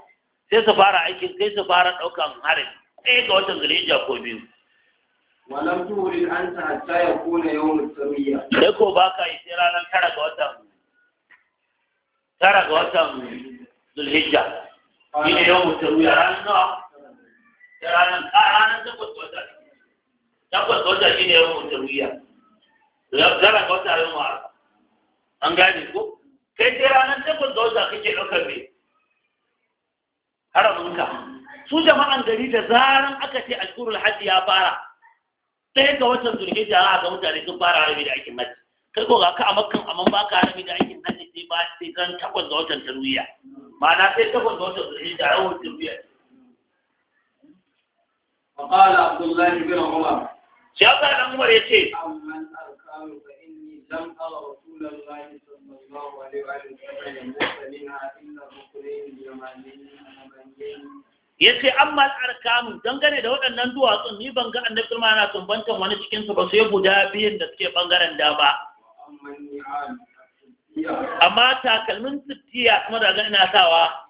A: sai su fara aikin kai su fara ɗaukan harin ɗaya ga watan zulhijja ko biyu Wannan tuhurin an ta hatta ya kone yawan sarwiya sai ko ba ka yi sai ranar tara ga watan tara ga watan zulhijja shi ne yawan sarwiya ranar nawa ranar ranar takwas wata takwas wata shi ne yawan sarwiya tara ga watan yawan an gane ko kai sai ranar takwas ga wata kake ɗaukar mai haramunka su jama'an gari da zaran aka ce ashkurul hajji ya fara Sai ga watan zulhijja za ga mutane sun fara rabi da aikin hajji kai ko ga ka a makkan amma ba ka rabi da aikin hajji sai ba sai takwas ga watan tarwiya ma'ana sai takwas ga watan zulhijja a yawan tarwiya فقال عبد الله بن عمر
B: شاطر عمر يتي أمن أركان فإني لم رسول الله صلى الله عليه وسلم
A: ya ce amma al'arkanu dangane da waɗannan duwatsun ni ban ga annabi kuma ana tumbantan wani cikinsu ba sai guda biyun da suke ɓangaren ba amma takalmin sittiya kuma da ga ina sawa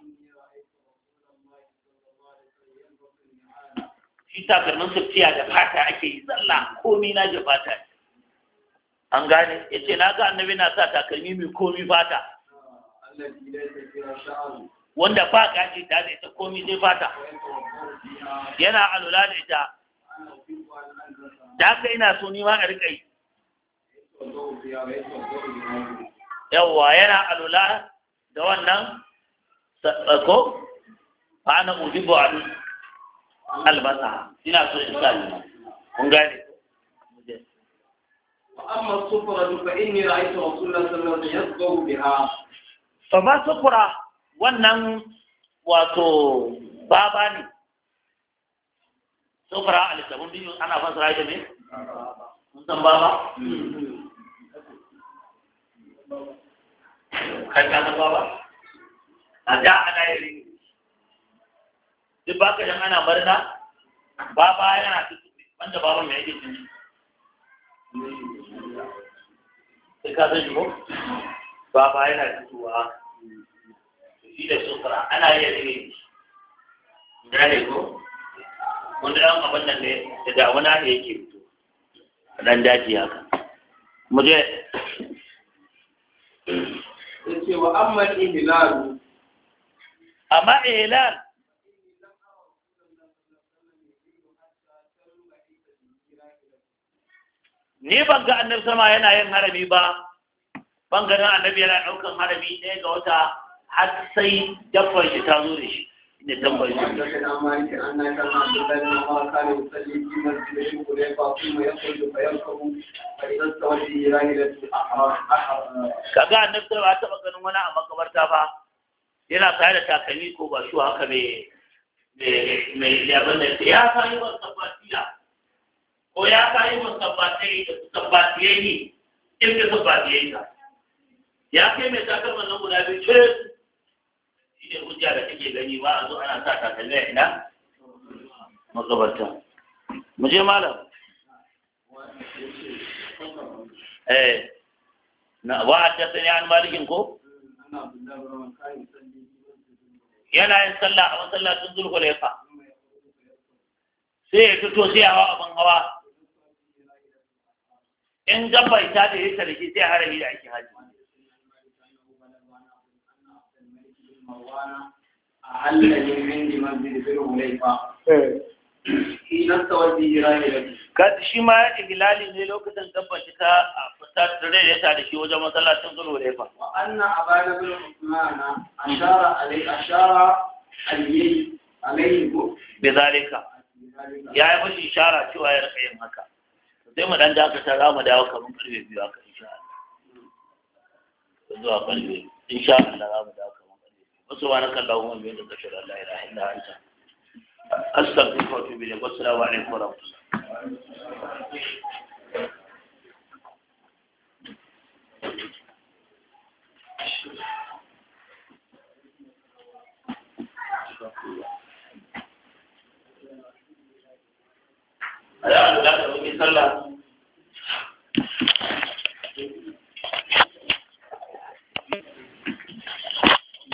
A: shi takalmin sittiya da fata ake yi zalla komi na ji fata an gane ya ce na ga annabi na sa takalmi mai komi fata wanda ba ta da ita komi sai fata yana alula da ita
B: da haka ina
A: so ni ma a rika yi yawwa yana alula da wannan ko ba na ujibu a albasa ina so in sa kun gane
B: وأما الصفرة فإني رأيت رسول الله صلى الله عليه وسلم
A: يصبغ biha fa ba sukura wannan wato baba ne sukura a littafin biyu ana fasara shi ne mun san baba kai ka san baba a da ana yi duk ba ka ana murna baba yana tuttuɓe wanda baban mai yake tunji sai ka san shi ko baba yana tuttuwa shi da sufura ana iya zini gane ko wanda ɗan abin nan ne da damuna ne yake fito a ɗan daji haka Muje.
B: je yace wa amma ihlal
A: amma ihlal ni ban ga annabi sama yana yin harami ba bangaren annabi yana daukan harami ɗaya ga wata har sai
B: dabbar shi ta zo da shi ne dabbar shi kaga
A: annabi ba taɓa ganin wani a makabarta ba yana kaya da takalmi ko ba su haka mai
C: mai da ya
A: kayi wa tabbatiya ko ya kayi wa tabbatiyai da tabbatiyai ne in ka tabbatiyai ya kai mai takar wannan guda biyu ce shi ne hujja da kake gani ba a zo ana sa takalmi a ina magabarta mu je malam eh na wa haddathani an malikin ko yana yin sallah a masallacin zulhulaifa sai ya fito sai hawa abin hawa in gabbai ta da ya sarki sai harami da ake hajji
B: مروان أحل shi ma
A: ya ne lokacin tabbata ta ta tare da shi wajen masallacin zulhu ne fa wa
B: anna abana bin usmana ashara alai ashara
A: alayhi alayhi bizalika ya yi mashi ishara cewa ya rika yin haka sai mu dan dakata za mu dawo kamar karfe biyu haka insha Allah zuwa karfe insha Allah mu dawo وسبحانك اللهم وبحمدك اشهد ان لا اله الا انت استغفرك واتوب اليك والسلام عليكم ورحمه
B: الله